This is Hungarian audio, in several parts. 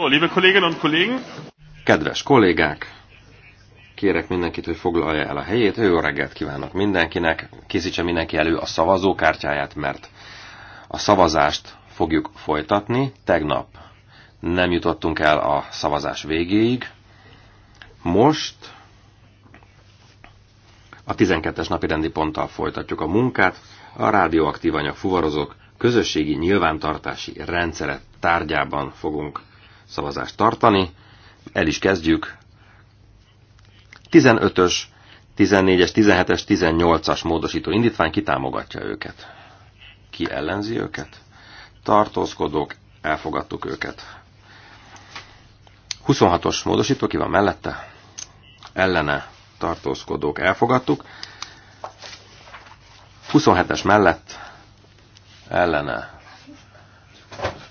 So, liebe Kolleginnen und Kollegen. Kedves kollégák, kérek mindenkit, hogy foglalja el a helyét. Jó reggelt kívánok mindenkinek. Készítse mindenki elő a szavazókártyáját, mert a szavazást fogjuk folytatni. Tegnap nem jutottunk el a szavazás végéig. Most a 12-es napi rendi ponttal folytatjuk a munkát. A rádióaktív anyag fuvarozók közösségi nyilvántartási rendszere tárgyában fogunk szavazást tartani. El is kezdjük. 15-ös, 14-es, 17-es, 18-as módosító indítvány kitámogatja őket. Ki ellenzi őket? Tartózkodók, elfogadtuk őket. 26-os módosító, ki van mellette? Ellene tartózkodók, elfogadtuk. 27-es mellett ellene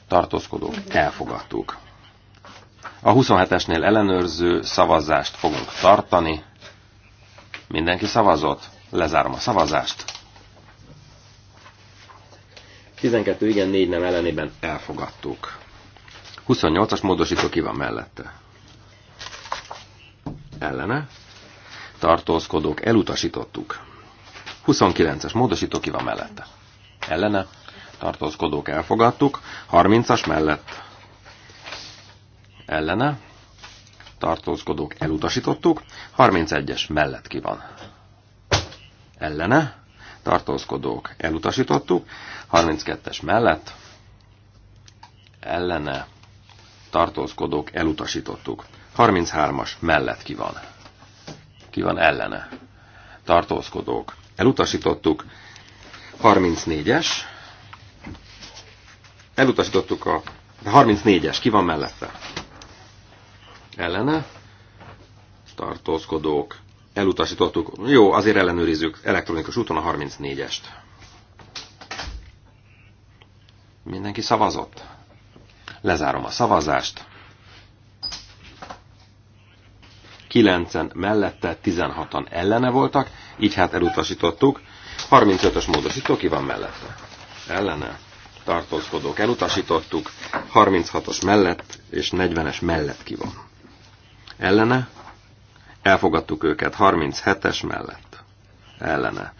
tartózkodók, elfogadtuk. A 27-esnél ellenőrző szavazást fogunk tartani. Mindenki szavazott? Lezárom a szavazást. 12 igen, 4 nem ellenében elfogadtuk. 28-as módosító ki van mellette? Ellene? Tartózkodók elutasítottuk. 29-es módosító ki van mellette? Ellene? Tartózkodók elfogadtuk. 30-as mellett ellene, tartózkodók elutasítottuk, 31-es mellett ki van. Ellene, tartózkodók elutasítottuk, 32-es mellett, ellene, tartózkodók elutasítottuk, 33-as mellett ki van. Ki van ellene, tartózkodók elutasítottuk, 34-es, elutasítottuk a 34-es, ki van mellette? ellene, tartózkodók, elutasítottuk. Jó, azért ellenőrizzük elektronikus úton a 34-est. Mindenki szavazott? Lezárom a szavazást. 9-en mellette, 16-an ellene voltak, így hát elutasítottuk. 35-ös módosító ki van mellette? Ellene. Tartózkodók elutasítottuk. 36-os mellett és 40-es mellett ki van ellene, elfogadtuk őket 37-es mellett, ellene,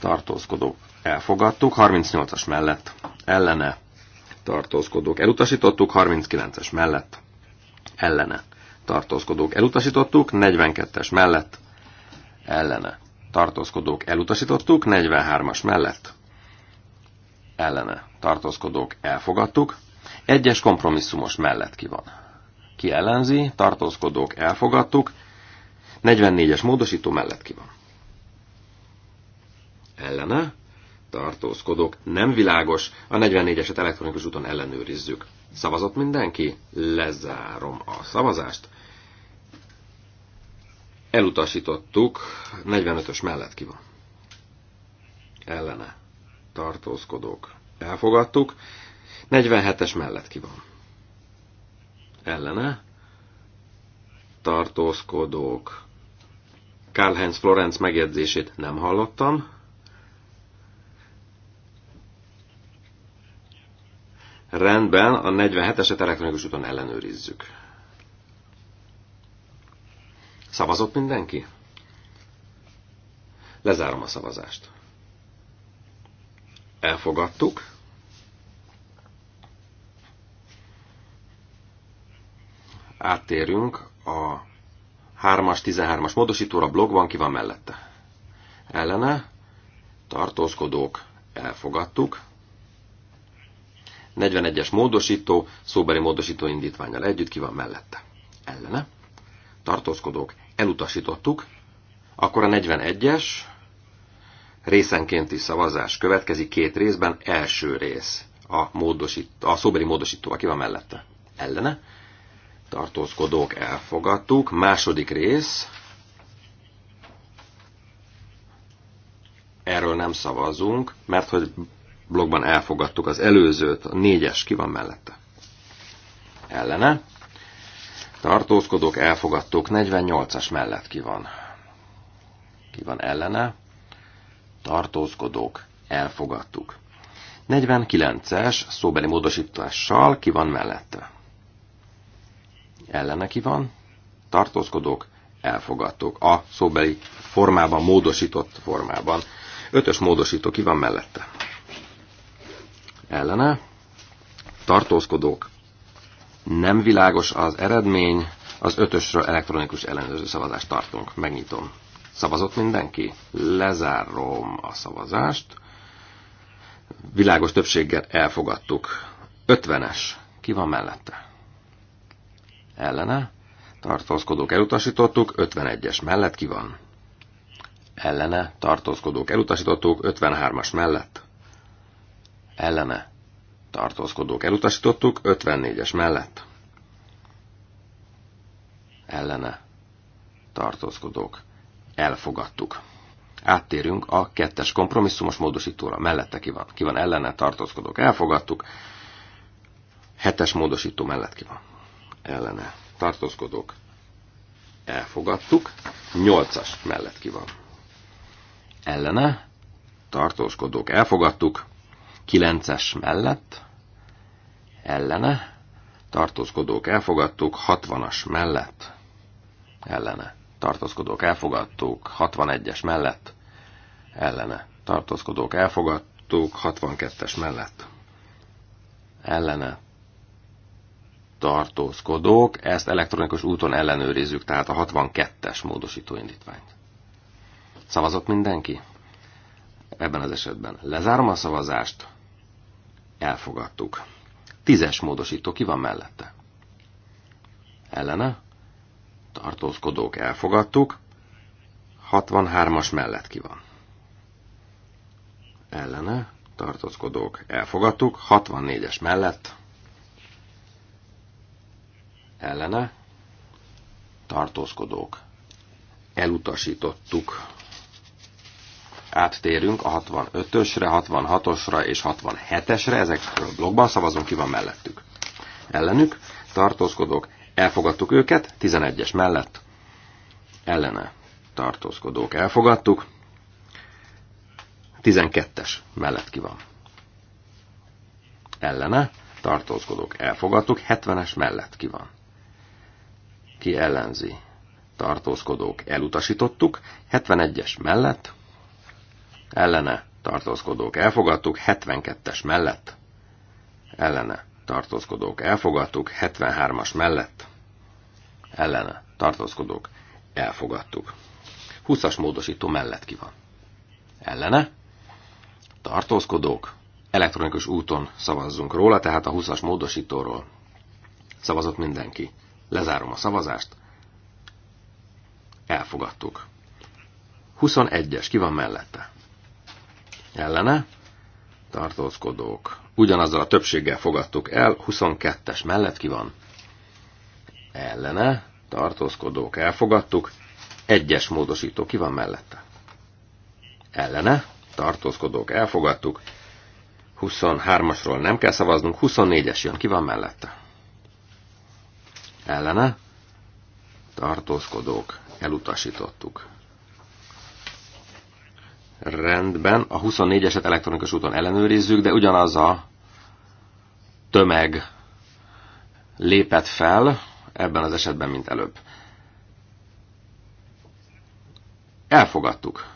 tartózkodók, elfogadtuk, 38-as mellett, ellene, tartózkodók, elutasítottuk, 39-es mellett, ellene, tartózkodók, elutasítottuk, 42-es mellett, ellene, tartózkodók, elutasítottuk, 43-as mellett, ellene, tartózkodók, elfogadtuk, egyes kompromisszumos mellett ki van ki ellenzi, tartózkodók elfogadtuk, 44-es módosító mellett ki van. Ellene, tartózkodók, nem világos, a 44-eset elektronikus úton ellenőrizzük. Szavazott mindenki? Lezárom a szavazást. Elutasítottuk, 45-ös mellett ki van. Ellene, tartózkodók, elfogadtuk, 47-es mellett ki van ellene tartózkodók. Karl-Heinz Florenz megjegyzését nem hallottam. Rendben, a 47-eset elektronikus úton ellenőrizzük. Szavazott mindenki? Lezárom a szavazást. Elfogadtuk. áttérünk a 3-as, 13-as módosítóra blogban, ki van mellette. Ellene, tartózkodók, elfogadtuk. 41-es módosító, szóbeli módosító indítványal együtt ki van mellette. Ellene, tartózkodók, elutasítottuk. Akkor a 41-es részenkénti szavazás következik két részben. Első rész a, módosít, a szóbeli módosító, aki van mellette. Ellene, tartózkodók elfogadtuk. Második rész. Erről nem szavazunk, mert hogy blogban elfogadtuk az előzőt, a négyes ki van mellette. Ellene. Tartózkodók elfogadtuk, 48-as mellett ki van. Ki van ellene? Tartózkodók elfogadtuk. 49-es szóbeli módosítással ki van mellette ellene ki van, tartózkodók, elfogadtok. A szóbeli formában, módosított formában. Ötös módosító ki van mellette? Ellene, tartózkodók, nem világos az eredmény, az ötösről elektronikus ellenőrző szavazást tartunk. Megnyitom. Szavazott mindenki? Lezárom a szavazást. Világos többséggel elfogadtuk. ötvenes Ki van mellette? ellene, tartózkodók elutasítottuk, 51-es mellett ki van, ellene, tartózkodók elutasítottuk, 53-as mellett, ellene, tartózkodók elutasítottuk, 54-es mellett, ellene, tartózkodók elfogadtuk. Áttérünk a kettes kompromisszumos módosítóra. Mellette ki van? Ki van ellene? Tartózkodók elfogadtuk. Hetes módosító mellett ki van? ellene tartózkodók elfogadtuk, 8-as mellett ki van. Ellene tartózkodók elfogadtuk, 9-es mellett ellene tartózkodók elfogadtuk, 60-as mellett ellene tartózkodók elfogadtuk, 61-es mellett ellene tartózkodók elfogadtuk, 62-es mellett ellene tartózkodók, ezt elektronikus úton ellenőrizzük, tehát a 62-es módosító indítványt. Szavazott mindenki? Ebben az esetben lezárom a szavazást, elfogadtuk. Tízes módosító ki van mellette? Ellene? Tartózkodók elfogadtuk, 63-as mellett ki van. Ellene? Tartózkodók elfogadtuk, 64-es mellett ellene tartózkodók. Elutasítottuk. Áttérünk a 65-ösre, 66-osra és 67-esre, ezekről blogban szavazunk, ki van mellettük. Ellenük tartózkodók, elfogadtuk őket, 11-es mellett ellene tartózkodók elfogadtuk, 12-es mellett ki van. Ellene tartózkodók elfogadtuk, 70-es mellett ki van ki ellenzi, tartózkodók elutasítottuk, 71-es mellett, ellene tartózkodók elfogadtuk, 72-es mellett, ellene tartózkodók elfogadtuk, 73-as mellett, ellene tartózkodók elfogadtuk. 20-as módosító mellett ki van. Ellene tartózkodók elektronikus úton szavazzunk róla, tehát a 20-as módosítóról szavazott mindenki. Lezárom a szavazást. Elfogadtuk. 21-es, ki van mellette? Ellene? Tartózkodók. Ugyanazzal a többséggel fogadtuk el, 22-es mellett ki van? Ellene? Tartózkodók, elfogadtuk. Egyes módosító, ki van mellette? Ellene? Tartózkodók, elfogadtuk. 23-asról nem kell szavaznunk, 24-es jön, ki van mellette? ellene tartózkodók elutasítottuk. Rendben, a 24-eset elektronikus úton ellenőrizzük, de ugyanaz a tömeg lépett fel ebben az esetben, mint előbb. Elfogadtuk.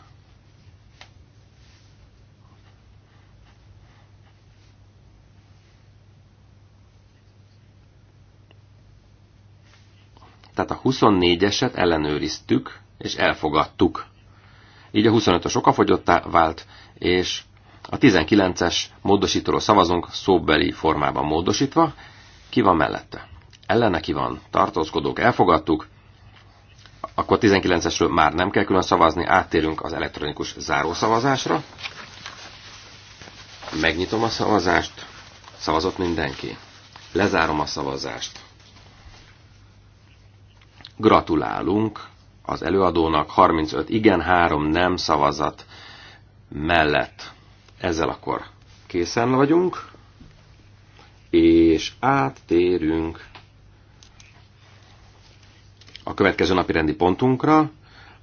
Tehát a 24-eset ellenőriztük, és elfogadtuk. Így a 25-ös okafogyottá vált, és a 19-es módosítóról szavazunk szóbeli formában módosítva. Ki van mellette? Ellene ki van? Tartózkodók elfogadtuk. Akkor 19-esről már nem kell külön szavazni, áttérünk az elektronikus zárószavazásra. Megnyitom a szavazást. Szavazott mindenki. Lezárom a szavazást. Gratulálunk az előadónak 35 igen, 3 nem szavazat mellett. Ezzel akkor készen vagyunk, és áttérünk a következő napi rendi pontunkra,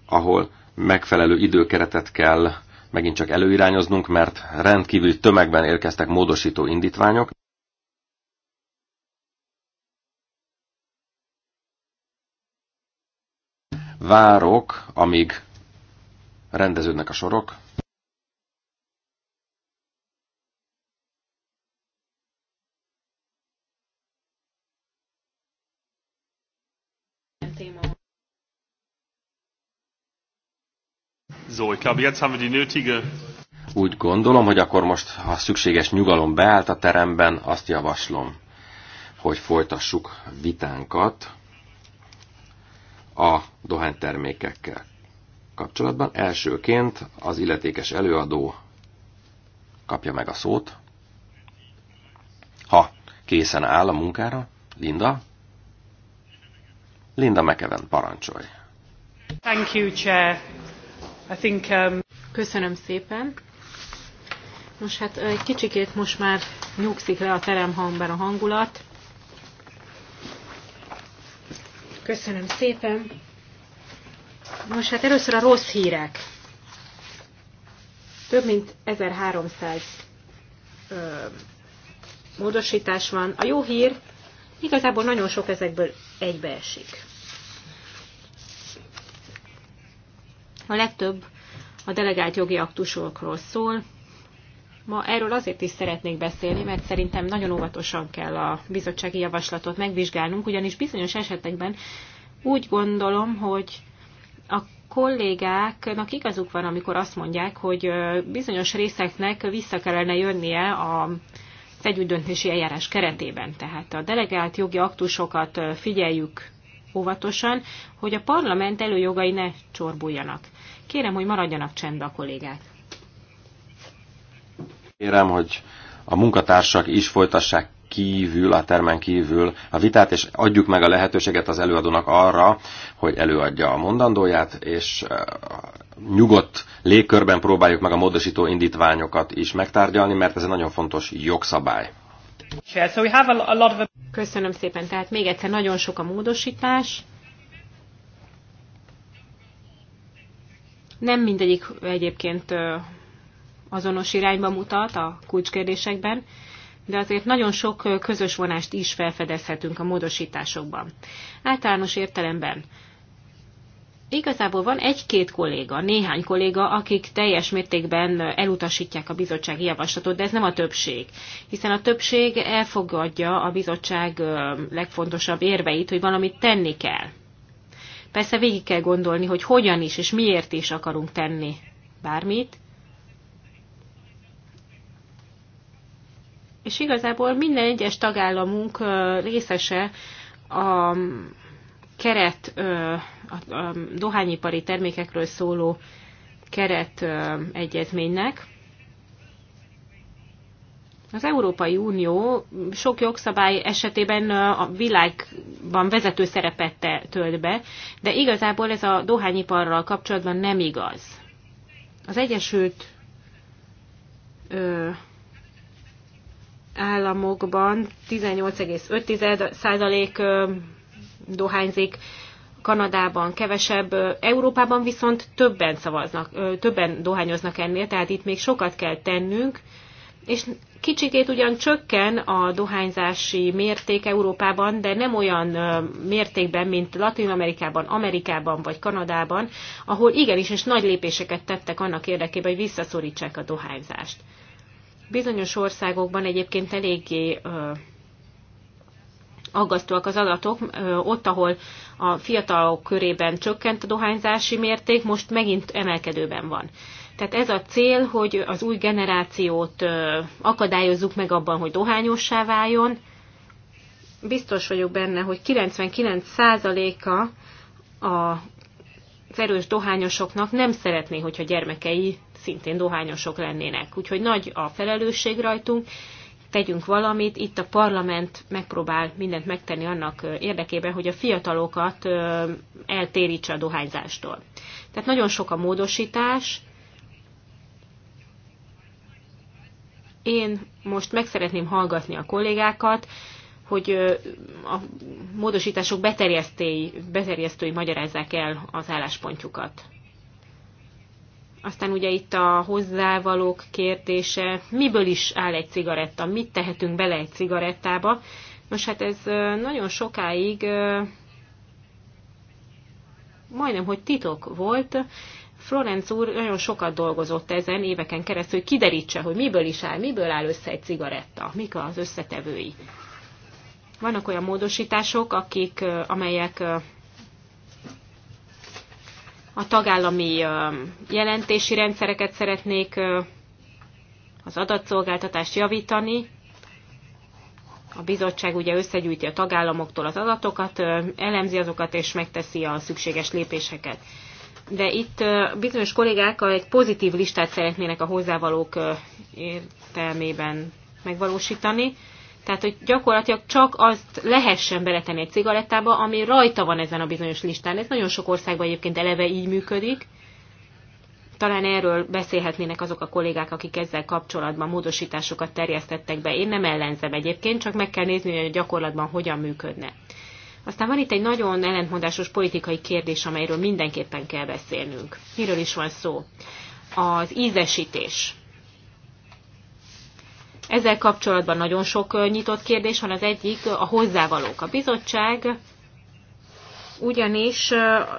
ahol megfelelő időkeretet kell megint csak előirányoznunk, mert rendkívül tömegben érkeztek módosító indítványok. Várok, amíg rendeződnek a sorok. So, ich glaube, jetzt haben wir die nötige úgy gondolom, hogy akkor most, ha szükséges nyugalom beállt a teremben, azt javaslom, hogy folytassuk vitánkat a dohánytermékekkel kapcsolatban. Elsőként az illetékes előadó kapja meg a szót. Ha készen áll a munkára, Linda. Linda McEwen, parancsolj. Thank you, Chair. I think, um... Köszönöm szépen. Most hát egy kicsikét most már nyugszik le a teremhangban a hangulat. Köszönöm szépen. Most hát először a rossz hírek. Több mint 1300 ö, módosítás van. A jó hír igazából nagyon sok ezekből egybeesik. A legtöbb a delegált jogi aktusokról szól, Ma erről azért is szeretnék beszélni, mert szerintem nagyon óvatosan kell a bizottsági javaslatot megvizsgálnunk, ugyanis bizonyos esetekben úgy gondolom, hogy a kollégáknak igazuk van, amikor azt mondják, hogy bizonyos részeknek vissza kellene jönnie a az együttdöntési eljárás keretében. Tehát a delegált jogi aktusokat figyeljük óvatosan, hogy a parlament előjogai ne csorbuljanak. Kérem, hogy maradjanak csendben, a kollégák. Kérem, hogy a munkatársak is folytassák kívül, a termen kívül a vitát, és adjuk meg a lehetőséget az előadónak arra, hogy előadja a mondandóját, és nyugodt légkörben próbáljuk meg a módosító indítványokat is megtárgyalni, mert ez egy nagyon fontos jogszabály. Köszönöm szépen, tehát még egyszer nagyon sok a módosítás. Nem mindegyik egyébként azonos irányba mutat a kulcskérdésekben, de azért nagyon sok közös vonást is felfedezhetünk a módosításokban. Általános értelemben igazából van egy-két kolléga, néhány kolléga, akik teljes mértékben elutasítják a bizottsági javaslatot, de ez nem a többség. Hiszen a többség elfogadja a bizottság legfontosabb érveit, hogy valamit tenni kell. Persze végig kell gondolni, hogy hogyan is és miért is akarunk tenni bármit, és igazából minden egyes tagállamunk részese a keret, a dohányipari termékekről szóló keret egyezménynek. Az Európai Unió sok jogszabály esetében a világban vezető szerepet tölt be, de igazából ez a dohányiparral kapcsolatban nem igaz. Az Egyesült ö, államokban 18,5% dohányzik, Kanadában kevesebb, Európában viszont többen szavaznak, többen dohányoznak ennél, tehát itt még sokat kell tennünk, és kicsikét ugyan csökken a dohányzási mérték Európában, de nem olyan mértékben, mint Latin Amerikában, Amerikában vagy Kanadában, ahol igenis és nagy lépéseket tettek annak érdekében, hogy visszaszorítsák a dohányzást. Bizonyos országokban egyébként eléggé aggasztóak az adatok. Ott, ahol a fiatalok körében csökkent a dohányzási mérték, most megint emelkedőben van. Tehát ez a cél, hogy az új generációt akadályozzuk meg abban, hogy dohányossá váljon. Biztos vagyok benne, hogy 99%-a a az erős dohányosoknak nem szeretné, hogyha gyermekei szintén dohányosok lennének. Úgyhogy nagy a felelősség rajtunk, tegyünk valamit. Itt a parlament megpróbál mindent megtenni annak érdekében, hogy a fiatalokat eltérítse a dohányzástól. Tehát nagyon sok a módosítás. Én most meg szeretném hallgatni a kollégákat, hogy a módosítások beterjesztői, beterjesztői magyarázzák el az álláspontjukat. Aztán ugye itt a hozzávalók kérdése, miből is áll egy cigaretta, mit tehetünk bele egy cigarettába. Nos, hát ez nagyon sokáig majdnem, hogy titok volt. Florenc úr nagyon sokat dolgozott ezen éveken keresztül, hogy kiderítse, hogy miből is áll, miből áll össze egy cigaretta, mik az összetevői. Vannak olyan módosítások, akik, amelyek a tagállami jelentési rendszereket szeretnék az adatszolgáltatást javítani. A bizottság ugye összegyűjti a tagállamoktól az adatokat, elemzi azokat és megteszi a szükséges lépéseket. De itt bizonyos kollégák egy pozitív listát szeretnének a hozzávalók értelmében megvalósítani. Tehát, hogy gyakorlatilag csak azt lehessen beletenni egy cigarettába, ami rajta van ezen a bizonyos listán. Ez nagyon sok országban egyébként eleve így működik. Talán erről beszélhetnének azok a kollégák, akik ezzel kapcsolatban módosításokat terjesztettek be. Én nem ellenzem egyébként, csak meg kell nézni, hogy a gyakorlatban hogyan működne. Aztán van itt egy nagyon ellentmondásos politikai kérdés, amelyről mindenképpen kell beszélnünk. Miről is van szó? Az ízesítés ezzel kapcsolatban nagyon sok nyitott kérdés van, az egyik a hozzávalók. A bizottság ugyanis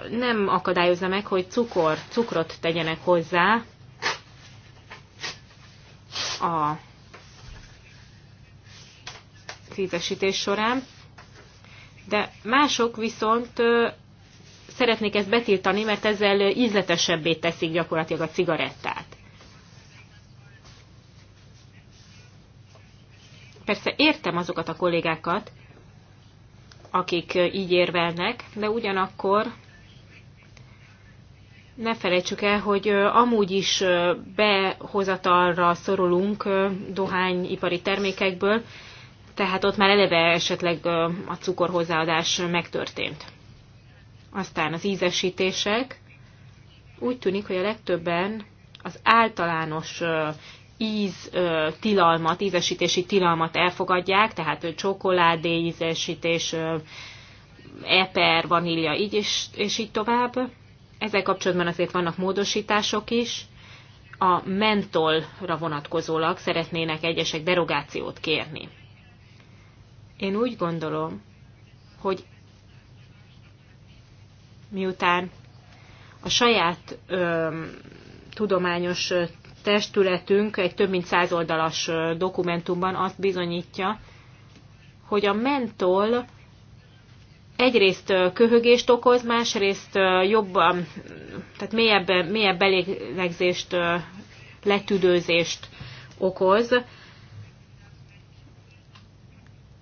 nem akadályozza meg, hogy cukor, cukrot tegyenek hozzá a tízesítés során, de mások viszont szeretnék ezt betiltani, mert ezzel ízletesebbé teszik gyakorlatilag a cigarettát. Persze értem azokat a kollégákat, akik így érvelnek, de ugyanakkor ne felejtsük el, hogy amúgy is behozatalra szorulunk dohányipari termékekből, tehát ott már eleve esetleg a cukor megtörtént. Aztán az ízesítések. Úgy tűnik, hogy a legtöbben az általános íz tilalmat, ízesítési tilalmat elfogadják, tehát csokoládé ízesítés, eper, vanília, így és, és így tovább. Ezzel kapcsolatban azért vannak módosítások is. A mentolra vonatkozólag szeretnének egyesek derogációt kérni. Én úgy gondolom, hogy miután a saját ö, tudományos testületünk egy több mint száz oldalas dokumentumban azt bizonyítja, hogy a mentol egyrészt köhögést okoz, másrészt jobban, tehát mélyebb, mélyebb belégzést, letüdőzést okoz,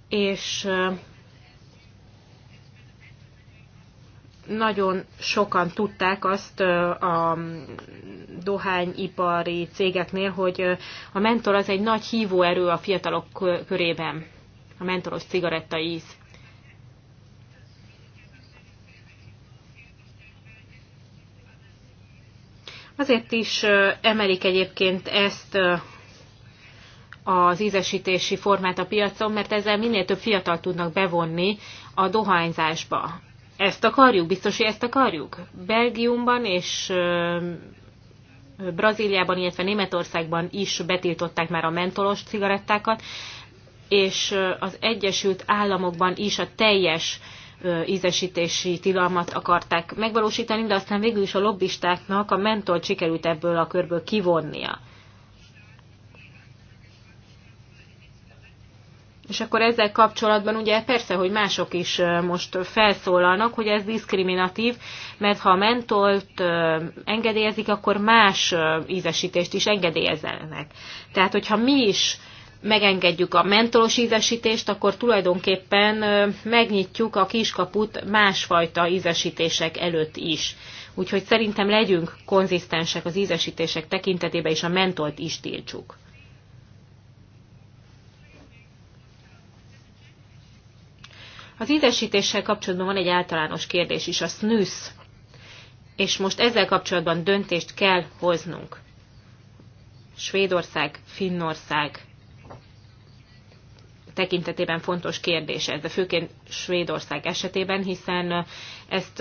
és nagyon sokan tudták azt a dohányipari cégeknél, hogy a mentor az egy nagy hívóerő a fiatalok körében, a mentoros cigaretta íz. Azért is emelik egyébként ezt az ízesítési formát a piacon, mert ezzel minél több fiatal tudnak bevonni a dohányzásba. Ezt akarjuk? Biztos, hogy ezt akarjuk? Belgiumban és Brazíliában, illetve Németországban is betiltották már a mentolos cigarettákat, és az Egyesült Államokban is a teljes ízesítési tilalmat akarták megvalósítani, de aztán végül is a lobbistáknak a mentol sikerült ebből a körből kivonnia. És akkor ezzel kapcsolatban ugye persze, hogy mások is most felszólalnak, hogy ez diszkriminatív, mert ha a mentolt engedélyezik, akkor más ízesítést is engedélyezzenek. Tehát, hogyha mi is megengedjük a mentolos ízesítést, akkor tulajdonképpen megnyitjuk a kiskaput másfajta ízesítések előtt is. Úgyhogy szerintem legyünk konzisztensek az ízesítések tekintetében, és a mentolt is tiltsuk. Az ízesítéssel kapcsolatban van egy általános kérdés is, a snusz. És most ezzel kapcsolatban döntést kell hoznunk. Svédország, Finnország tekintetében fontos kérdés ez, de főként Svédország esetében, hiszen ezt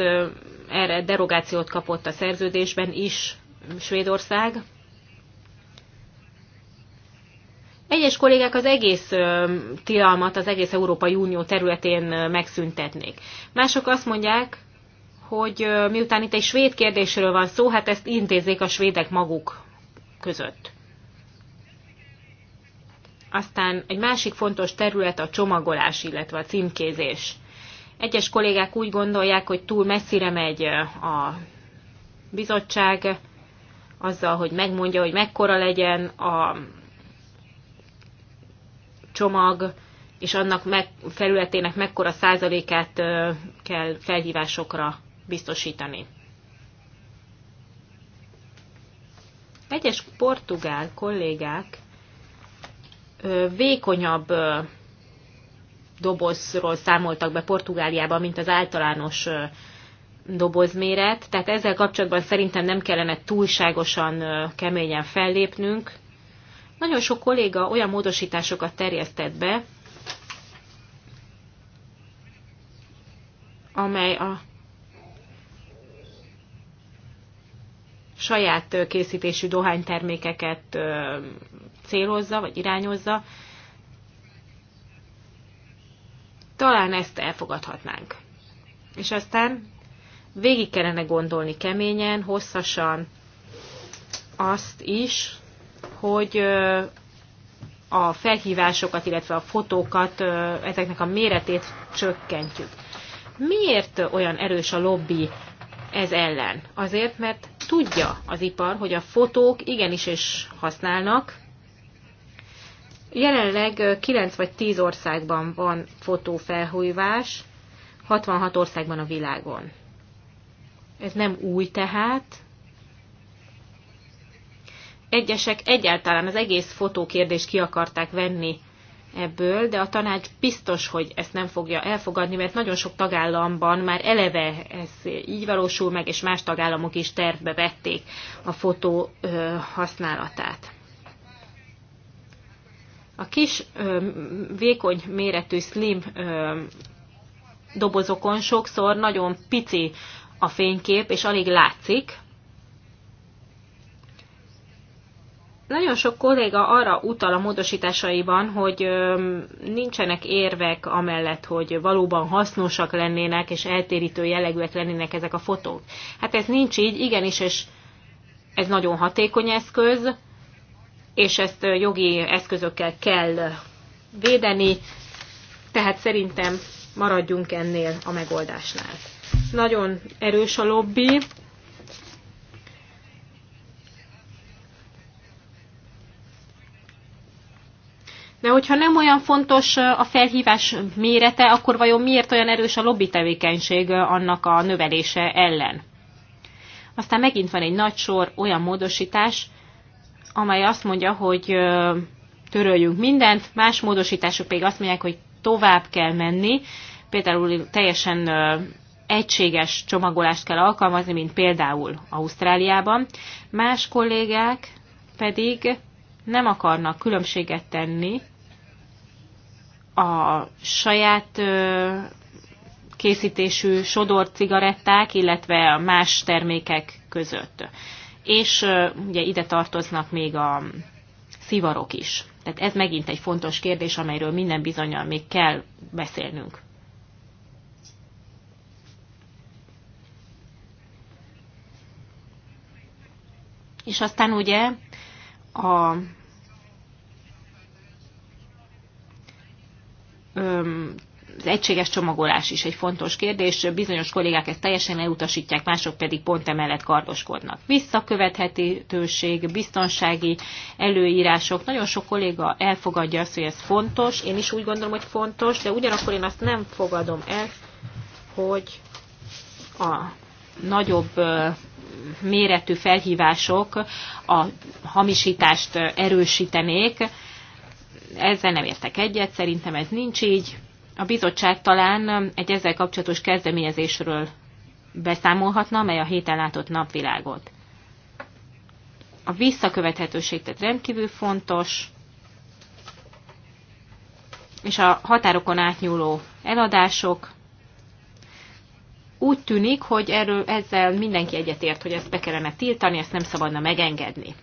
erre derogációt kapott a szerződésben is Svédország, Egyes kollégák az egész tilalmat az egész Európai Unió területén megszüntetnék. Mások azt mondják, hogy miután itt egy svéd kérdésről van szó, hát ezt intézzék a svédek maguk között. Aztán egy másik fontos terület a csomagolás, illetve a címkézés. Egyes kollégák úgy gondolják, hogy túl messzire megy a bizottság azzal, hogy megmondja, hogy mekkora legyen a csomag és annak meg, felületének mekkora százalékát kell felhívásokra biztosítani. Egyes portugál kollégák vékonyabb dobozról számoltak be Portugáliában, mint az általános dobozméret, tehát ezzel kapcsolatban szerintem nem kellene túlságosan keményen fellépnünk, nagyon sok kolléga olyan módosításokat terjesztett be, amely a saját készítésű dohánytermékeket célozza, vagy irányozza. Talán ezt elfogadhatnánk. És aztán végig kellene gondolni keményen, hosszasan azt is, hogy a felhívásokat, illetve a fotókat, ezeknek a méretét csökkentjük. Miért olyan erős a lobby ez ellen? Azért, mert tudja az ipar, hogy a fotók igenis is használnak. Jelenleg 9 vagy 10 országban van fotófelhújvás, 66 országban a világon. Ez nem új tehát, egyesek egyáltalán az egész fotókérdést ki akarták venni ebből, de a tanács biztos, hogy ezt nem fogja elfogadni, mert nagyon sok tagállamban már eleve ez így valósul meg, és más tagállamok is tervbe vették a fotó használatát. A kis vékony méretű slim dobozokon sokszor nagyon pici a fénykép, és alig látszik, Nagyon sok kolléga arra utal a módosításaiban, hogy nincsenek érvek amellett, hogy valóban hasznosak lennének és eltérítő jellegűek lennének ezek a fotók. Hát ez nincs így, igenis, és ez nagyon hatékony eszköz, és ezt jogi eszközökkel kell védeni, tehát szerintem maradjunk ennél a megoldásnál. Nagyon erős a lobby, De hogyha nem olyan fontos a felhívás mérete, akkor vajon miért olyan erős a lobby tevékenység annak a növelése ellen? Aztán megint van egy nagy sor olyan módosítás, amely azt mondja, hogy töröljünk mindent, más módosítások pedig azt mondják, hogy tovább kell menni, például teljesen egységes csomagolást kell alkalmazni, mint például Ausztráliában. Más kollégák pedig nem akarnak különbséget tenni a saját készítésű sodor cigaretták, illetve a más termékek között. És ugye ide tartoznak még a szivarok is. Tehát ez megint egy fontos kérdés, amelyről minden bizonyal még kell beszélnünk. És aztán ugye a az egységes csomagolás is egy fontos kérdés. Bizonyos kollégák ezt teljesen elutasítják, mások pedig pont emellett kardoskodnak. Visszakövethetőség, biztonsági előírások. Nagyon sok kolléga elfogadja azt, hogy ez fontos. Én is úgy gondolom, hogy fontos, de ugyanakkor én azt nem fogadom el, hogy a nagyobb méretű felhívások a hamisítást erősítenék. Ezzel nem értek egyet, szerintem ez nincs így. A bizottság talán egy ezzel kapcsolatos kezdeményezésről beszámolhatna, mely a héten látott napvilágot. A visszakövethetőség tehát rendkívül fontos, és a határokon átnyúló eladások, úgy tűnik, hogy erről ezzel mindenki egyetért, hogy ezt be kellene tiltani, ezt nem szabadna megengedni.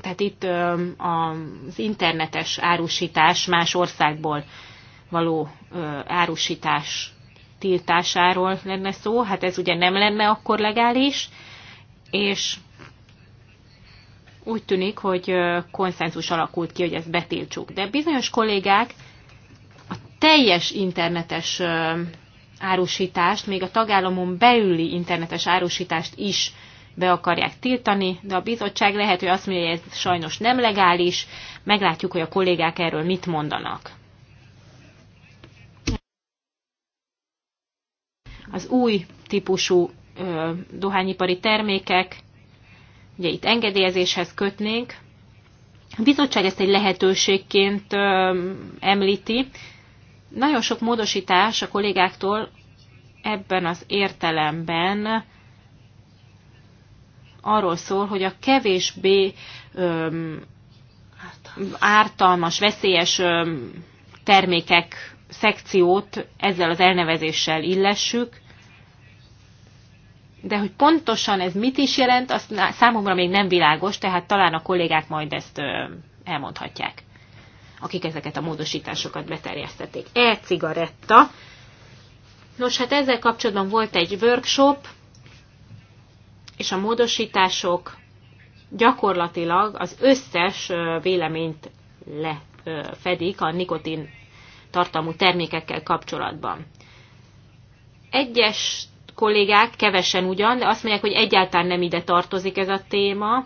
Tehát itt az internetes árusítás más országból való árusítás tiltásáról lenne szó, hát ez ugye nem lenne akkor legális, és úgy tűnik, hogy konszenzus alakult ki, hogy ezt betiltsuk. De bizonyos kollégák teljes internetes árusítást, még a tagállamon belüli internetes árusítást is be akarják tiltani, de a bizottság lehet, hogy azt mondja, hogy ez sajnos nem legális, meglátjuk, hogy a kollégák erről mit mondanak. Az új típusú ö, dohányipari termékek, ugye itt engedélyezéshez kötnénk, a bizottság ezt egy lehetőségként ö, említi, nagyon sok módosítás a kollégáktól ebben az értelemben arról szól, hogy a kevésbé öm, ártalmas, veszélyes öm, termékek szekciót ezzel az elnevezéssel illessük, de hogy pontosan ez mit is jelent, az számomra még nem világos, tehát talán a kollégák majd ezt elmondhatják akik ezeket a módosításokat beterjesztették. E-cigaretta. Nos, hát ezzel kapcsolatban volt egy workshop, és a módosítások gyakorlatilag az összes véleményt lefedik a nikotin tartalmú termékekkel kapcsolatban. Egyes kollégák, kevesen ugyan, de azt mondják, hogy egyáltalán nem ide tartozik ez a téma,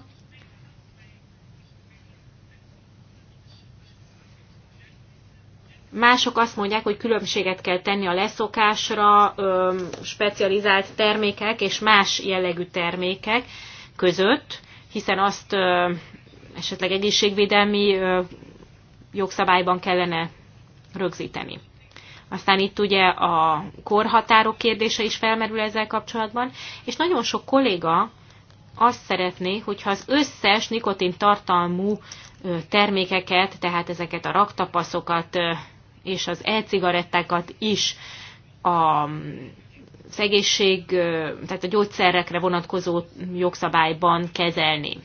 Mások azt mondják, hogy különbséget kell tenni a leszokásra specializált termékek és más jellegű termékek között, hiszen azt esetleg egészségvédelmi jogszabályban kellene rögzíteni. Aztán itt ugye a korhatárok kérdése is felmerül ezzel kapcsolatban, és nagyon sok kolléga azt szeretné, hogyha az összes nikotintartalmú termékeket, tehát ezeket a raktapaszokat, és az e-cigarettákat is a szegészség, tehát a gyógyszerekre vonatkozó jogszabályban kezelni.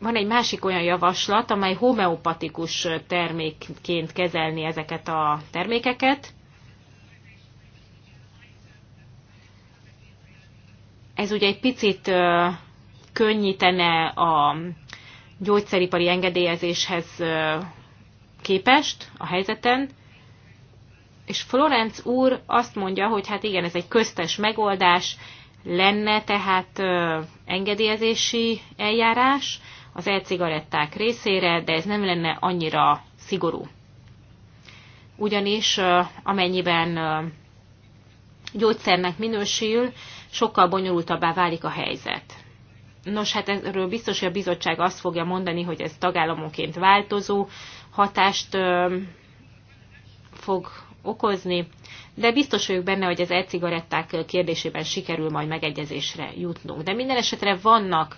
Van egy másik olyan javaslat, amely homeopatikus termékként kezelni ezeket a termékeket. Ez ugye egy picit könnyítene a gyógyszeripari engedélyezéshez képest a helyzeten, és Florenc úr azt mondja, hogy hát igen, ez egy köztes megoldás, lenne tehát ö, engedélyezési eljárás az e-cigaretták részére, de ez nem lenne annyira szigorú. Ugyanis ö, amennyiben ö, gyógyszernek minősül, sokkal bonyolultabbá válik a helyzet. Nos, hát erről biztos, hogy a bizottság azt fogja mondani, hogy ez tagállamonként változó, hatást fog okozni, de biztos vagyok benne, hogy az e-cigaretták kérdésében sikerül majd megegyezésre jutnunk. De minden esetre vannak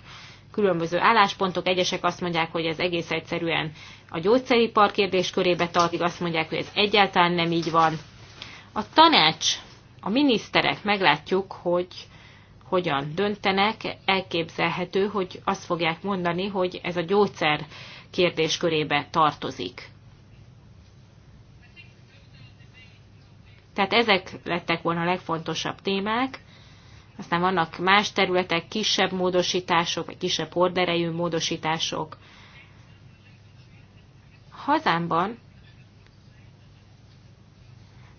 különböző álláspontok, egyesek azt mondják, hogy ez egész egyszerűen a gyógyszeripar kérdéskörébe tartozik, azt mondják, hogy ez egyáltalán nem így van. A tanács, a miniszterek, meglátjuk, hogy hogyan döntenek, elképzelhető, hogy azt fogják mondani, hogy ez a gyógyszer kérdéskörébe tartozik. Tehát ezek lettek volna a legfontosabb témák. Aztán vannak más területek, kisebb módosítások, vagy kisebb horderejű módosítások. Hazámban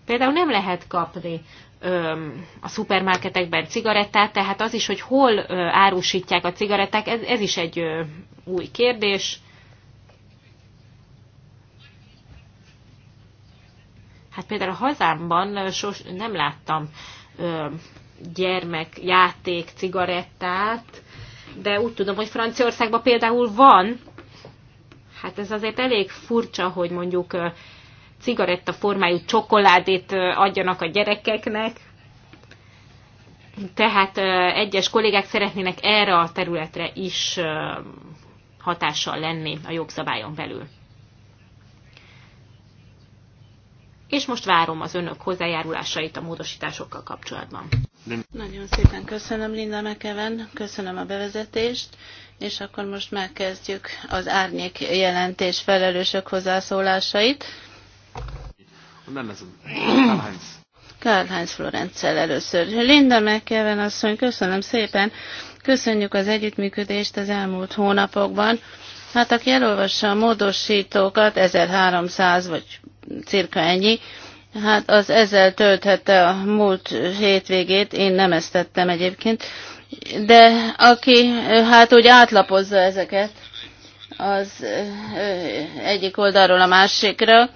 például nem lehet kapni öm, a szupermarketekben cigarettát, tehát az is, hogy hol ö, árusítják a cigaretták, ez, ez is egy ö, új kérdés. Hát például a hazámban sos, nem láttam ö, gyermek, játék, cigarettát, de úgy tudom, hogy Franciaországban például van. Hát ez azért elég furcsa, hogy mondjuk ö, cigaretta formájú csokoládét ö, adjanak a gyerekeknek. Tehát ö, egyes kollégák szeretnének erre a területre is ö, hatással lenni a jogszabályon belül. és most várom az önök hozzájárulásait a módosításokkal kapcsolatban. Nagyon szépen köszönöm, Linda Mekeven, köszönöm a bevezetést, és akkor most megkezdjük az árnyék jelentés felelősök hozzászólásait. Nem ez Karl-Heinz Florenccel először. Linda Mekeven asszony, köszönöm szépen, köszönjük az együttműködést az elmúlt hónapokban. Hát aki elolvassa a módosítókat, 1300 vagy cirka ennyi. Hát az ezzel tölthette a múlt hétvégét, én nem ezt tettem egyébként, de aki hát úgy átlapozza ezeket az egyik oldalról a másikra,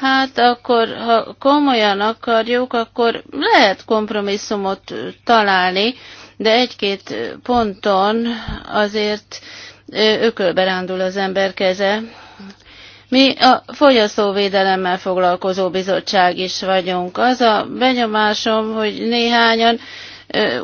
hát akkor ha komolyan akarjuk, akkor lehet kompromisszumot találni, de egy-két ponton azért ökölberándul az ember keze, mi a fogyasztóvédelemmel foglalkozó bizottság is vagyunk. Az a benyomásom, hogy néhányan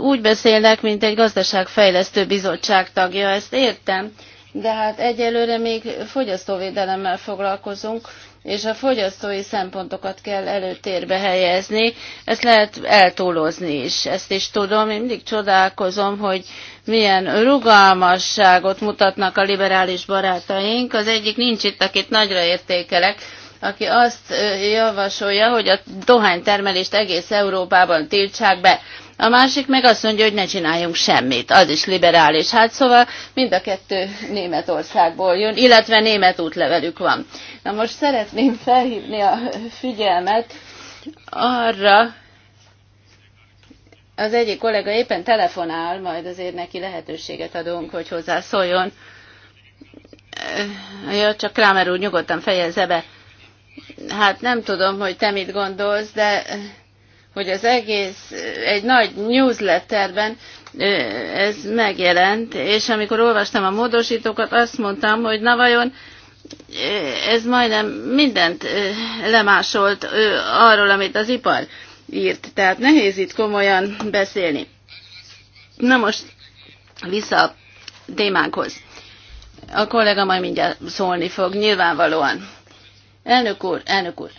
úgy beszélnek, mint egy gazdaságfejlesztő bizottság tagja, ezt értem, de hát egyelőre még fogyasztóvédelemmel foglalkozunk, és a fogyasztói szempontokat kell előtérbe helyezni. Ezt lehet eltúlozni is, ezt is tudom. Én mindig csodálkozom, hogy milyen rugalmasságot mutatnak a liberális barátaink. Az egyik nincs itt, akit nagyra értékelek, aki azt javasolja, hogy a dohánytermelést egész Európában tiltsák be a másik meg azt mondja, hogy ne csináljunk semmit, az is liberális. Hát szóval mind a kettő Németországból jön, illetve német útlevelük van. Na most szeretném felhívni a figyelmet arra, az egyik kollega éppen telefonál, majd azért neki lehetőséget adunk, hogy hozzászóljon. Ja, csak Kramer úr nyugodtan fejezze be. Hát nem tudom, hogy te mit gondolsz, de hogy az egész egy nagy newsletterben ez megjelent, és amikor olvastam a módosítókat, azt mondtam, hogy na vajon ez majdnem mindent lemásolt arról, amit az ipar írt. Tehát nehéz itt komolyan beszélni. Na most vissza a témánkhoz. A kollega majd mindjárt szólni fog, nyilvánvalóan. Elnök úr, elnök úr,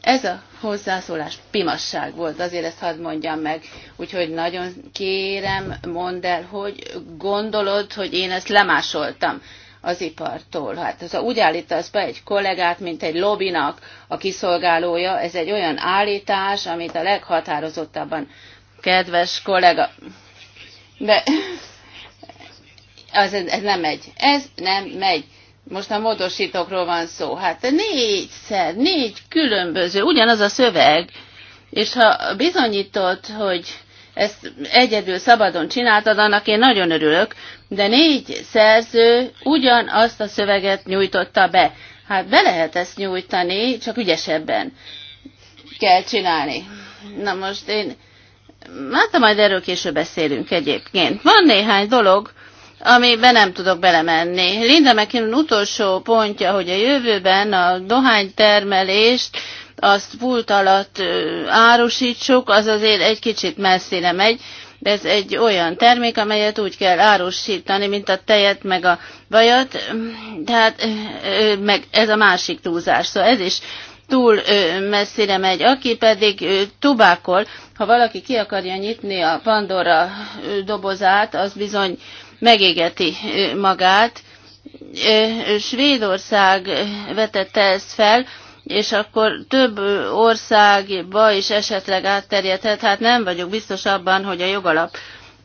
ez a hozzászólás pimasság volt, azért ezt hadd mondjam meg. Úgyhogy nagyon kérem, mondd el, hogy gondolod, hogy én ezt lemásoltam az ipartól. Hát ha úgy állítasz be egy kollégát, mint egy lobinak a kiszolgálója, ez egy olyan állítás, amit a leghatározottabban kedves kollega... De az, ez nem megy. Ez nem megy most a módosítókról van szó, hát négyszer, négy különböző, ugyanaz a szöveg, és ha bizonyított, hogy ezt egyedül szabadon csináltad, annak én nagyon örülök, de négy szerző ugyanazt a szöveget nyújtotta be. Hát be lehet ezt nyújtani, csak ügyesebben kell csinálni. Na most én, hát majd erről később beszélünk egyébként. Van néhány dolog, amibe nem tudok belemenni. Linda McKinnon utolsó pontja, hogy a jövőben a dohánytermelést azt pult alatt árusítsuk, az azért egy kicsit messzire megy, de ez egy olyan termék, amelyet úgy kell árusítani, mint a tejet, meg a vajat, tehát meg ez a másik túlzás. Szóval ez is túl messzire megy. Aki pedig tubákol, ha valaki ki akarja nyitni a Pandora dobozát, az bizony megégeti magát. Svédország vetette ezt fel, és akkor több országba is esetleg átterjedhet, hát nem vagyok biztos abban, hogy a jogalap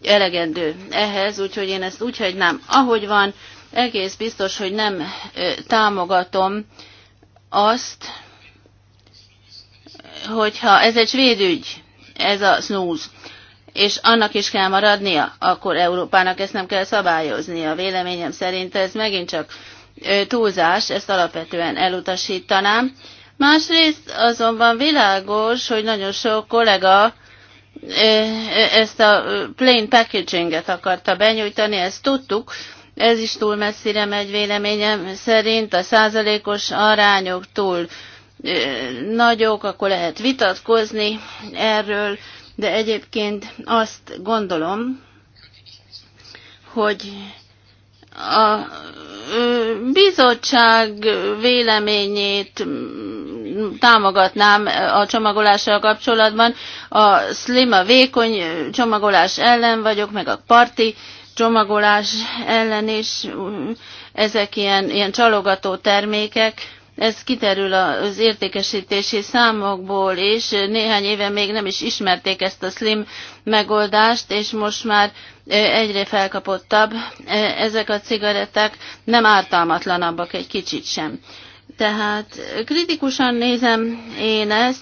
elegendő ehhez, úgyhogy én ezt úgy hagynám, ahogy van, egész biztos, hogy nem támogatom azt, hogyha ez egy svéd ügy, ez a snooze és annak is kell maradnia, akkor Európának ezt nem kell szabályoznia. Véleményem szerint ez megint csak túlzás, ezt alapvetően elutasítanám. Másrészt azonban világos, hogy nagyon sok kollega ezt a plain packaginget akarta benyújtani, ezt tudtuk, ez is túl messzire megy véleményem szerint, a százalékos arányok túl nagyok, akkor lehet vitatkozni erről, de egyébként azt gondolom, hogy a bizottság véleményét támogatnám a csomagolással kapcsolatban. A slim, a vékony csomagolás ellen vagyok, meg a parti csomagolás ellen is. Ezek ilyen, ilyen csalogató termékek, ez kiderül az értékesítési számokból is. Néhány éve még nem is ismerték ezt a slim megoldást, és most már egyre felkapottabb. Ezek a cigaretták nem ártalmatlanabbak egy kicsit sem. Tehát kritikusan nézem én ezt.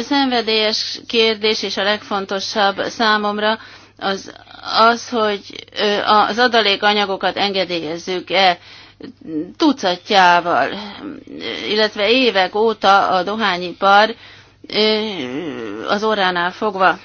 Szenvedélyes kérdés, és a legfontosabb számomra az, az hogy az adalékanyagokat engedélyezzük-e tucatjával, illetve évek óta a dohányipar az orránál fogva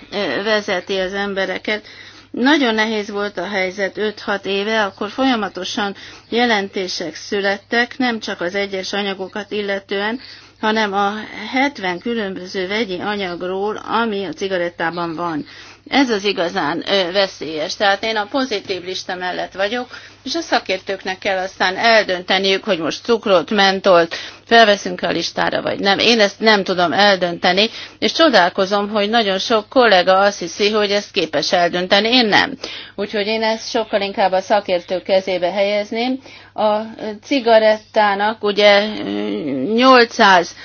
vezeti az embereket. Nagyon nehéz volt a helyzet 5-6 éve, akkor folyamatosan jelentések születtek, nem csak az egyes anyagokat illetően, hanem a 70 különböző vegyi anyagról, ami a cigarettában van. Ez az igazán veszélyes. Tehát én a pozitív lista mellett vagyok, és a szakértőknek kell aztán eldönteniük, hogy most cukrot, mentolt felveszünk a listára, vagy nem. Én ezt nem tudom eldönteni, és csodálkozom, hogy nagyon sok kollega azt hiszi, hogy ezt képes eldönteni, én nem. Úgyhogy én ezt sokkal inkább a szakértők kezébe helyezném. A cigarettának ugye 800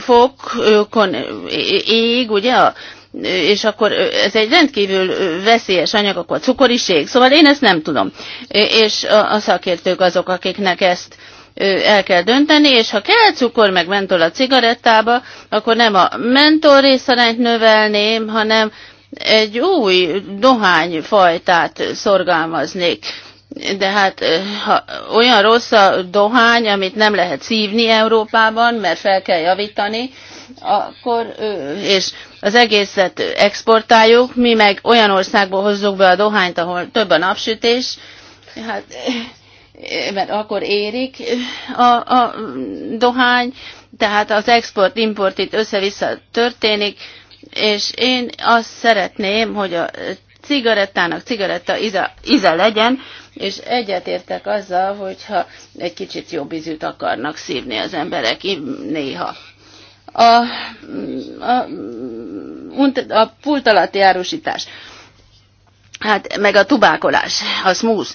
fokon ég, ugye a és akkor ez egy rendkívül veszélyes anyag, akkor cukoriség, szóval én ezt nem tudom. És a szakértők azok, akiknek ezt el kell dönteni, és ha kell cukor meg mentol a cigarettába, akkor nem a mentol részarányt növelném, hanem egy új dohányfajtát szorgalmaznék. De hát ha olyan rossz a dohány, amit nem lehet szívni Európában, mert fel kell javítani, akkor, és az egészet exportáljuk, mi meg olyan országból hozzuk be a dohányt, ahol több a napsütés, hát, mert akkor érik a, a dohány, tehát az export-import itt össze-vissza történik, és én azt szeretném, hogy a cigarettának cigaretta íze, íze legyen, és egyetértek azzal, hogyha egy kicsit jobb ízűt akarnak szívni az emberek néha a, a, a pult alatti árusítás, hát meg a tubákolás, a smooth,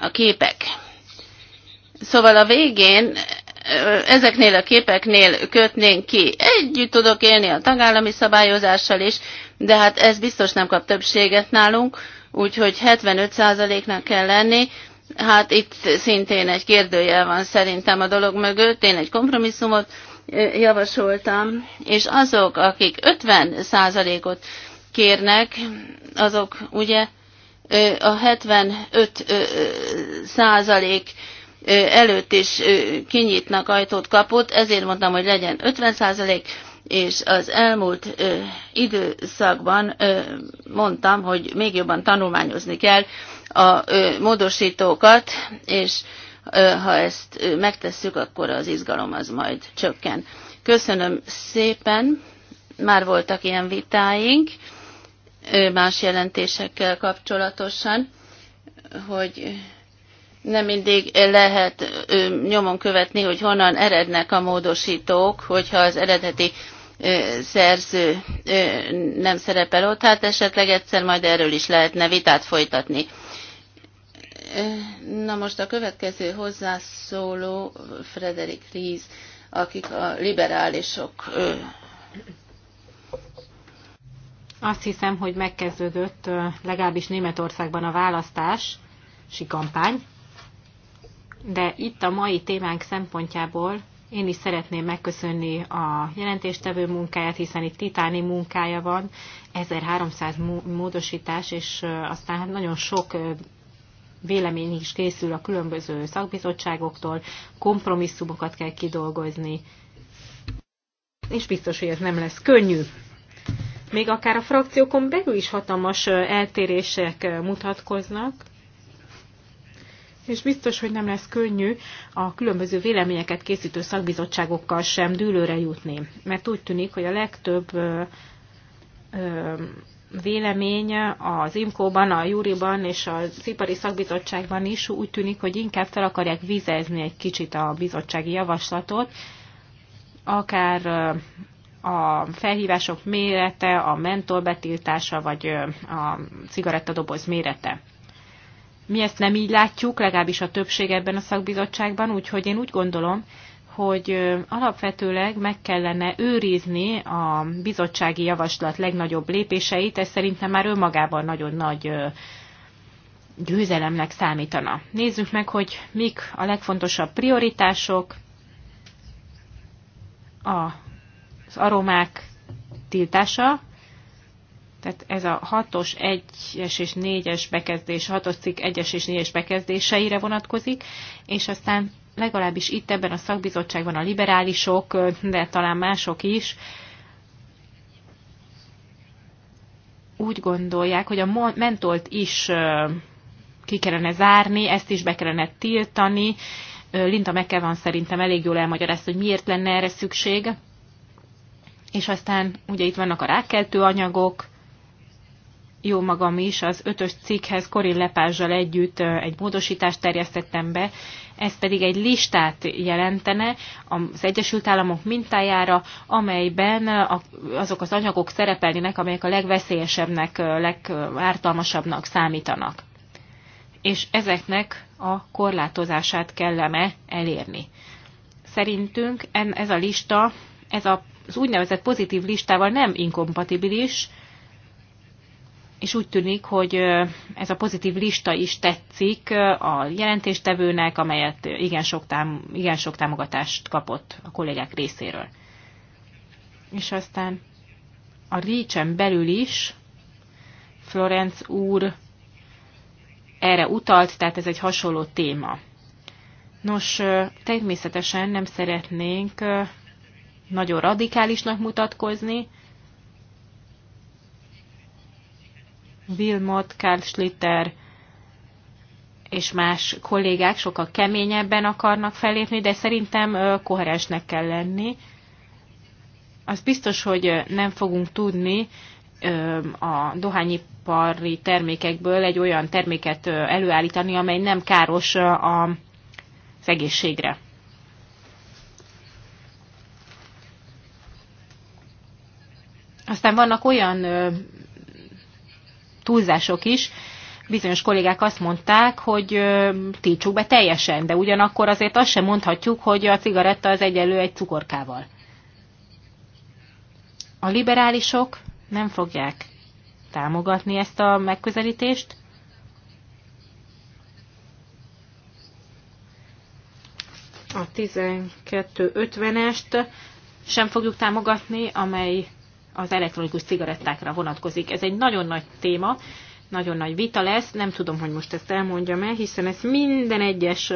a képek. Szóval a végén ezeknél a képeknél kötnénk ki. Együtt tudok élni a tagállami szabályozással is, de hát ez biztos nem kap többséget nálunk, úgyhogy 75%-nak kell lenni. Hát itt szintén egy kérdőjel van szerintem a dolog mögött. Én egy kompromisszumot javasoltam, és azok, akik 50%-ot kérnek, azok ugye a 75 százalék előtt is kinyitnak ajtót kapott, ezért mondtam, hogy legyen 50 százalék, és az elmúlt időszakban mondtam, hogy még jobban tanulmányozni kell a módosítókat, és ha ezt megtesszük, akkor az izgalom az majd csökken. Köszönöm szépen, már voltak ilyen vitáink más jelentésekkel kapcsolatosan, hogy nem mindig lehet nyomon követni, hogy honnan erednek a módosítók, hogyha az eredeti szerző nem szerepel ott, hát esetleg egyszer majd erről is lehetne vitát folytatni. Na most a következő hozzászóló Frederik Ries, akik a liberálisok. Azt hiszem, hogy megkezdődött legalábbis Németországban a választás kampány, de itt a mai témánk szempontjából én is szeretném megköszönni a jelentéstevő munkáját, hiszen itt titáni munkája van, 1300 módosítás, és aztán hát nagyon sok vélemény is készül a különböző szakbizottságoktól, kompromisszumokat kell kidolgozni, és biztos, hogy ez nem lesz könnyű. Még akár a frakciókon belül is hatalmas eltérések mutatkoznak, és biztos, hogy nem lesz könnyű a különböző véleményeket készítő szakbizottságokkal sem dűlőre jutni, mert úgy tűnik, hogy a legtöbb vélemény az IMKO-ban, a Júriban és az Ipari Szakbizottságban is úgy tűnik, hogy inkább fel akarják vizezni egy kicsit a bizottsági javaslatot, akár a felhívások mérete, a mentor betiltása, vagy a cigarettadoboz mérete. Mi ezt nem így látjuk, legalábbis a többség ebben a szakbizottságban, úgyhogy én úgy gondolom, hogy alapvetőleg meg kellene őrizni a bizottsági javaslat legnagyobb lépéseit, ez szerintem már önmagában nagyon nagy győzelemnek számítana. Nézzük meg, hogy mik a legfontosabb prioritások, az aromák tiltása, tehát ez a 6-os, 1-es és 4-es bekezdés, 6-os cikk 1-es és 4-es bekezdéseire vonatkozik, és aztán legalábbis itt ebben a szakbizottságban a liberálisok, de talán mások is, úgy gondolják, hogy a mentolt is ki kellene zárni, ezt is be kellene tiltani. Linda van szerintem elég jól elmagyarázta, hogy miért lenne erre szükség. És aztán ugye itt vannak a rákkeltő anyagok, jó magam is az ötös cikkhez Korin Lepázsal együtt egy módosítást terjesztettem be, ez pedig egy listát jelentene az Egyesült Államok mintájára, amelyben azok az anyagok szerepelnének, amelyek a legveszélyesebbnek, legártalmasabbnak számítanak. És ezeknek a korlátozását kellene elérni. Szerintünk ez a lista, ez az úgynevezett pozitív listával nem inkompatibilis, és úgy tűnik, hogy ez a pozitív lista is tetszik a jelentéstevőnek, amelyet igen sok, tám- igen sok támogatást kapott a kollégák részéről. És aztán a Récsen belül is Florenc úr erre utalt, tehát ez egy hasonló téma. Nos, természetesen nem szeretnénk nagyon radikálisnak mutatkozni, Wilmot, Karl Schlitter és más kollégák sokkal keményebben akarnak felépni, de szerintem koherensnek kell lenni. Az biztos, hogy nem fogunk tudni a dohányipari termékekből egy olyan terméket előállítani, amely nem káros az egészségre. Aztán vannak olyan túlzások is. Bizonyos kollégák azt mondták, hogy tiltsuk be teljesen, de ugyanakkor azért azt sem mondhatjuk, hogy a cigaretta az egyenlő egy cukorkával. A liberálisok nem fogják támogatni ezt a megközelítést, a 1250-est sem fogjuk támogatni, amely az elektronikus cigarettákra vonatkozik. Ez egy nagyon nagy téma, nagyon nagy vita lesz, nem tudom, hogy most ezt elmondjam e hiszen ezt minden egyes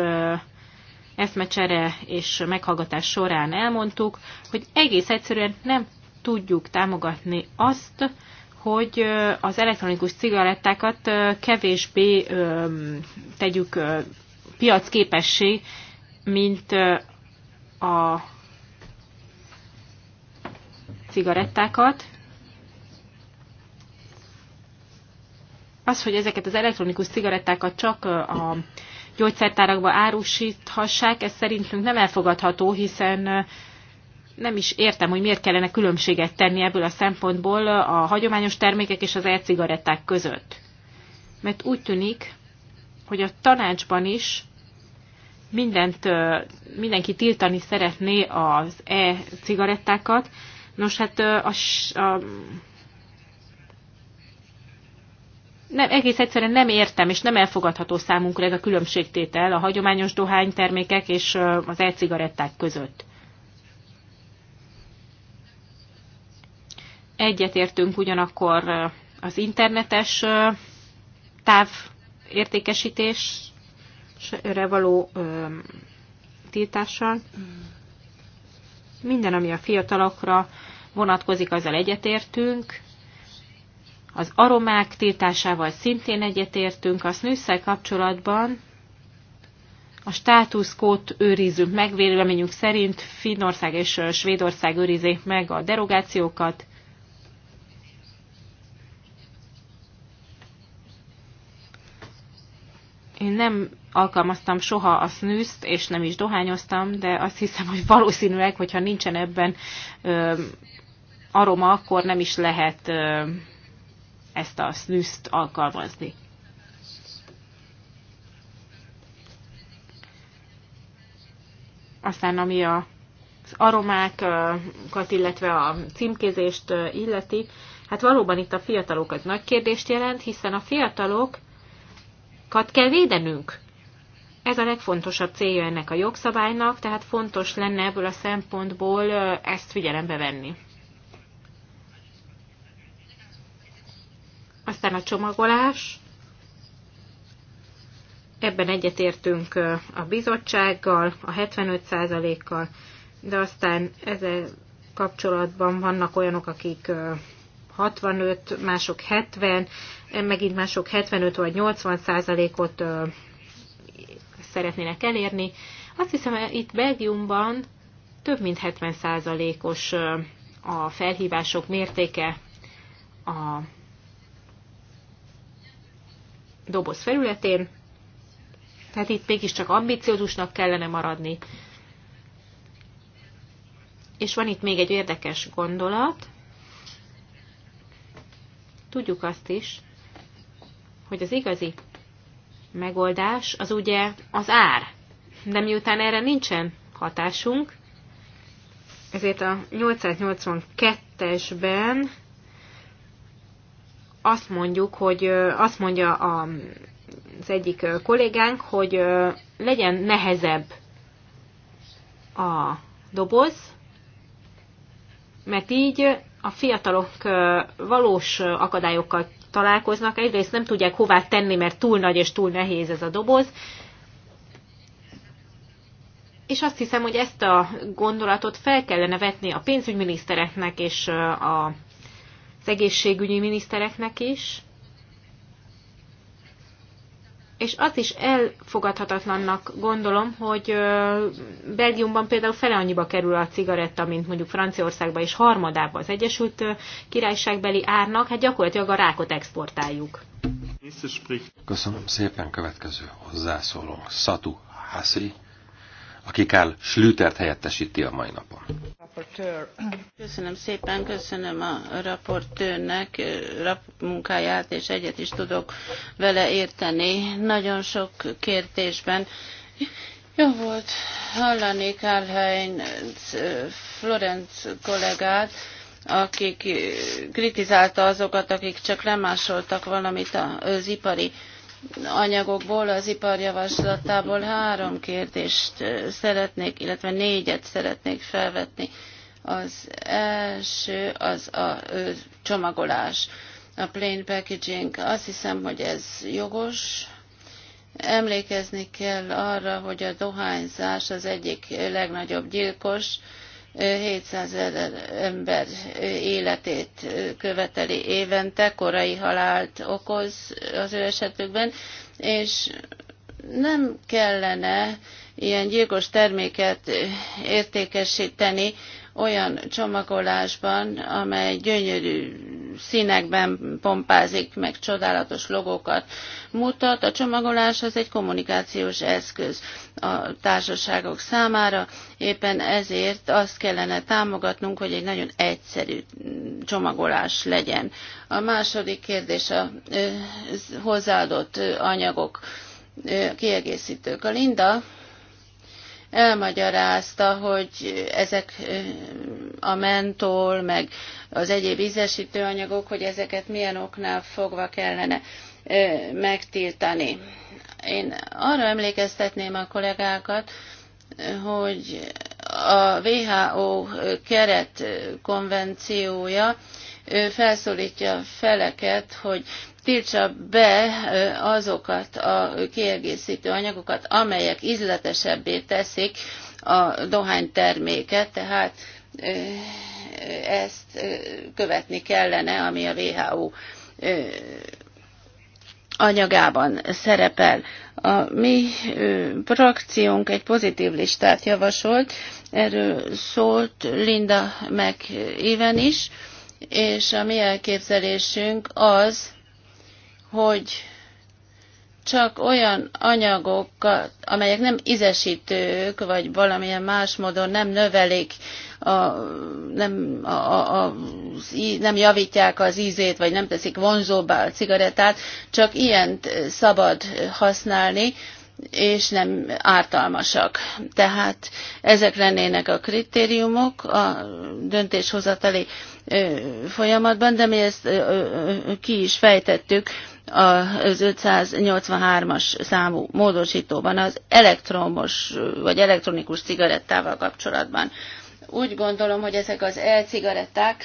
eszmecsere és meghallgatás során elmondtuk, hogy egész egyszerűen nem tudjuk támogatni azt, hogy az elektronikus cigarettákat kevésbé tegyük piacképessé, mint a cigarettákat, az, hogy ezeket az elektronikus cigarettákat csak a gyógyszertárakba árusíthassák, ez szerintünk nem elfogadható, hiszen nem is értem, hogy miért kellene különbséget tenni ebből a szempontból a hagyományos termékek és az e-cigaretták között. Mert úgy tűnik, hogy a tanácsban is mindent, mindenki tiltani szeretné az e-cigarettákat, Nos, hát a, a nem, egész egyszerűen nem értem, és nem elfogadható számunkra ez a különbségtétel a hagyományos dohánytermékek és az e-cigaretták között. Egyetértünk ugyanakkor az internetes távértékesítésre való tiltással. Mm. Minden, ami a fiatalokra vonatkozik, azzal egyetértünk. Az aromák tiltásával szintén egyetértünk. A snűszel kapcsolatban a státuszkót őrizünk, meg, véleményünk szerint Finnország és Svédország őrizik meg a derogációkat, nem alkalmaztam soha a snűzt, és nem is dohányoztam, de azt hiszem, hogy valószínűleg, hogyha nincsen ebben ö, aroma, akkor nem is lehet ö, ezt a snűzt alkalmazni. Aztán ami a, az aromákat, illetve a címkézést illeti, hát valóban itt a fiatalokat nagy kérdést jelent, hiszen a fiatalok kat kell védenünk. Ez a legfontosabb célja ennek a jogszabálynak, tehát fontos lenne ebből a szempontból ezt figyelembe venni. Aztán a csomagolás. Ebben egyetértünk a bizottsággal, a 75%-kal, de aztán ezzel kapcsolatban vannak olyanok, akik 65, mások 70, megint mások 75 vagy 80 százalékot szeretnének elérni. Azt hiszem, itt Belgiumban több mint 70 százalékos a felhívások mértéke a doboz felületén, tehát itt mégiscsak ambiciózusnak kellene maradni. És van itt még egy érdekes gondolat, Tudjuk azt is, hogy az igazi megoldás az ugye az ár. De miután erre nincsen hatásunk, ezért a 882-esben azt mondjuk, hogy azt mondja a, az egyik kollégánk, hogy legyen nehezebb a doboz, mert így a fiatalok valós akadályokkal találkoznak, egyrészt nem tudják hová tenni, mert túl nagy és túl nehéz ez a doboz, és azt hiszem, hogy ezt a gondolatot fel kellene vetni a pénzügyminisztereknek és a, az egészségügyi minisztereknek is, és azt is elfogadhatatlannak gondolom, hogy Belgiumban például fele annyiba kerül a cigaretta, mint mondjuk Franciaországban és harmadába az Egyesült Királyságbeli árnak, hát gyakorlatilag a rákot exportáljuk. Köszönöm szépen, következő hozzászólónk, Szatu Hászi aki Karl Schlütert helyettesíti a mai napon. Köszönöm szépen, köszönöm a raportőrnek rap munkáját, és egyet is tudok vele érteni. Nagyon sok kérdésben jó volt hallani Karl Heinz Florenc kollégát, akik kritizálta azokat, akik csak lemásoltak valamit az ipari anyagokból, az iparjavaslatából három kérdést szeretnék, illetve négyet szeretnék felvetni. Az első az a csomagolás, a plain packaging. Azt hiszem, hogy ez jogos. Emlékezni kell arra, hogy a dohányzás az egyik legnagyobb gyilkos, 700 ember életét követeli évente, korai halált okoz az ő esetükben, és nem kellene ilyen gyilkos terméket értékesíteni, olyan csomagolásban, amely gyönyörű színekben pompázik, meg csodálatos logókat mutat. A csomagolás az egy kommunikációs eszköz a társaságok számára, éppen ezért azt kellene támogatnunk, hogy egy nagyon egyszerű csomagolás legyen. A második kérdés a hozzáadott anyagok kiegészítők. A Linda elmagyarázta, hogy ezek a mentol, meg az egyéb ízesítő anyagok, hogy ezeket milyen oknál fogva kellene megtiltani. Én arra emlékeztetném a kollégákat, hogy a WHO keret konvenciója felszólítja feleket, hogy tiltsa be azokat a kiegészítő anyagokat, amelyek izletesebbé teszik a dohányterméket, tehát ezt követni kellene, ami a WHO anyagában szerepel. A mi frakciónk egy pozitív listát javasolt, erről szólt Linda meg éven is, és a mi elképzelésünk az, hogy csak olyan anyagokat, amelyek nem ízesítők, vagy valamilyen más módon nem növelik, a, nem, a, a, az, nem javítják az ízét, vagy nem teszik vonzóbbá a cigarettát, csak ilyent szabad használni, és nem ártalmasak. Tehát ezek lennének a kritériumok a döntéshozatali folyamatban, de mi ezt ki is fejtettük az 583-as számú módosítóban az elektromos vagy elektronikus cigarettával kapcsolatban. Úgy gondolom, hogy ezek az e-cigaretták,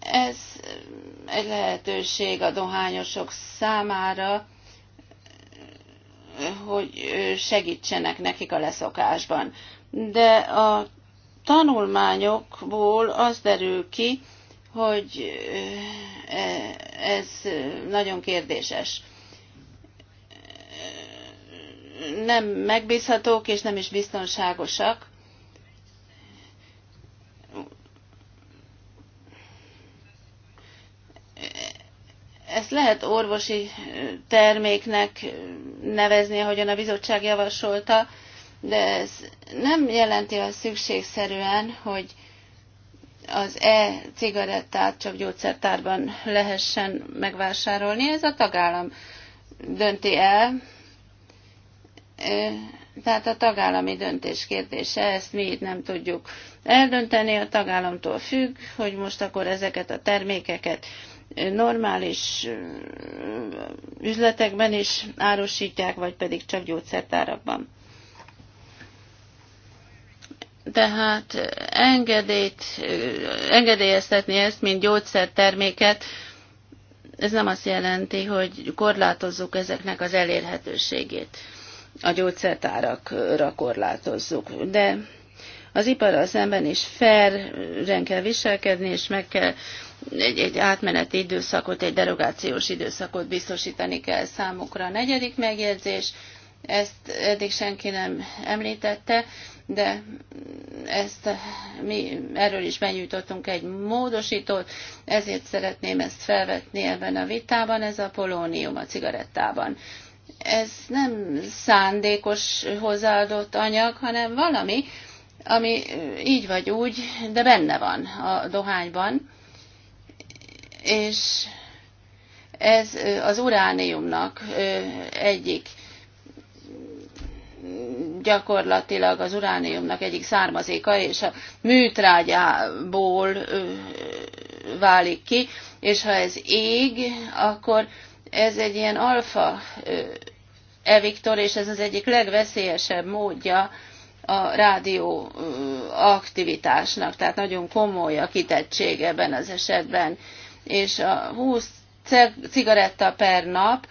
ez egy lehetőség a dohányosok számára, hogy segítsenek nekik a leszokásban. De a tanulmányokból az derül ki, hogy e, ez nagyon kérdéses. Nem megbízhatók és nem is biztonságosak. Ezt lehet orvosi terméknek nevezni, ahogyan a bizottság javasolta, de ez nem jelenti azt szükségszerűen, hogy az e-cigarettát csak gyógyszertárban lehessen megvásárolni. Ez a tagállam dönti el. Tehát a tagállami döntés kérdése, ezt mi itt nem tudjuk eldönteni, a tagállamtól függ, hogy most akkor ezeket a termékeket normális üzletekben is árusítják, vagy pedig csak gyógyszertárakban tehát engedélyt, engedélyeztetni ezt, mint gyógyszerterméket, ez nem azt jelenti, hogy korlátozzuk ezeknek az elérhetőségét. A gyógyszertárakra korlátozzuk. De az iparral szemben is felren kell viselkedni, és meg kell egy, egy átmeneti időszakot, egy derogációs időszakot biztosítani kell számukra. A negyedik megjegyzés, ezt eddig senki nem említette, de ezt mi erről is benyújtottunk egy módosítót, ezért szeretném ezt felvetni ebben a vitában, ez a polónium a cigarettában. Ez nem szándékos hozzáadott anyag, hanem valami, ami így vagy úgy, de benne van a dohányban, és ez az urániumnak egyik gyakorlatilag az urániumnak egyik származéka, és a műtrágyából válik ki, és ha ez ég, akkor ez egy ilyen alfa eviktor, és ez az egyik legveszélyesebb módja a rádió aktivitásnak, tehát nagyon komoly a kitettség ebben az esetben. És a 20 cigaretta per nap,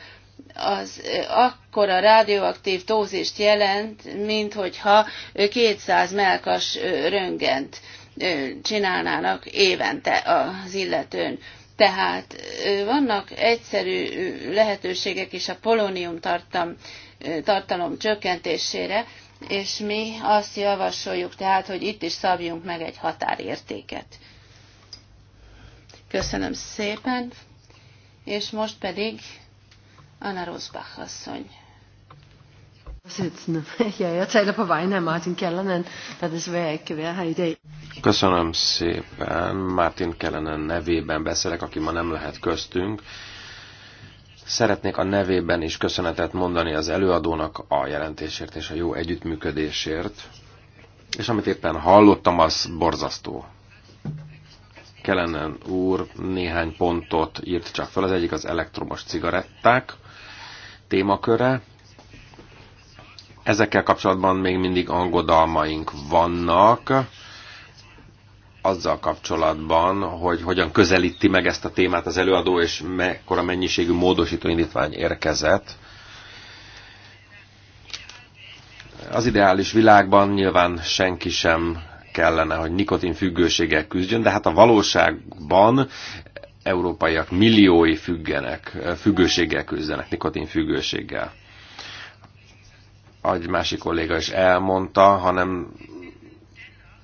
az akkora radioaktív dózist jelent, mint hogyha 200 melkas röngent csinálnának évente az illetőn. Tehát vannak egyszerű lehetőségek is a polónium tartam, tartalom csökkentésére, és mi azt javasoljuk tehát, hogy itt is szabjunk meg egy határértéket. Köszönöm szépen, és most pedig Anna Rosbach asszony. Köszönöm szépen. Martin Kellenen nevében beszélek, aki ma nem lehet köztünk. Szeretnék a nevében is köszönetet mondani az előadónak a jelentésért és a jó együttműködésért. És amit éppen hallottam, az borzasztó. Kellenen úr néhány pontot írt csak fel. Az egyik az elektromos cigaretták témaköre. Ezekkel kapcsolatban még mindig angodalmaink vannak azzal kapcsolatban, hogy hogyan közelíti meg ezt a témát az előadó, és mekkora mennyiségű módosító indítvány érkezett. Az ideális világban nyilván senki sem kellene, hogy nikotin függőséggel küzdjön, de hát a valóságban európaiak milliói függenek, függőséggel küzdenek, nikotin függőséggel. Egy másik kolléga is elmondta, hanem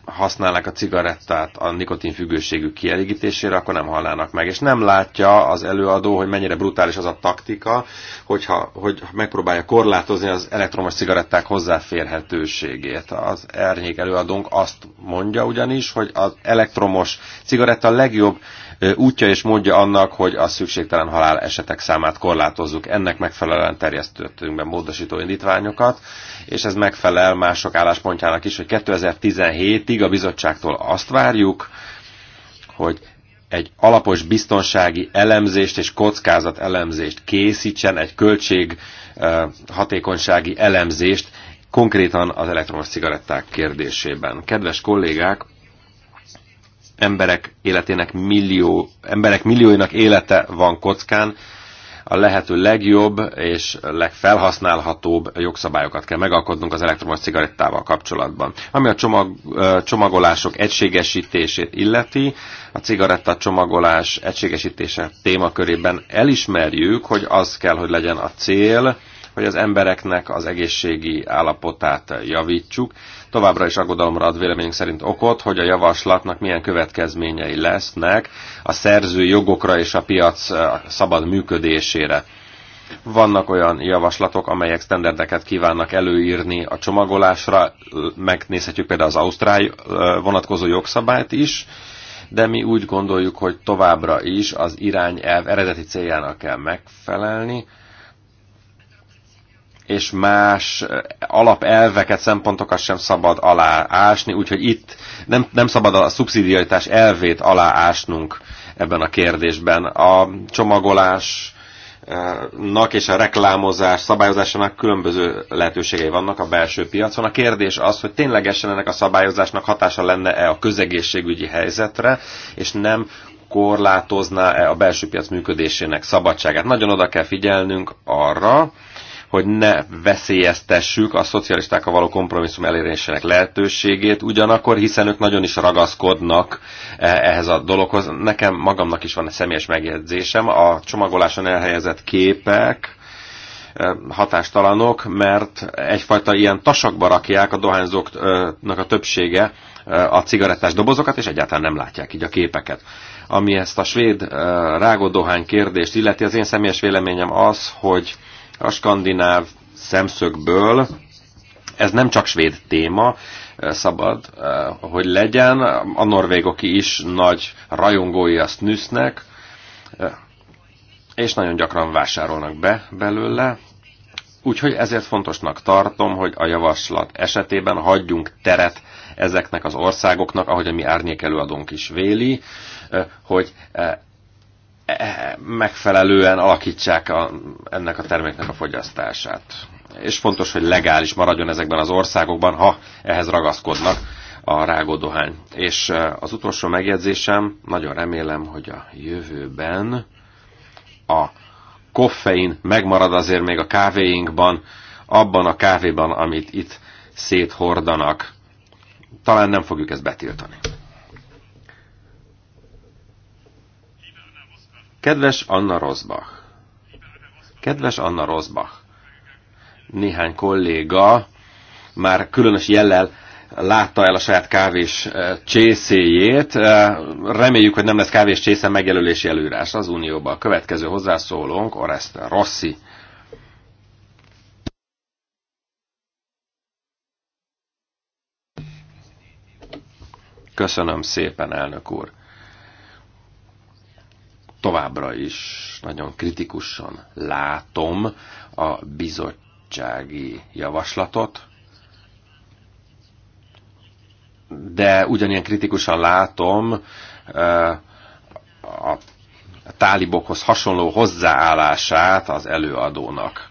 használnák a cigarettát a nikotinfüggőségük kielégítésére, akkor nem hallának meg. És nem látja az előadó, hogy mennyire brutális az a taktika, hogyha, hogy megpróbálja korlátozni az elektromos cigaretták hozzáférhetőségét. Az ernyék előadónk azt mondja ugyanis, hogy az elektromos cigaretta a legjobb útja és módja annak, hogy a szükségtelen halál esetek számát korlátozzuk. Ennek megfelelően terjesztettünk be módosító indítványokat, és ez megfelel mások álláspontjának is, hogy 2017-ig a bizottságtól azt várjuk, hogy egy alapos biztonsági elemzést és kockázat elemzést készítsen, egy költség hatékonysági elemzést konkrétan az elektromos cigaretták kérdésében. Kedves kollégák, emberek életének millió, emberek millióinak élete van kockán, a lehető legjobb és legfelhasználhatóbb jogszabályokat kell megalkodnunk az elektromos cigarettával kapcsolatban. Ami a csomag, csomagolások egységesítését illeti, a cigaretta csomagolás egységesítése témakörében elismerjük, hogy az kell, hogy legyen a cél, hogy az embereknek az egészségi állapotát javítsuk, Továbbra is aggodalomra ad véleményünk szerint okot, hogy a javaslatnak milyen következményei lesznek a szerző jogokra és a piac szabad működésére. Vannak olyan javaslatok, amelyek standardeket kívánnak előírni a csomagolásra, megnézhetjük például az Ausztrál vonatkozó jogszabályt is, de mi úgy gondoljuk, hogy továbbra is az irányelv eredeti céljának kell megfelelni, és más eh, alapelveket, szempontokat sem szabad aláásni, úgyhogy itt nem, nem szabad a szubszidiaritás elvét aláásnunk ebben a kérdésben. A csomagolás eh, nak és a reklámozás szabályozásának különböző lehetőségei vannak a belső piacon. A kérdés az, hogy ténylegesen ennek a szabályozásnak hatása lenne-e a közegészségügyi helyzetre, és nem korlátozná-e a belső piac működésének szabadságát. Nagyon oda kell figyelnünk arra, hogy ne veszélyeztessük a szocialistákkal való kompromisszum elérésének lehetőségét ugyanakkor, hiszen ők nagyon is ragaszkodnak eh, ehhez a dologhoz. Nekem magamnak is van egy személyes megjegyzésem, a csomagoláson elhelyezett képek, eh, hatástalanok, mert egyfajta ilyen tasakba rakják a dohányzóknak a többsége eh, a cigarettás dobozokat, és egyáltalán nem látják így a képeket. Ami ezt a svéd rágódohány kérdést illeti, az én személyes véleményem az, hogy a skandináv szemszögből ez nem csak svéd téma, eh, szabad, eh, hogy legyen. A norvégok is nagy rajongói a snüsznek, eh, és nagyon gyakran vásárolnak be belőle. Úgyhogy ezért fontosnak tartom, hogy a javaslat esetében hagyjunk teret ezeknek az országoknak, ahogy a mi árnyék előadónk is véli, hogy megfelelően alakítsák a, ennek a terméknek a fogyasztását. És fontos, hogy legális maradjon ezekben az országokban, ha ehhez ragaszkodnak a rágódohány. És az utolsó megjegyzésem, nagyon remélem, hogy a jövőben a koffein megmarad azért még a kávéinkban, abban a kávéban, amit itt széthordanak. Talán nem fogjuk ezt betiltani. Kedves Anna Rosbach! Kedves Anna Rosbach! Néhány kolléga már különös jellel látta el a saját kávés e, csészéjét. E, reméljük, hogy nem lesz kávés csésze megjelölési előírás az Unióban. A következő hozzászólónk Orest Rossi. Köszönöm szépen, elnök úr továbbra is nagyon kritikusan látom a bizottsági javaslatot, de ugyanilyen kritikusan látom a tálibokhoz hasonló hozzáállását az előadónak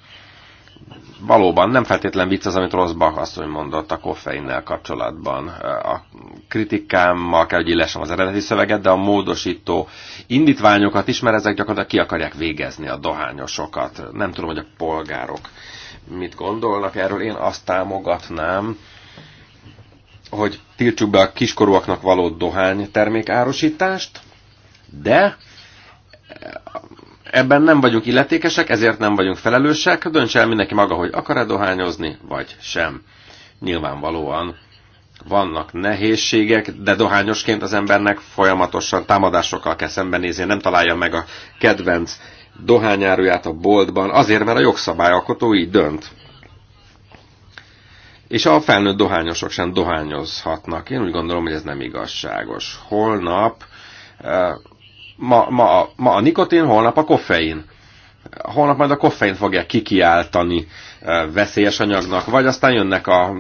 valóban nem feltétlen vicc az, amit Rosbach asszony mondott a koffeinnel kapcsolatban. A kritikámmal kell, hogy illessem az eredeti szöveget, de a módosító indítványokat is, mert ezek gyakorlatilag ki akarják végezni a dohányosokat. Nem tudom, hogy a polgárok mit gondolnak erről. Én azt támogatnám, hogy tiltsuk be a kiskorúaknak való dohány termékárosítást, de Ebben nem vagyunk illetékesek, ezért nem vagyunk felelősek, dönts el mindenki maga, hogy akar-e dohányozni, vagy sem. Nyilvánvalóan vannak nehézségek, de dohányosként az embernek folyamatosan támadásokkal kell szembenézni, nem találja meg a kedvenc dohányáruját a boltban, azért, mert a jogszabályalkotó így dönt. És a felnőtt dohányosok sem dohányozhatnak. Én úgy gondolom, hogy ez nem igazságos. Holnap eh, ma, ma, a, ma a nikotin, holnap a koffein. Holnap majd a koffein fogják kikiáltani veszélyes anyagnak, vagy aztán jönnek a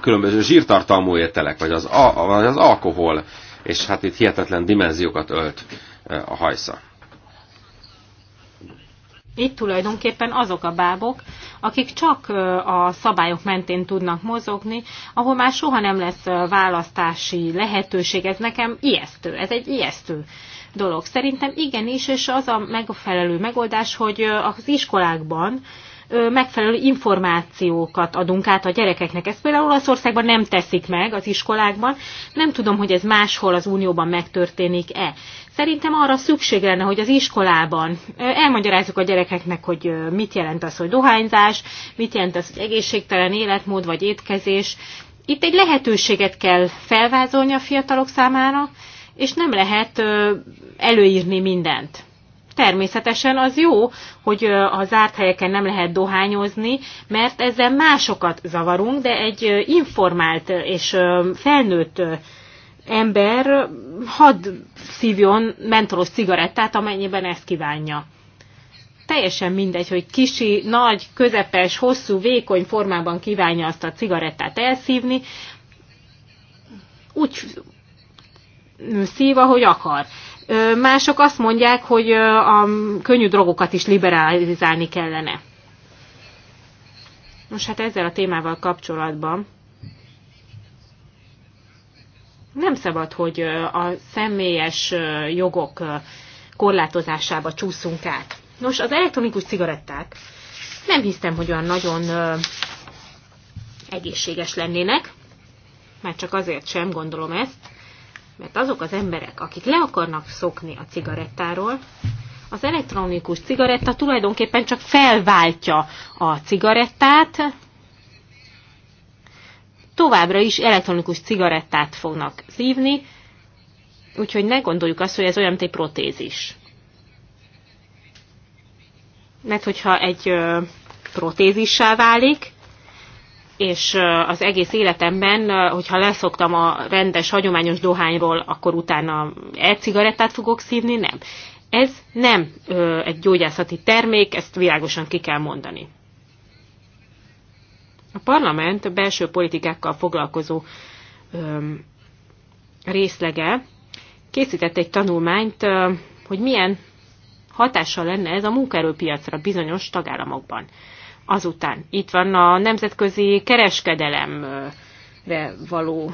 különböző zsírtartalmú ételek, vagy az, vagy az alkohol, és hát itt hihetetlen dimenziókat ölt a hajsza. Itt tulajdonképpen azok a bábok, akik csak a szabályok mentén tudnak mozogni, ahol már soha nem lesz választási lehetőség. Ez nekem ijesztő, ez egy ijesztő dolog. Szerintem igenis, és az a megfelelő megoldás, hogy az iskolákban megfelelő információkat adunk át a gyerekeknek. Ezt például Olaszországban nem teszik meg az iskolákban. Nem tudom, hogy ez máshol az Unióban megtörténik-e. Szerintem arra szükség lenne, hogy az iskolában elmagyarázzuk a gyerekeknek, hogy mit jelent az, hogy dohányzás, mit jelent az, hogy egészségtelen életmód vagy étkezés. Itt egy lehetőséget kell felvázolni a fiatalok számára, és nem lehet előírni mindent. Természetesen az jó, hogy a zárt helyeken nem lehet dohányozni, mert ezzel másokat zavarunk, de egy informált és felnőtt ember hadd szívjon mentolos cigarettát, amennyiben ezt kívánja. Teljesen mindegy, hogy kisi, nagy, közepes, hosszú, vékony formában kívánja azt a cigarettát elszívni, úgy szív, ahogy akar. Mások azt mondják, hogy a könnyű drogokat is liberalizálni kellene. Nos, hát ezzel a témával kapcsolatban nem szabad, hogy a személyes jogok korlátozásába csúszunk át. Nos, az elektronikus cigaretták nem hiszem, hogy olyan nagyon egészséges lennének, már csak azért sem gondolom ezt, mert azok az emberek, akik le akarnak szokni a cigarettáról, az elektronikus cigaretta tulajdonképpen csak felváltja a cigarettát, továbbra is elektronikus cigarettát fognak szívni, úgyhogy ne gondoljuk azt, hogy ez olyan, mint egy protézis. Mert hogyha egy protézissá válik, és az egész életemben, hogyha leszoktam a rendes, hagyományos dohányról, akkor utána egy cigarettát fogok szívni, nem. Ez nem ö, egy gyógyászati termék, ezt világosan ki kell mondani. A parlament belső politikákkal foglalkozó ö, részlege készített egy tanulmányt, ö, hogy milyen hatással lenne ez a munkaerőpiacra bizonyos tagállamokban. Azután itt van a nemzetközi kereskedelemre való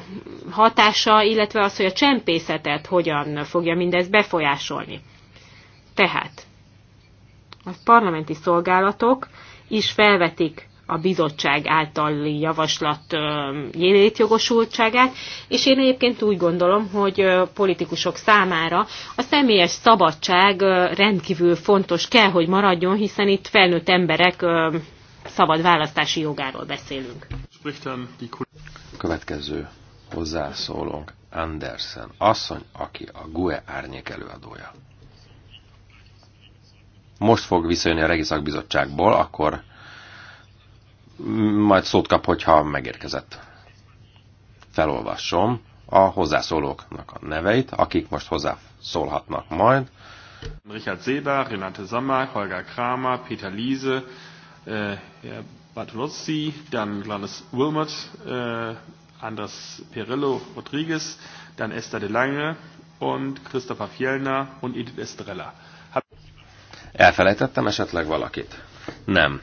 hatása, illetve az, hogy a csempészetet hogyan fogja mindez befolyásolni. Tehát a parlamenti szolgálatok is felvetik a bizottság általi javaslat jelétjogosultságát, és én egyébként úgy gondolom, hogy politikusok számára a személyes szabadság rendkívül fontos kell, hogy maradjon, hiszen itt felnőtt emberek szabad választási jogáról beszélünk. Következő hozzászólónk Andersen, asszony, aki a GUE árnyék előadója. Most fog visszajönni a Regiszakbizottságból, akkor majd szót kap, hogyha megérkezett. Felolvasom a hozzászólóknak a neveit, akik most hozzászólhatnak majd. Richard Seba, Renate Sommer, Holger Kramer, Peter Liese, äh, Herr Bartolozzi, dann Glanis Wilmot, äh, Anders Perillo Rodriguez, dann Esther de Lange und Christopher Fjellner und Edith Estrella. Hab Elfelejtettem esetleg valakit? Nem.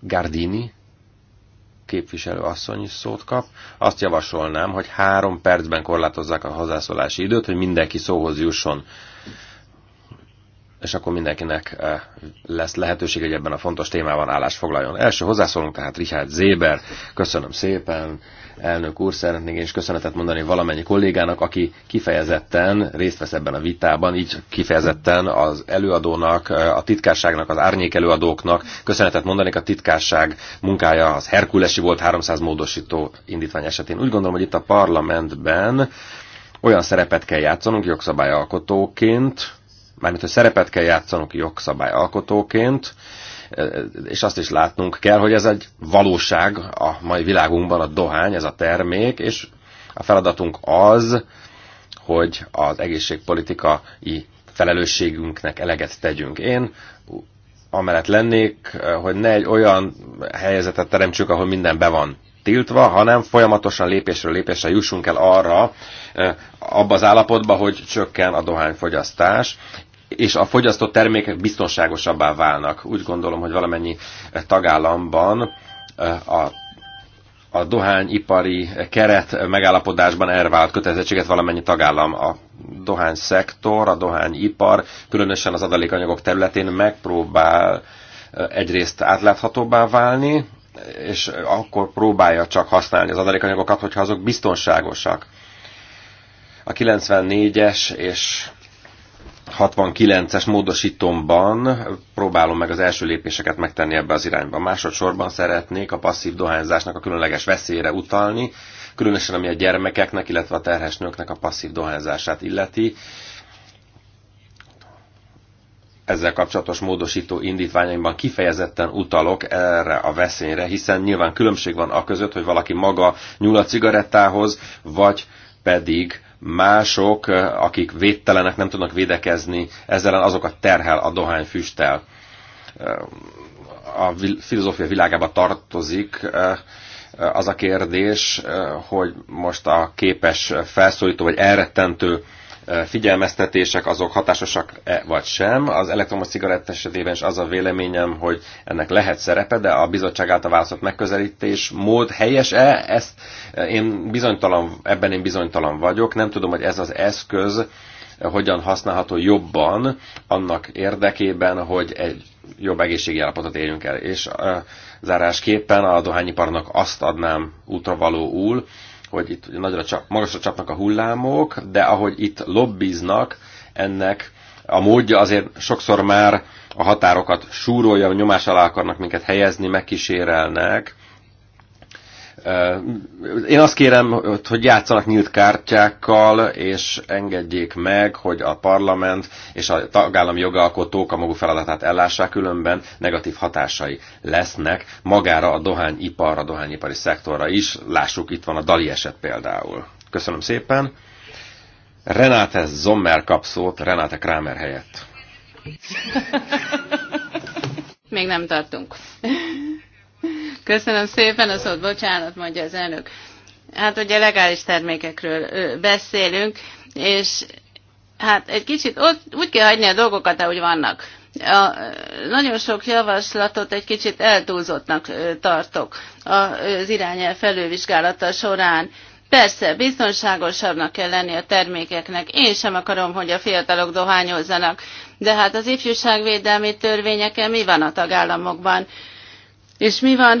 Gardini képviselő asszony is szót kap. Azt javasolnám, hogy három percben korlátozzák a hozzászólási időt, hogy mindenki szóhoz jusson és akkor mindenkinek eh, lesz lehetőség, hogy ebben a fontos témában állást foglaljon. Első hozzászólunk tehát Richard Zéber, köszönöm szépen, elnök úr, szeretnék én is köszönetet mondani valamennyi kollégának, aki kifejezetten részt vesz ebben a vitában, így kifejezetten az előadónak, eh, a titkárságnak, az árnyék előadóknak köszönetet mondanék, a titkárság munkája az herkulesi volt 300 módosító indítvány esetén. Úgy gondolom, hogy itt a parlamentben olyan szerepet kell játszanunk jogszabályalkotóként, mármint hogy szerepet kell játszanunk jogszabályalkotóként, e, e, és azt is látnunk kell, hogy ez egy valóság a mai világunkban a dohány, ez a termék, és a feladatunk az, hogy az egészségpolitikai felelősségünknek eleget tegyünk. Én amellett lennék, e, hogy ne egy olyan helyzetet teremtsük, ahol minden be van tiltva, hanem folyamatosan lépésről lépésre jussunk el arra, abba az állapotba, hogy csökken a dohányfogyasztás, és a fogyasztott termékek biztonságosabbá válnak. Úgy gondolom, hogy valamennyi tagállamban eh, a a dohányipari keret megállapodásban elvált. kötelezettséget valamennyi tagállam. A dohány szektor, a dohányipar, különösen az adalékanyagok területén megpróbál eh, egyrészt átláthatóbbá válni, és akkor próbálja csak használni az adalékanyagokat, hogyha azok biztonságosak. A 94-es és 69-es módosítomban próbálom meg az első lépéseket megtenni ebbe az irányba. Másodszorban szeretnék a passzív dohányzásnak a különleges veszélyre utalni, különösen ami a gyermekeknek, illetve a terhes nőknek a passzív dohányzását illeti. Ezzel kapcsolatos módosító indítványaimban kifejezetten utalok erre a veszélyre, hiszen nyilván különbség van a között, hogy valaki maga nyúl a cigarettához, vagy pedig mások, eh, akik védtelenek, nem tudnak védekezni, ezzel azokat terhel a dohányfüsttel. Eh, a filozófia világába tartozik eh, az a kérdés, hogy most a képes felszólító vagy elrettentő figyelmeztetések azok hatásosak -e vagy sem. Az elektromos cigarett esetében is az a véleményem, hogy ennek lehet szerepe, de a bizottság által választott megközelítés mód helyes-e? Ezt én bizonytalan, ebben én bizonytalan vagyok. Nem tudom, hogy ez az eszköz hogyan használható jobban annak érdekében, hogy egy jobb egészségi állapotot érjünk el. És zárásképpen a dohányiparnak azt adnám útra valóul, hogy itt ugye nagyra csap, magasra csapnak a hullámok, de ahogy itt lobbiznak, ennek a módja azért sokszor már a határokat súrolja, nyomás alá akarnak minket helyezni, megkísérelnek, én azt kérem, hogy játszanak nyílt kártyákkal, és engedjék meg, hogy a parlament és a tagállami jogalkotók a maguk feladatát ellássák, különben negatív hatásai lesznek magára a dohányiparra, a dohányipari szektorra is. Lássuk, itt van a Dali eset például. Köszönöm szépen. Renáte Zommer kap szót, Renate Kramer helyett. Még nem tartunk. Köszönöm szépen a szót, bocsánat, mondja az elnök. Hát ugye legális termékekről beszélünk, és hát egy kicsit ott úgy kell hagyni a dolgokat, ahogy vannak. A, nagyon sok javaslatot egy kicsit eltúlzottnak tartok az irányel felülvizsgálata során. Persze, biztonságosabbnak kell lenni a termékeknek. Én sem akarom, hogy a fiatalok dohányozzanak. De hát az ifjúságvédelmi törvényeken mi van a tagállamokban? És mi van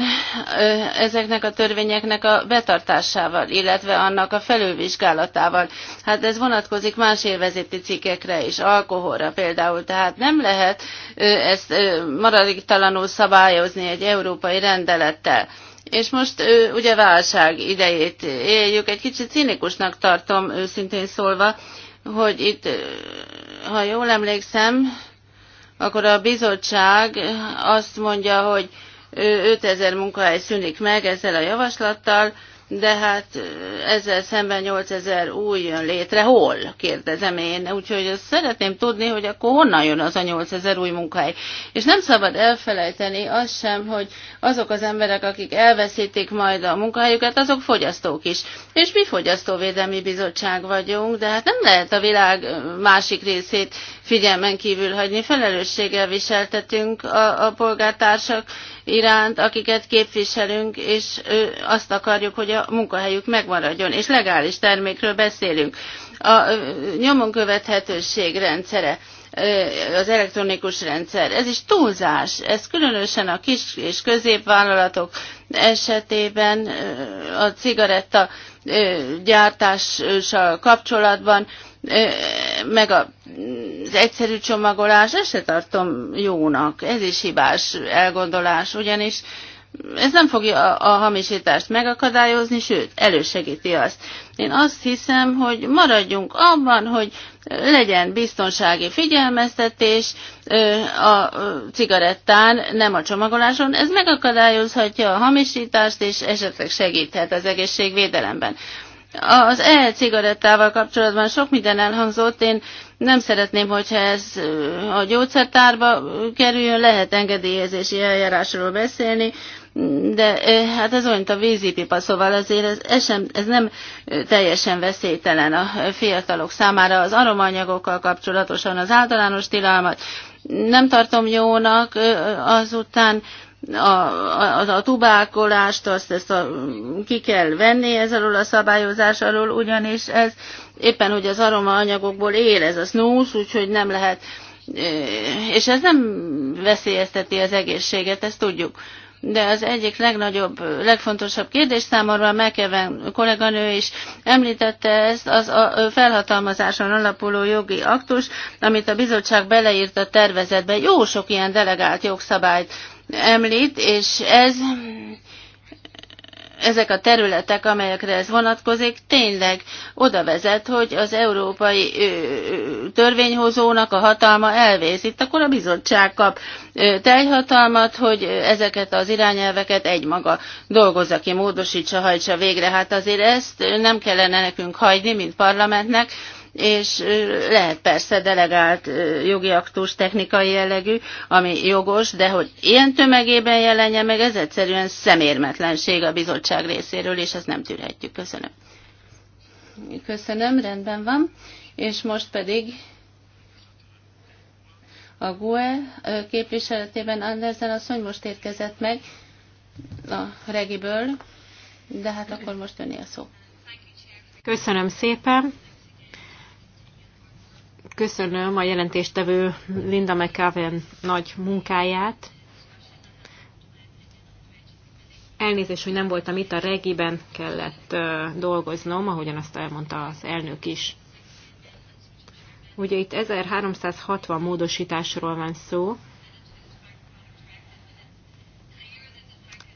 ezeknek a törvényeknek a betartásával, illetve annak a felülvizsgálatával? Hát ez vonatkozik más élvezeti cikkekre is, alkoholra például. Tehát nem lehet ezt maradéktalanul szabályozni egy európai rendelettel. És most ugye válság idejét éljük, egy kicsit cinikusnak tartom őszintén szólva, hogy itt, ha jól emlékszem, akkor a bizottság azt mondja, hogy 5000 munkahely szűnik meg ezzel a javaslattal, de hát ezzel szemben 8000 új jön létre. Hol? Kérdezem én. Úgyhogy azt szeretném tudni, hogy akkor honnan jön az a 8000 új munkahely. És nem szabad elfelejteni azt sem, hogy azok az emberek, akik elveszítik majd a munkahelyüket, azok fogyasztók is. És mi fogyasztóvédelmi bizottság vagyunk, de hát nem lehet a világ másik részét figyelmen kívül hagyni. Felelősséggel viseltetünk a, a polgártársak iránt, akiket képviselünk, és azt akarjuk, hogy a a munkahelyük megmaradjon, és legális termékről beszélünk. A nyomon követhetőség rendszere az elektronikus rendszer. Ez is túlzás, ez különösen a kis és középvállalatok esetében a cigaretta gyártással kapcsolatban, meg az egyszerű csomagolás, ezt se tartom jónak, ez is hibás elgondolás, ugyanis ez nem fogja a, a hamisítást megakadályozni, sőt, elősegíti azt. Én azt hiszem, hogy maradjunk abban, hogy legyen biztonsági figyelmeztetés a cigarettán, nem a csomagoláson. Ez megakadályozhatja a hamisítást, és esetleg segíthet az egészségvédelemben. Az e-cigarettával kapcsolatban sok minden elhangzott, én nem szeretném, hogyha ez a gyógyszertárba kerüljön, lehet engedélyezési eljárásról beszélni, de hát ez olyan, mint a vízipipa, szóval azért ez, ez, sem, ez nem teljesen veszélytelen a fiatalok számára. Az aromanyagokkal kapcsolatosan az általános tilalmat nem tartom jónak, azután a, a, a tubálkolást, azt ezt a, ki kell venni ez alól a szabályozás alól, ugyanis ez éppen, hogy az aromaanyagokból él ez a snus, úgyhogy nem lehet, és ez nem veszélyezteti az egészséget, ezt tudjuk de az egyik legnagyobb, legfontosabb kérdés számomra Mekeven kolléganő is említette ezt, az a felhatalmazáson alapuló jogi aktus, amit a bizottság beleírt a tervezetbe. Jó sok ilyen delegált jogszabályt említ, és ez ezek a területek, amelyekre ez vonatkozik, tényleg oda vezet, hogy az európai törvényhozónak a hatalma elvész. Itt akkor a bizottság kap teljhatalmat, hogy ezeket az irányelveket egymaga dolgozza ki, módosítsa, hajtsa végre. Hát azért ezt nem kellene nekünk hagyni, mint parlamentnek, és lehet persze delegált jogi aktus technikai jellegű, ami jogos, de hogy ilyen tömegében jelenje meg, ez egyszerűen szemérmetlenség a bizottság részéről, és ezt nem tűrhetjük. Köszönöm. Köszönöm, rendben van. És most pedig a GUE képviseletében Andersen asszony most érkezett meg a regiből, de hát akkor most öné a szó. Köszönöm szépen köszönöm a jelentéstevő Linda McCaven nagy munkáját. Elnézést, hogy nem voltam itt, a regiben kellett dolgoznom, ahogyan azt elmondta az elnök is. Ugye itt 1360 módosításról van szó.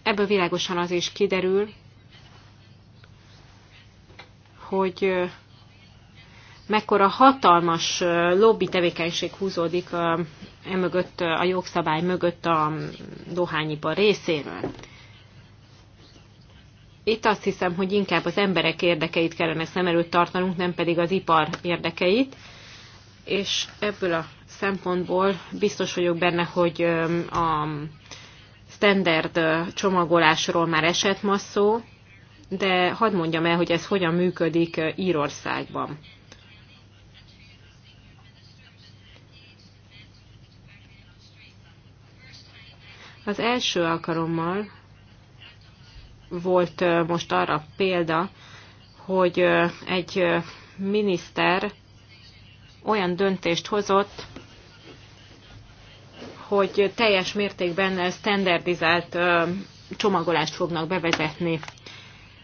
Ebből világosan az is kiderül, hogy mekkora hatalmas lobby tevékenység húzódik emögött, a jogszabály mögött a dohányipar részéről. Itt azt hiszem, hogy inkább az emberek érdekeit kellene szem előtt tartanunk, nem pedig az ipar érdekeit, és ebből a szempontból biztos vagyok benne, hogy a standard csomagolásról már esett ma szó, de hadd mondjam el, hogy ez hogyan működik Írországban. Az első alkalommal volt most arra példa, hogy egy miniszter olyan döntést hozott, hogy teljes mértékben standardizált csomagolást fognak bevezetni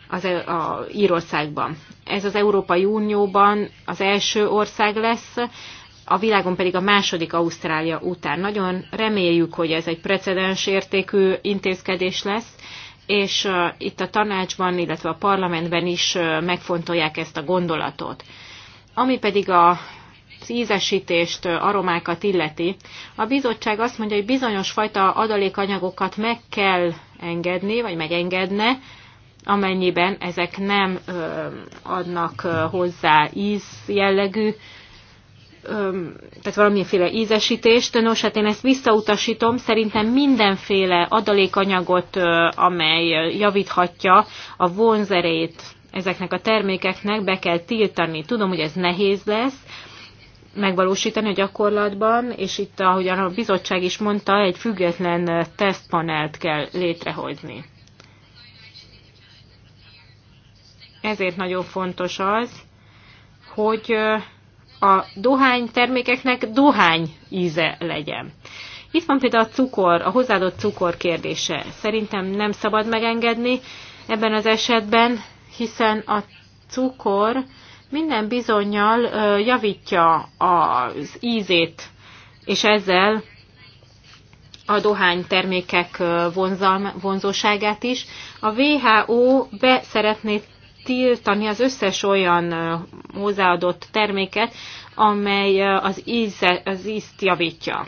az e, a Írországban. Ez az Európai Unióban az első ország lesz, a világon pedig a második Ausztrália után. Nagyon reméljük, hogy ez egy precedens értékű intézkedés lesz, és itt a tanácsban, illetve a parlamentben is megfontolják ezt a gondolatot. Ami pedig a ízesítést, aromákat illeti, a bizottság azt mondja, hogy bizonyos fajta adalékanyagokat meg kell engedni, vagy megengedne, amennyiben ezek nem adnak hozzá íz jellegű tehát valamiféle ízesítést. Nos, hát én ezt visszautasítom. Szerintem mindenféle adalékanyagot, amely javíthatja a vonzerét ezeknek a termékeknek, be kell tiltani. Tudom, hogy ez nehéz lesz megvalósítani a gyakorlatban, és itt, ahogyan a bizottság is mondta, egy független tesztpanelt kell létrehozni. Ezért nagyon fontos az, hogy a dohány termékeknek dohány íze legyen. Itt van például a cukor, a hozzáadott cukor kérdése. Szerintem nem szabad megengedni ebben az esetben, hiszen a cukor minden bizonyal javítja az ízét, és ezzel a dohány termékek vonzalm, vonzóságát is. A WHO be szeretné tiltani az összes olyan hozzáadott terméket, amely az, íze, az ízt javítja.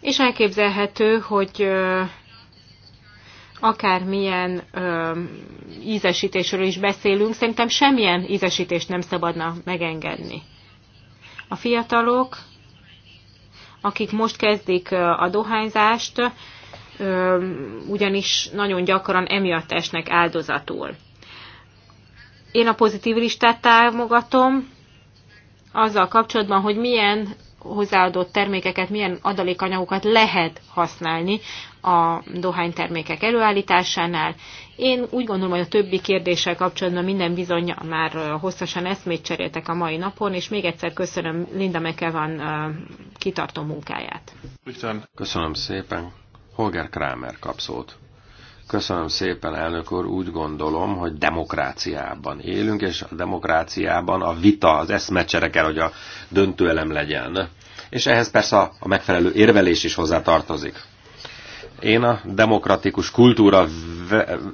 És elképzelhető, hogy akármilyen ö, ízesítésről is beszélünk, szerintem semmilyen ízesítést nem szabadna megengedni. A fiatalok akik most kezdik a dohányzást, ugyanis nagyon gyakran emiatt esnek áldozatul. Én a pozitív listát támogatom azzal kapcsolatban, hogy milyen hozzáadott termékeket, milyen adalékanyagokat lehet használni a dohánytermékek előállításánál. Én úgy gondolom, hogy a többi kérdéssel kapcsolatban minden bizony már hosszasan eszmét cseréltek a mai napon, és még egyszer köszönöm Linda van kitartó munkáját. Köszönöm szépen. Holger Kramer kapszót. Köszönöm szépen, elnök úr. Úgy gondolom, hogy demokráciában élünk, és a demokráciában a vita, az eszmecsere kell, hogy a döntőelem legyen. És ehhez persze a megfelelő érvelés is hozzá tartozik. Én a demokratikus kultúra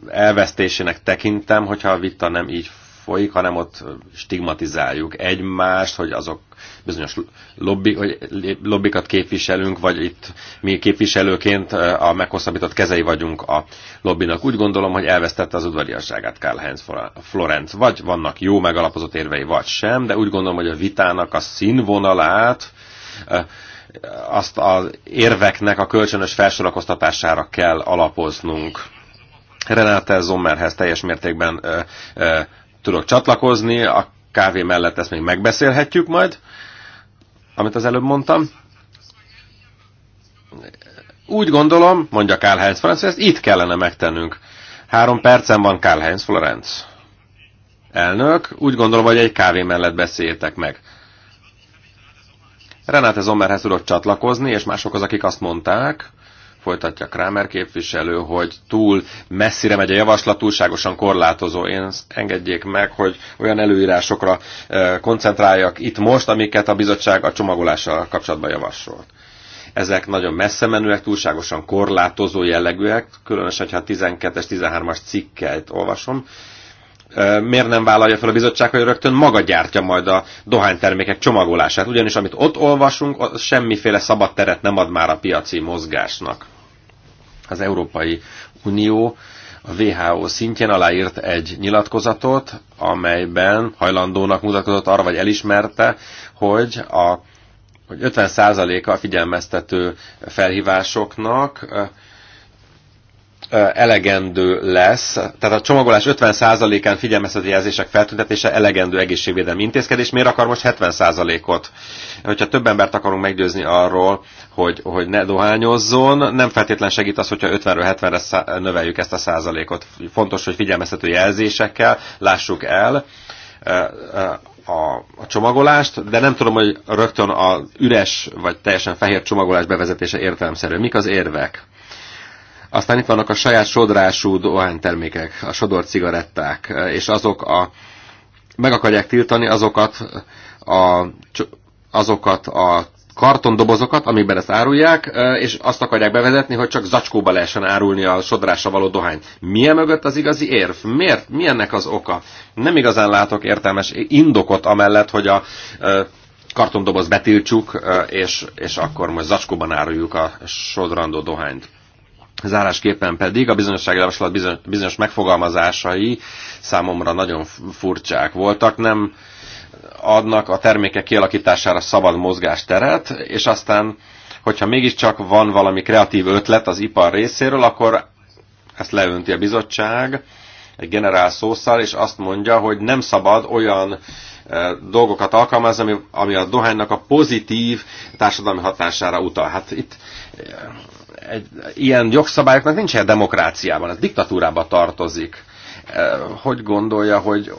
elvesztésének tekintem, hogyha a vita nem így folyik, hanem ott stigmatizáljuk egymást, hogy azok bizonyos lobby, lobbikat képviselünk, vagy itt mi képviselőként a meghosszabbított kezei vagyunk a lobbinak. Úgy gondolom, hogy elvesztette az udvariasságát Karl Heinz Florenz. Vagy vannak jó megalapozott érvei, vagy sem, de úgy gondolom, hogy a vitának a színvonalát azt az érveknek a kölcsönös felsorakoztatására kell alapoznunk. Renate Zommerhez teljes mértékben ö, ö, tudok csatlakozni, a kávé mellett ezt még megbeszélhetjük majd, amit az előbb mondtam. Úgy gondolom, mondja Karl Heinz Florenz, ezt itt kellene megtennünk. Három percen van Karl Heinz Florenz. Elnök, úgy gondolom, hogy egy kávé mellett beszéltek meg. Renate Zomerhez tudott csatlakozni, és mások akik azt mondták, folytatja Kramer képviselő, hogy túl messzire megy a javaslat, túlságosan korlátozó. Én engedjék meg, hogy olyan előírásokra eh, koncentráljak itt most, amiket a bizottság a csomagolással kapcsolatban javasolt ezek nagyon messze menőek, túlságosan korlátozó jellegűek, különösen, ha 12-es, 13-as cikkeit olvasom. Eh, miért nem vállalja fel a bizottság, hogy rögtön maga gyártja majd a dohánytermékek csomagolását? Ugyanis amit ott olvasunk, az semmiféle szabad teret nem ad már a piaci mozgásnak. Az Európai Unió a WHO szintjén aláírt egy nyilatkozatot, amelyben hajlandónak mutatkozott arra, vagy elismerte, hogy a hogy 50%-a a figyelmeztető felhívásoknak elegendő lesz, tehát a csomagolás 50%-án figyelmeztető jelzések feltüntetése elegendő egészségvédelmi intézkedés, miért akar most 70%-ot? Hogyha több embert akarunk meggyőzni arról, hogy, hogy ne dohányozzon, nem feltétlen segít az, hogyha 50-ről 70-re növeljük ezt a százalékot. Fontos, hogy figyelmeztető jelzésekkel lássuk el, a, a csomagolást, de nem tudom, hogy rögtön az üres vagy teljesen fehér csomagolás bevezetése értelemszerű. Mik az érvek? Aztán itt vannak a saját sodrású dohánytermékek, a sodor cigaretták, és azok a, meg akarják tiltani azokat a, azokat a kartondobozokat, amikben ezt árulják, és azt akarják bevezetni, hogy csak zacskóba lehessen árulni a sodrásra való dohányt. Milyen mögött az igazi érv? Miért? Mi ennek az oka? Nem igazán látok értelmes indokot amellett, hogy a kartondoboz betiltsuk, és, és akkor most zacskóban áruljuk a sodrandó dohányt. Zárásképpen pedig a bizonyossági javaslat bizonyos megfogalmazásai számomra nagyon furcsák voltak, nem adnak a termékek kialakítására szabad teret, és aztán, hogyha mégiscsak van valami kreatív ötlet az ipar részéről, akkor ezt leönti a bizottság egy generál szószal, és azt mondja, hogy nem szabad olyan e, dolgokat alkalmazni, ami, ami a dohánynak a pozitív társadalmi hatására utal. Hát itt e, egy, ilyen jogszabályoknak nincs nincsen demokráciában, ez diktatúrába tartozik. E, hogy gondolja, hogy,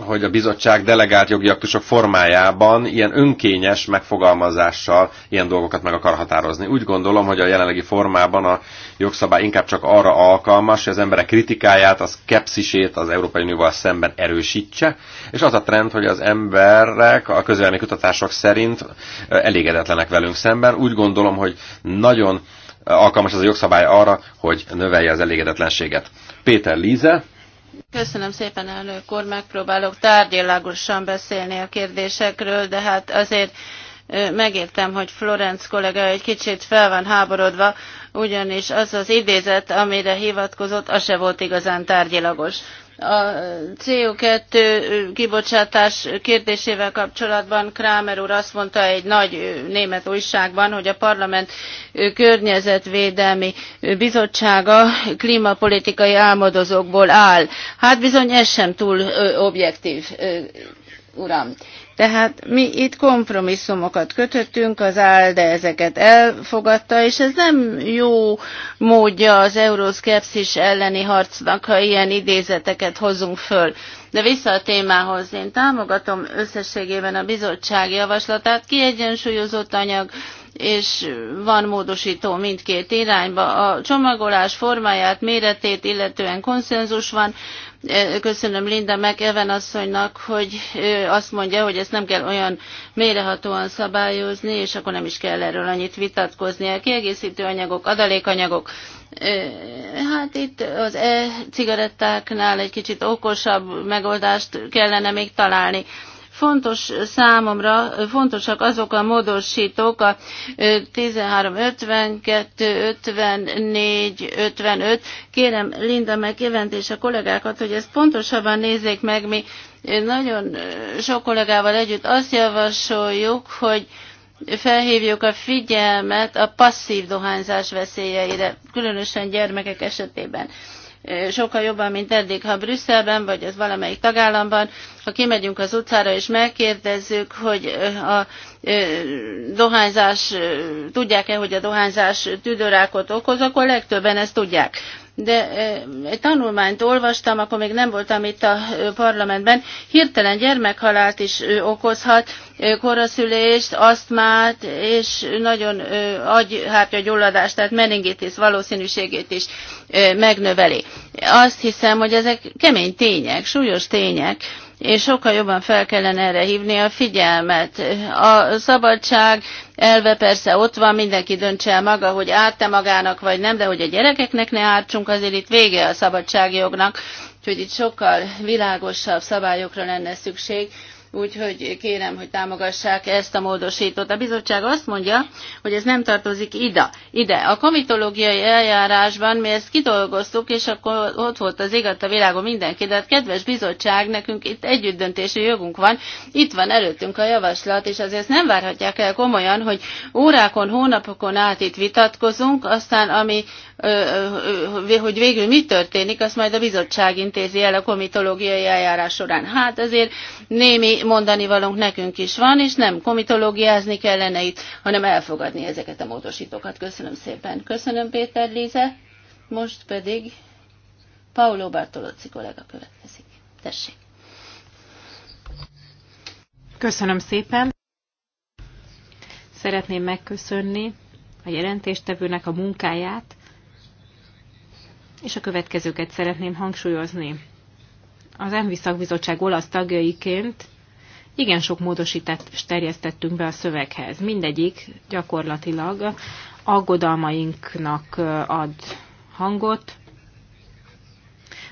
hogy a bizottság delegált jogi aktusok formájában ilyen önkényes megfogalmazással ilyen dolgokat meg akar határozni. Úgy gondolom, hogy a jelenlegi formában a jogszabály inkább csak arra alkalmas, hogy az emberek kritikáját, a szkepszisét az Európai Unióval szemben erősítse, és az a trend, hogy az emberek a közelmi kutatások szerint e, elégedetlenek velünk szemben. Úgy gondolom, hogy nagyon alkalmas ez a jogszabály arra, hogy növelje az elégedetlenséget. Péter Líze. Köszönöm szépen, elnök úr, megpróbálok tárgyilagosan beszélni a kérdésekről, de hát azért megértem, hogy Florenc kollega egy kicsit fel van háborodva, ugyanis az az idézet, amire hivatkozott, az se volt igazán tárgyilagos. A co two kibocsátás kérdésével kapcsolatban Krámer úr azt mondta egy nagy német újságban, hogy a parlament környezetvédelmi bizottsága klmapolitikai álmodozókból áll. Hát bizony ez sem túl objektív, uram. Tehát mi itt kompromisszumokat kötöttünk, az de ezeket elfogadta, és ez nem jó módja az euroszkepszis elleni harcnak, ha ilyen idézeteket hozunk föl. De vissza a témához, én támogatom összességében a bizottság javaslatát, kiegyensúlyozott anyag, és van módosító mindkét irányba. A csomagolás formáját, méretét illetően konszenzus van, Köszönöm Linda meg Evan asszonynak, hogy azt mondja, hogy ezt nem kell olyan mélyrehatóan szabályozni, és akkor nem is kell erről annyit vitatkozni. A kiegészítő anyagok, adalékanyagok, Hát itt az e-cigarettáknál egy kicsit okosabb megoldást kellene még találni Fontos számomra, fontosak azok a módosítók, a 1352, 54, 55. Kérem Linda meg és a kollégákat, hogy ezt pontosabban nézzék meg. Mi nagyon sok kollégával együtt azt javasoljuk, hogy felhívjuk a figyelmet a passzív dohányzás veszélyeire, különösen gyermekek esetében sokkal jobban, mint eddig, ha Brüsszelben, vagy az valamelyik tagállamban, ha kimegyünk az utcára és megkérdezzük, hogy a dohányzás, tudják-e, hogy a dohányzás tüdőrákot okoz, akkor legtöbben ezt tudják de egy tanulmányt olvastam, akkor még nem voltam itt a parlamentben, hirtelen gyermekhalált is okozhat, koraszülést, asztmát és nagyon agyhártya gyulladást, tehát meningitis valószínűségét is megnöveli. Azt hiszem, hogy ezek kemény tények, súlyos tények, és sokkal jobban fel kellene erre hívni a figyelmet. A szabadság elve persze ott van, mindenki döntse el maga, hogy árt-e magának vagy nem, de hogy a gyerekeknek ne ártsunk, azért itt vége a szabadságjognak, úgyhogy itt sokkal világosabb szabályokra lenne szükség, úgyhogy kérem, hogy támogassák ezt a módosítót. A bizottság azt mondja, hogy ez nem tartozik ide. ide. A komitológiai eljárásban mi ezt kidolgoztuk, és akkor ott volt az igat a világon mindenki, de hát kedves bizottság, nekünk itt együttdöntési jogunk van, itt van előttünk a javaslat, és azért nem várhatják el komolyan, hogy órákon, hónapokon át itt vitatkozunk, aztán ami hogy végül mi történik, azt majd a bizottság intézi el a komitológiai eljárás során. Hát azért némi mondanivalónk mondani nekünk is van, és nem komitológiázni kellene itt, hanem elfogadni ezeket a módosítókat. Köszönöm szépen. Köszönöm Péter Líze. Most pedig Paulo Bartolozzi kollega következik. Tessék. Köszönöm szépen. Szeretném megköszönni a jelentéstevőnek a munkáját, és a következőket szeretném hangsúlyozni. Az ENVI szakbizottság olasz tagjaiként igen sok módosítást terjesztettünk be a szöveghez. Mindegyik gyakorlatilag aggodalmainknak ad hangot,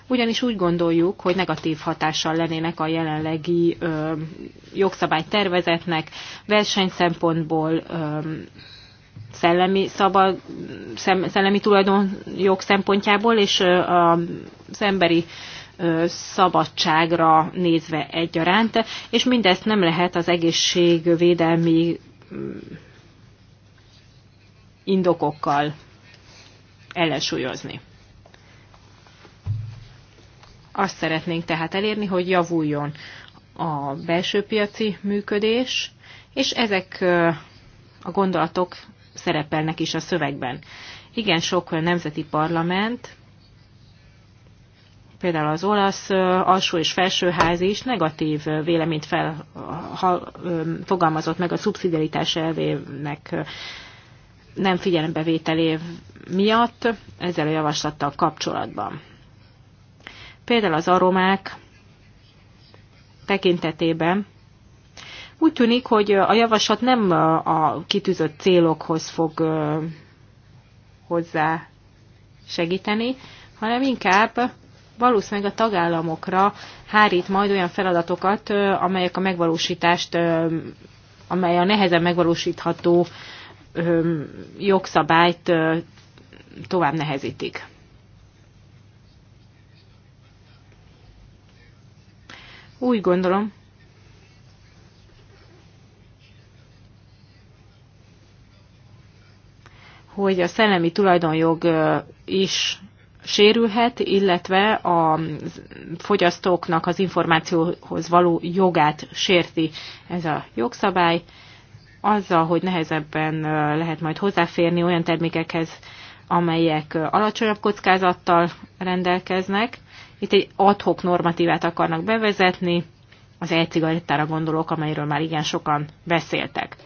ugyanis úgy gondoljuk, hogy negatív hatással lennének a jelenlegi ö, jogszabálytervezetnek versenyszempontból ö, szellemi, szabad, szem, szellemi tulajdonjog szempontjából és ö, az emberi szabadságra nézve egyaránt, és mindezt nem lehet az egészségvédelmi mm, indokokkal ellensúlyozni. Azt szeretnénk tehát elérni, hogy javuljon a belső piaci működés, és ezek a gondolatok szerepelnek is a szövegben. Igen, sok nemzeti parlament például az olasz alsó és felsőház is negatív véleményt fel, ha, fogalmazott meg a szubszidiaritás elvének nem figyelembevételé miatt ezzel a javaslattal kapcsolatban. Például az aromák tekintetében úgy tűnik, hogy a javaslat nem a kitűzött célokhoz fog hozzá segíteni, hanem inkább valószínűleg a tagállamokra hárít majd olyan feladatokat, amelyek a megvalósítást, amely a nehezen megvalósítható jogszabályt tovább nehezítik. Úgy gondolom. hogy a szellemi tulajdonjog is sérülhet, illetve a fogyasztóknak az információhoz való jogát sérti ez a jogszabály, azzal, hogy nehezebben lehet majd hozzáférni olyan termékekhez, amelyek alacsonyabb kockázattal rendelkeznek. Itt egy adhok normatívát akarnak bevezetni, az e-cigarettára gondolok, amelyről már igen sokan beszéltek.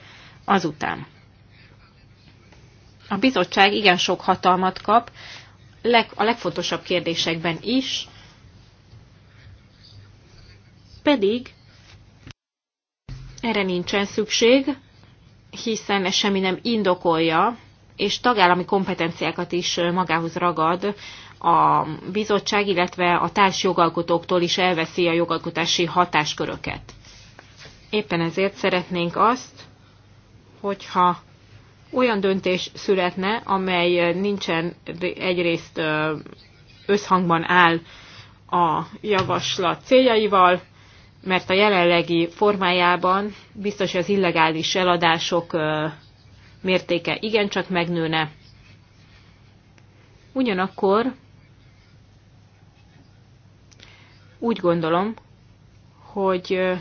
Azután a bizottság igen sok hatalmat kap, leg, a legfontosabb kérdésekben is, pedig erre nincsen szükség, hiszen ez semmi nem indokolja, és tagállami kompetenciákat is magához ragad a bizottság, illetve a társjogalkotóktól is elveszi a jogalkotási hatásköröket. Éppen ezért szeretnénk azt, hogyha olyan döntés születne, amely nincsen egyrészt összhangban áll a javaslat céljaival, mert a jelenlegi formájában biztos az illegális eladások mértéke igencsak megnőne. Ugyanakkor úgy gondolom, hogy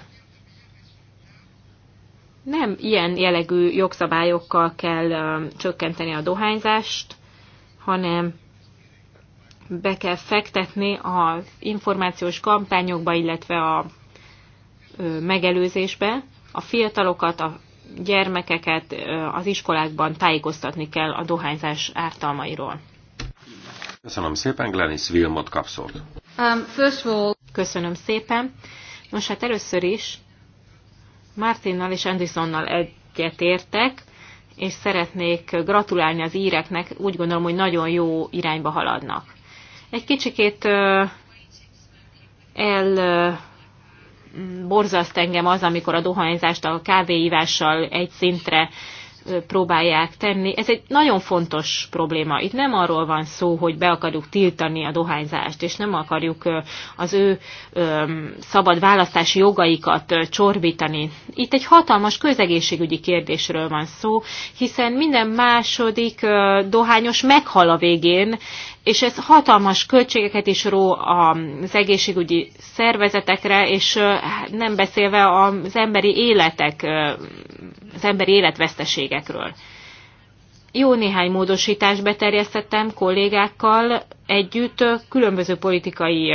nem ilyen jellegű jogszabályokkal kell csökkenteni a dohányzást, hanem be kell fektetni az információs kampányokba, illetve a megelőzésbe. A fiatalokat, a gyermekeket az iskolákban tájékoztatni kell a dohányzás ártalmairól. Köszönöm szépen, Glenis Wilmot kapszolt. Um, first of all... Köszönöm szépen. Most hát először is Martinnal és Andersonnal egyetértek, és szeretnék gratulálni az íreknek, úgy gondolom, hogy nagyon jó irányba haladnak. Egy kicsikét el borzaszt engem az, amikor a dohányzást a kávéívással egy szintre próbálják tenni. Ez egy nagyon fontos probléma. Itt nem arról van szó, hogy be akarjuk tiltani a dohányzást, és nem akarjuk az ő szabad választási jogaikat csorbítani. Itt egy hatalmas közegészségügyi kérdésről van szó, hiszen minden második dohányos meghal a végén, és ez hatalmas költségeket is ró az egészségügyi szervezetekre, és nem beszélve az emberi életek, az emberi életveszteségekről. Jó néhány módosítást beterjesztettem kollégákkal együtt, különböző politikai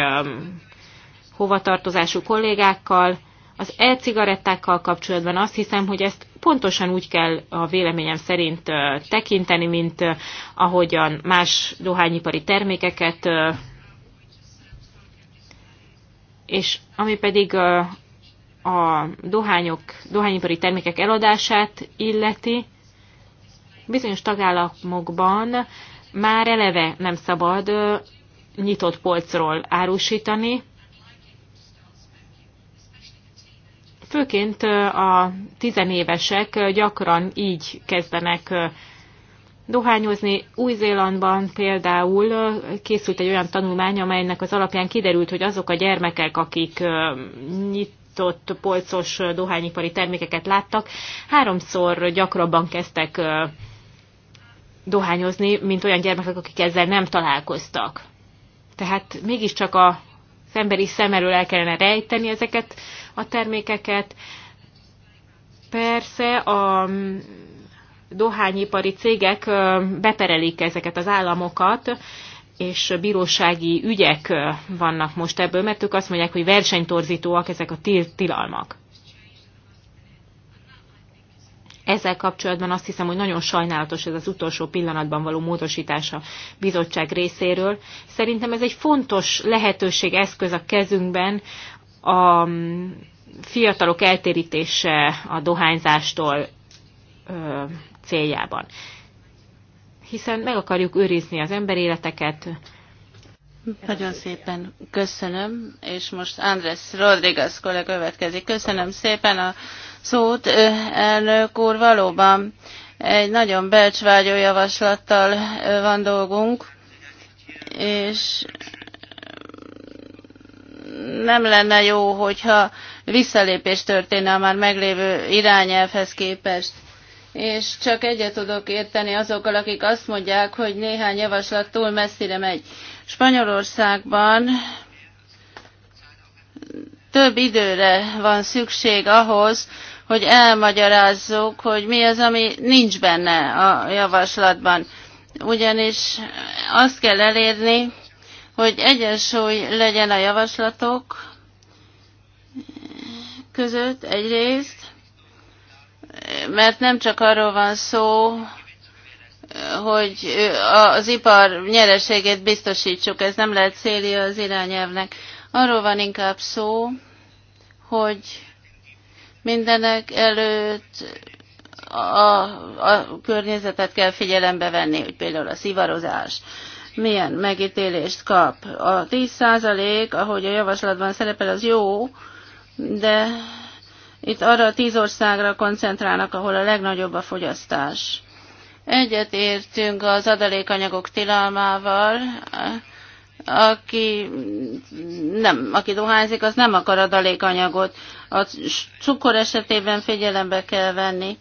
hovatartozású kollégákkal, az e-cigarettákkal kapcsolatban azt hiszem, hogy ezt pontosan úgy kell a véleményem szerint tekinteni, mint ahogyan más dohányipari termékeket, és ami pedig a dohányok, dohányipari termékek eladását illeti, bizonyos tagállamokban már eleve nem szabad nyitott polcról árusítani, Főként a tizenévesek gyakran így kezdenek dohányozni. Új-Zélandban például készült egy olyan tanulmány, amelynek az alapján kiderült, hogy azok a gyermekek, akik nyitott polcos dohányipari termékeket láttak, háromszor gyakrabban kezdtek dohányozni, mint olyan gyermekek, akik ezzel nem találkoztak. Tehát mégiscsak a emberi szem elől el kellene rejteni ezeket a termékeket. Persze a dohányipari cégek beperelik ezeket az államokat, és bírósági ügyek vannak most ebből, mert ők azt mondják, hogy versenytorzítóak ezek a tilalmak. Ezzel kapcsolatban azt hiszem, hogy nagyon sajnálatos ez az utolsó pillanatban való módosítás a bizottság részéről. Szerintem ez egy fontos lehetőség, eszköz a kezünkben a mm, fiatalok eltérítése a dohányzástól ö, céljában. Hiszen meg akarjuk őrizni az emberéleteket, nagyon szépen köszönöm, és most Andrés Rodriguez kollega következik. Köszönöm szépen a szót, elnök úr, valóban egy nagyon belcsvágyó javaslattal van dolgunk, és nem lenne jó, hogyha visszalépés történne a már meglévő irányelvhez képest és csak egyet tudok érteni azokkal, akik azt mondják, hogy néhány javaslat túl messzire megy. Spanyolországban több időre van szükség ahhoz, hogy elmagyarázzuk, hogy mi az, ami nincs benne a javaslatban. Ugyanis azt kell elérni, hogy egyensúly legyen a javaslatok között egyrészt, mert nem csak arról van szó, hogy az ipar nyereségét biztosítsuk, ez nem lehet célja az irányelvnek. Arról van inkább szó, hogy mindenek előtt a, a környezetet kell figyelembe venni, hogy például a szivarozás milyen megítélést kap. A 10% ahogy a javaslatban szerepel, az jó, de itt arra a tíz országra koncentrálnak, ahol a legnagyobb a fogyasztás. Egyet értünk az adalékanyagok tilalmával, aki, nem, aki dohányzik, az nem akar adalékanyagot. A cukor esetében figyelembe kell venni,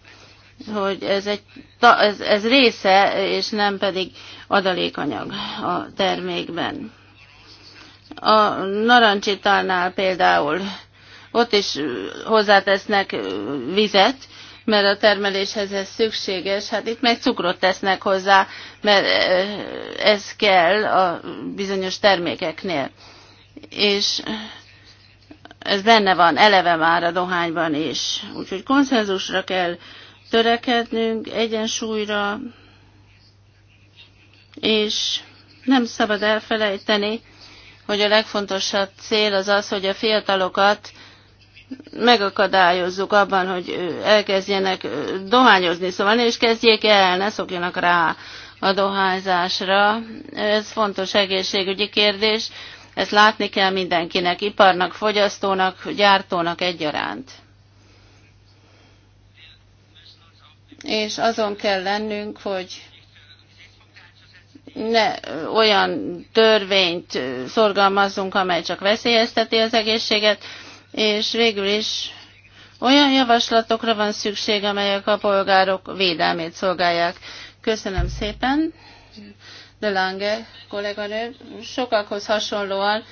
hogy ez, egy, ez, ez része, és nem pedig adalékanyag a termékben. A narancsitalnál például ott is hozzátesznek vizet, mert a termeléshez ez szükséges. Hát itt meg cukrot tesznek hozzá, mert eh, ez kell a bizonyos termékeknél. És ez benne van eleve már a dohányban is. Úgyhogy konszenzusra kell törekednünk, egyensúlyra, és nem szabad elfelejteni, hogy a legfontosabb cél az az, hogy a fiatalokat megakadályozzuk abban, hogy elkezdjenek dohányozni, szóval és kezdjék el, ne szokjanak rá a dohányzásra. Ez fontos egészségügyi kérdés, ezt látni kell mindenkinek, iparnak, fogyasztónak, gyártónak egyaránt. És azon kell lennünk, hogy ne olyan törvényt szorgalmazzunk, amely csak veszélyezteti az egészséget, és végül is olyan javaslatokra van szükség, amelyek a polgárok védelmét szolgálják. Köszönöm szépen, De Lange kolléganő. Sokakhoz hasonlóan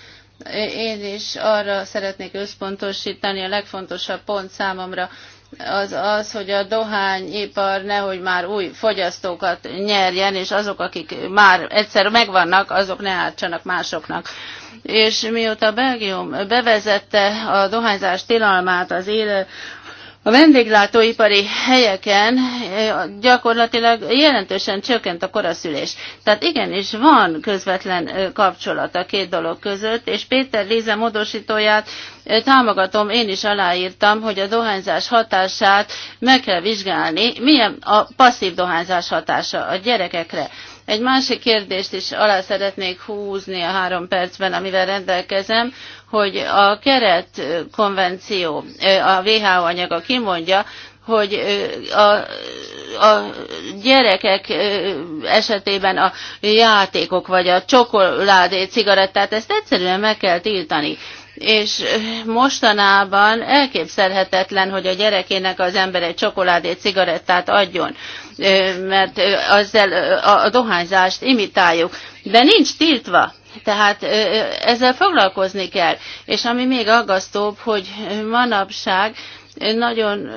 én is arra szeretnék összpontosítani, a legfontosabb pont számomra az az, hogy a dohányipar nehogy már új fogyasztókat nyerjen, és azok, akik már egyszer megvannak, azok ne ártsanak másoknak és mióta Belgium bevezette a dohányzás tilalmát az élő a vendéglátóipari helyeken eh, gyakorlatilag jelentősen csökkent a koraszülés. Tehát igenis van közvetlen eh, kapcsolat a két dolog között, és Péter Líze módosítóját eh, támogatom, én is aláírtam, hogy a dohányzás hatását meg kell vizsgálni, milyen a passzív dohányzás hatása a gyerekekre egy másik kérdést is alá szeretnék húzni a három percben, amivel rendelkezem, hogy a keretkonvenció, a WHO anyaga kimondja, hogy a, a gyerekek esetében a játékok vagy a csokoládé cigarettát, ezt egyszerűen meg kell tiltani és mostanában elképzelhetetlen, hogy a gyerekének az ember egy csokoládét, cigarettát adjon, mert azzal a dohányzást imitáljuk. De nincs tiltva, tehát ezzel foglalkozni kell. És ami még aggasztóbb, hogy manapság nagyon,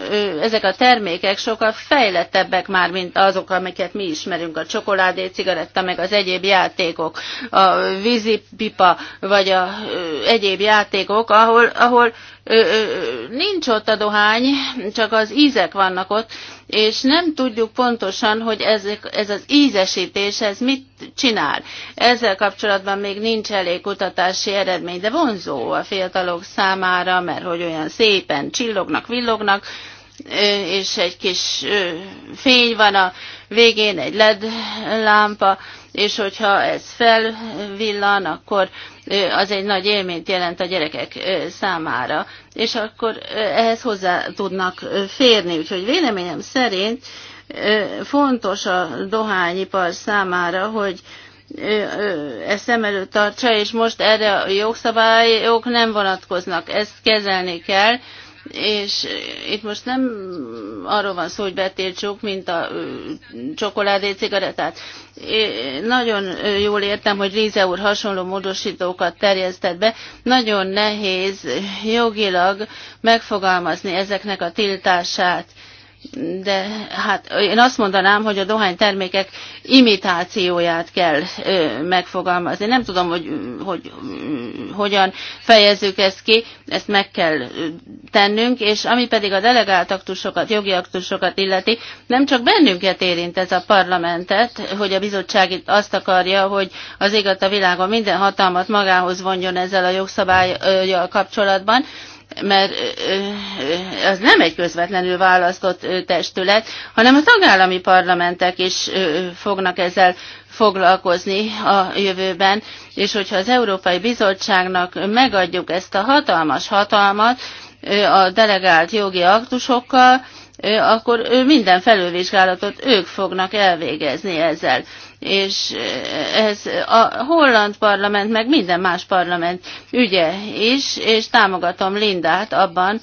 ezek a termékek sokkal fejlettebbek már, mint azok, amiket mi ismerünk, a csokoládé, cigaretta, meg az egyéb játékok, a vízipipa, vagy a egyéb játékok, ahol, ahol nincs ott a dohány, csak az ízek vannak ott, és nem tudjuk pontosan, hogy ez, ez az ízesítés, ez mit csinál. Ezzel kapcsolatban még nincs elég kutatási eredmény, de vonzó a fiatalok számára, mert hogy olyan szépen csillognak, villognak, és egy kis fény van a végén, egy LED lámpa, és hogyha ez felvillan, akkor az egy nagy élményt jelent a gyerekek számára, és akkor ehhez hozzá tudnak férni. Úgyhogy véleményem szerint fontos a dohányipar számára, hogy ezt szem előtt tartsa, és most erre a jogszabályok nem vonatkoznak, ezt kezelni kell, és eh, itt most nem arról van szó, hogy csók, mint a csokoládé cigarettát. nagyon jól értem, hogy Ríze úr hasonló módosítókat terjesztett be. Nagyon nehéz jogilag megfogalmazni ezeknek a tiltását de hát én azt mondanám, hogy a dohánytermékek imitációját kell ö, megfogalmazni. Nem tudom, hogy, hogy mm, hogyan fejezzük ezt ki, ezt meg kell tennünk, és ami pedig a delegált aktusokat, jogi aktusokat illeti, nem csak bennünket érint ez a parlamentet, hogy a bizottság itt azt akarja, hogy az égat a világon minden hatalmat magához vonjon ezzel a jogszabályjal kapcsolatban, mert az nem egy közvetlenül választott testület, hanem a tagállami parlamentek is fognak ezzel foglalkozni a jövőben, és hogyha az Európai Bizottságnak megadjuk ezt a hatalmas hatalmat a delegált jogi aktusokkal, akkor minden felülvizsgálatot ők fognak elvégezni ezzel és ez a holland parlament, meg minden más parlament ügye is, és támogatom Lindát abban,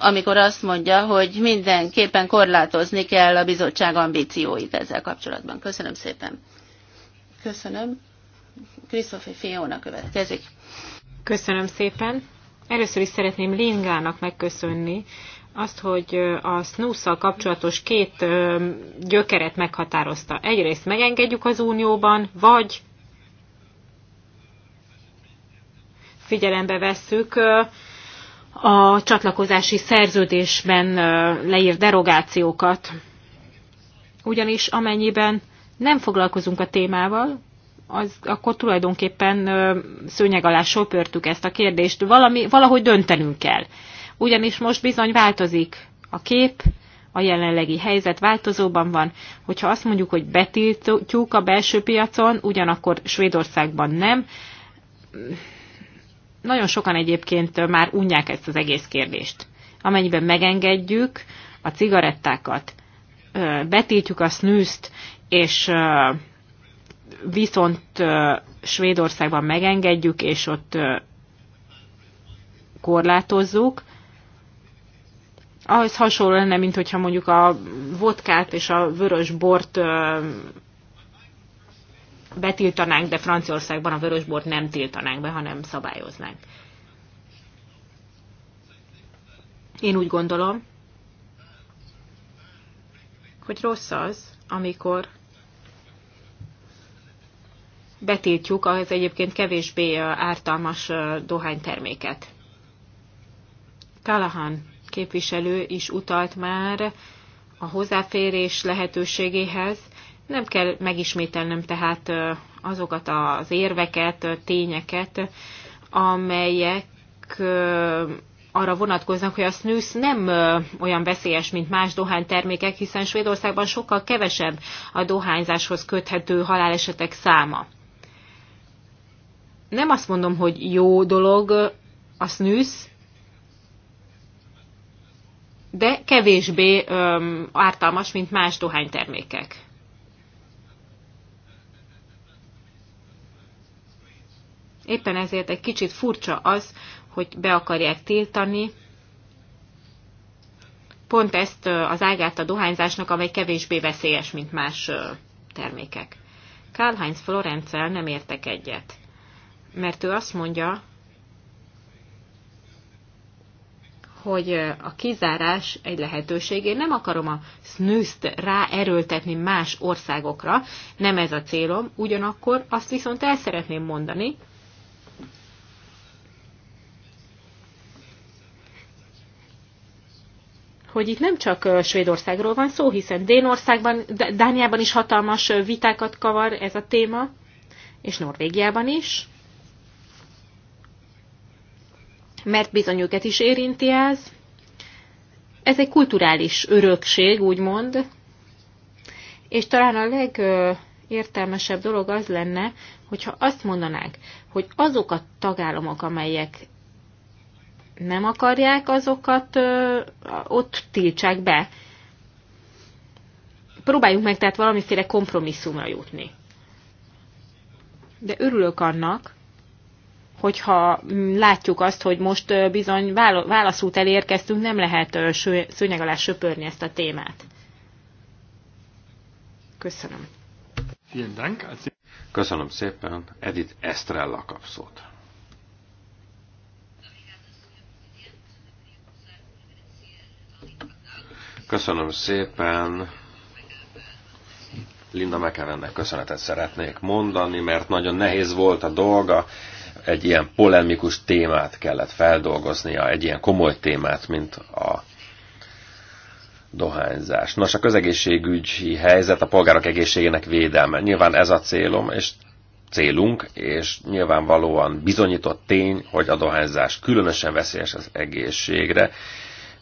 amikor azt mondja, hogy mindenképpen korlátozni kell a bizottság ambícióit ezzel kapcsolatban. Köszönöm szépen. Köszönöm. Krisztofi Fiona következik. Köszönöm szépen. Először is szeretném Lingának megköszönni azt, hogy a snusz kapcsolatos két gyökeret meghatározta. Egyrészt megengedjük az unióban, vagy figyelembe vesszük a csatlakozási szerződésben leír derogációkat. Ugyanis amennyiben nem foglalkozunk a témával, az, akkor tulajdonképpen szőnyeg alá söpörtük ezt a kérdést. Valami, valahogy döntenünk kell ugyanis most bizony változik a kép, a jelenlegi helyzet változóban van. Hogyha azt mondjuk, hogy betiltjuk a belső piacon, ugyanakkor Svédországban nem, nagyon sokan egyébként már unják ezt az egész kérdést. Amennyiben megengedjük a cigarettákat, betiltjuk a snűzt, és viszont Svédországban megengedjük, és ott korlátozzuk, ahhoz hasonló lenne, mint hogyha mondjuk a vodkát és a vörös bort betiltanánk, de Franciaországban a vörös bort nem tiltanánk be, hanem szabályoznánk. Én úgy gondolom, hogy rossz az, amikor betiltjuk az egyébként kevésbé ártalmas dohányterméket. Callahan képviselő is utalt már a hozzáférés lehetőségéhez. Nem kell megismételnem tehát azokat az érveket, tényeket, amelyek arra vonatkoznak, hogy a snus nem olyan veszélyes, mint más dohánytermékek, hiszen Svédországban sokkal kevesebb a dohányzáshoz köthető halálesetek száma. Nem azt mondom, hogy jó dolog a snus, de kevésbé öm, ártalmas, mint más dohánytermékek. Éppen ezért egy kicsit furcsa az, hogy be akarják tiltani pont ezt az ágát a dohányzásnak, amely kevésbé veszélyes, mint más termékek. Karl Heinz Florenzel nem értek egyet, mert ő azt mondja, hogy a kizárás egy lehetőség. Én nem akarom a rá ráerőltetni más országokra, nem ez a célom, ugyanakkor azt viszont el szeretném mondani, hogy itt nem csak Svédországról van szó, hiszen Dénországban, Dániában is hatalmas vitákat kavar ez a téma, és Norvégiában is. mert bizony őket is érinti ez. Ez egy kulturális örökség, úgymond, és talán a legértelmesebb dolog az lenne, hogyha azt mondanák, hogy azok a tagállamok, amelyek nem akarják, azokat ö, ott tiltsák be. Próbáljunk meg tehát valamiféle kompromisszumra jutni. De örülök annak, hogyha mm, látjuk azt, hogy most bizony válaszút elérkeztünk, nem lehet szőnyeg alá söpörni ezt a témát. Köszönöm. Köszönöm szépen. Edith Estrella kapszót. Köszönöm szépen. Linda McEvennek köszönetet szeretnék mondani, mert nagyon nehéz volt a dolga, egy ilyen polemikus témát kellett feldolgoznia, egy ilyen komoly témát, mint a dohányzás. Nos, a közegészségügyi helyzet a polgárok egészségének védelme. Nyilván ez a célom, és célunk, és nyilvánvalóan bizonyított tény, hogy a dohányzás különösen veszélyes az egészségre,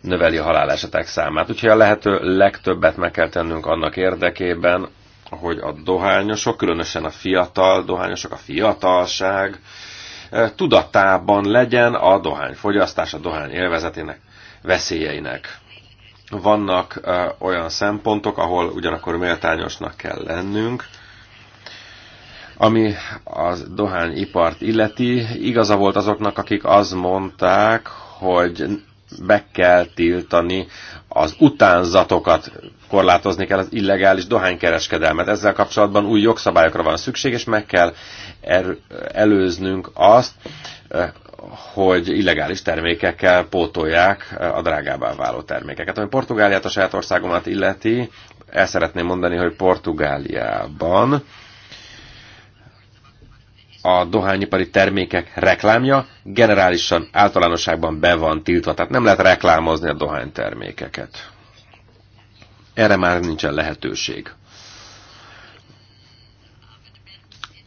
növeli a halálesetek számát. Úgyhogy a lehető legtöbbet meg kell tennünk annak érdekében, hogy a dohányosok, különösen a fiatal dohányosok, a fiatalság, tudatában legyen a fogyasztás, a dohány élvezetének, veszélyeinek. Vannak olyan szempontok, ahol ugyanakkor méltányosnak kell lennünk, ami a dohányipart illeti, igaza volt azoknak, akik azt mondták, hogy be kell tiltani az utánzatokat, korlátozni kell az illegális dohánykereskedelmet. Ezzel kapcsolatban új jogszabályokra van szükség, és meg kell er-, előznünk azt, eh, hogy illegális termékekkel pótolják eh, a drágábbá váló termékeket. Ami Portugáliát a saját országomat illeti, el szeretném mondani, hogy Portugáliában a dohányipari termékek reklámja generálisan általánosságban be van tiltva, tehát nem lehet reklámozni a dohánytermékeket. Erre már nincsen lehetőség.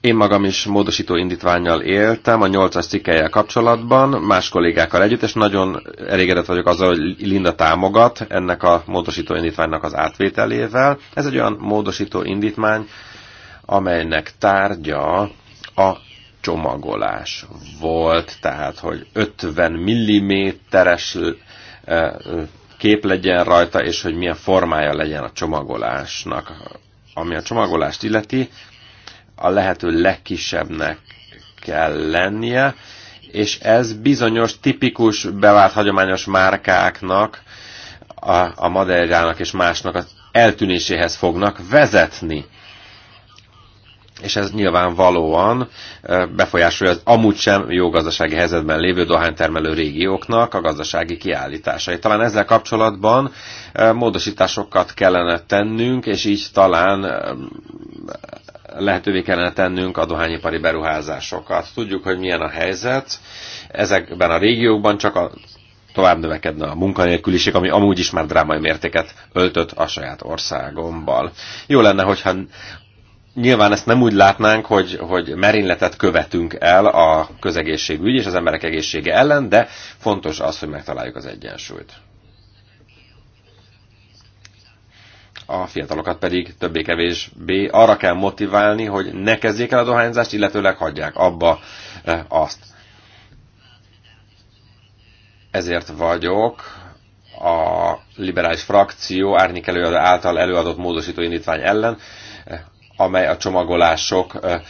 Én magam is módosító indítványjal éltem a 8-as cikkelyel kapcsolatban, más kollégákkal együtt, és nagyon elégedett vagyok azzal, hogy Linda támogat ennek a módosító indítványnak az átvételével. Ez egy olyan módosító indítvány, amelynek tárgya a csomagolás volt, tehát hogy 50 mm-es kép legyen rajta, és hogy milyen formája legyen a csomagolásnak. Ami a csomagolást illeti, a lehető legkisebbnek kell lennie, és ez bizonyos tipikus bevált hagyományos márkáknak, a, a Madeirának és másnak az eltűnéséhez fognak vezetni és ez nyilvánvalóan befolyásolja az amúgy sem jó gazdasági helyzetben lévő dohánytermelő régióknak a gazdasági kiállításait. Talán ezzel kapcsolatban módosításokat kellene tennünk, és így talán lehetővé kellene tennünk a dohányipari beruházásokat. Tudjuk, hogy milyen a helyzet. Ezekben a régiókban csak a tovább növekedne a munkanélküliség, ami amúgy is már drámai mértéket öltött a saját országomban. Jó lenne, hogyha nyilván ezt nem úgy látnánk, hogy, hogy merényletet követünk el a közegészségügy és az emberek egészsége ellen, de fontos az, hogy megtaláljuk az egyensúlyt. A fiatalokat pedig többé-kevésbé arra kell motiválni, hogy ne kezdjék el a dohányzást, illetőleg hagyják abba e, azt. Ezért vagyok a liberális frakció árnyékelő által előadott módosító indítvány ellen, e, amely a csomagolásokon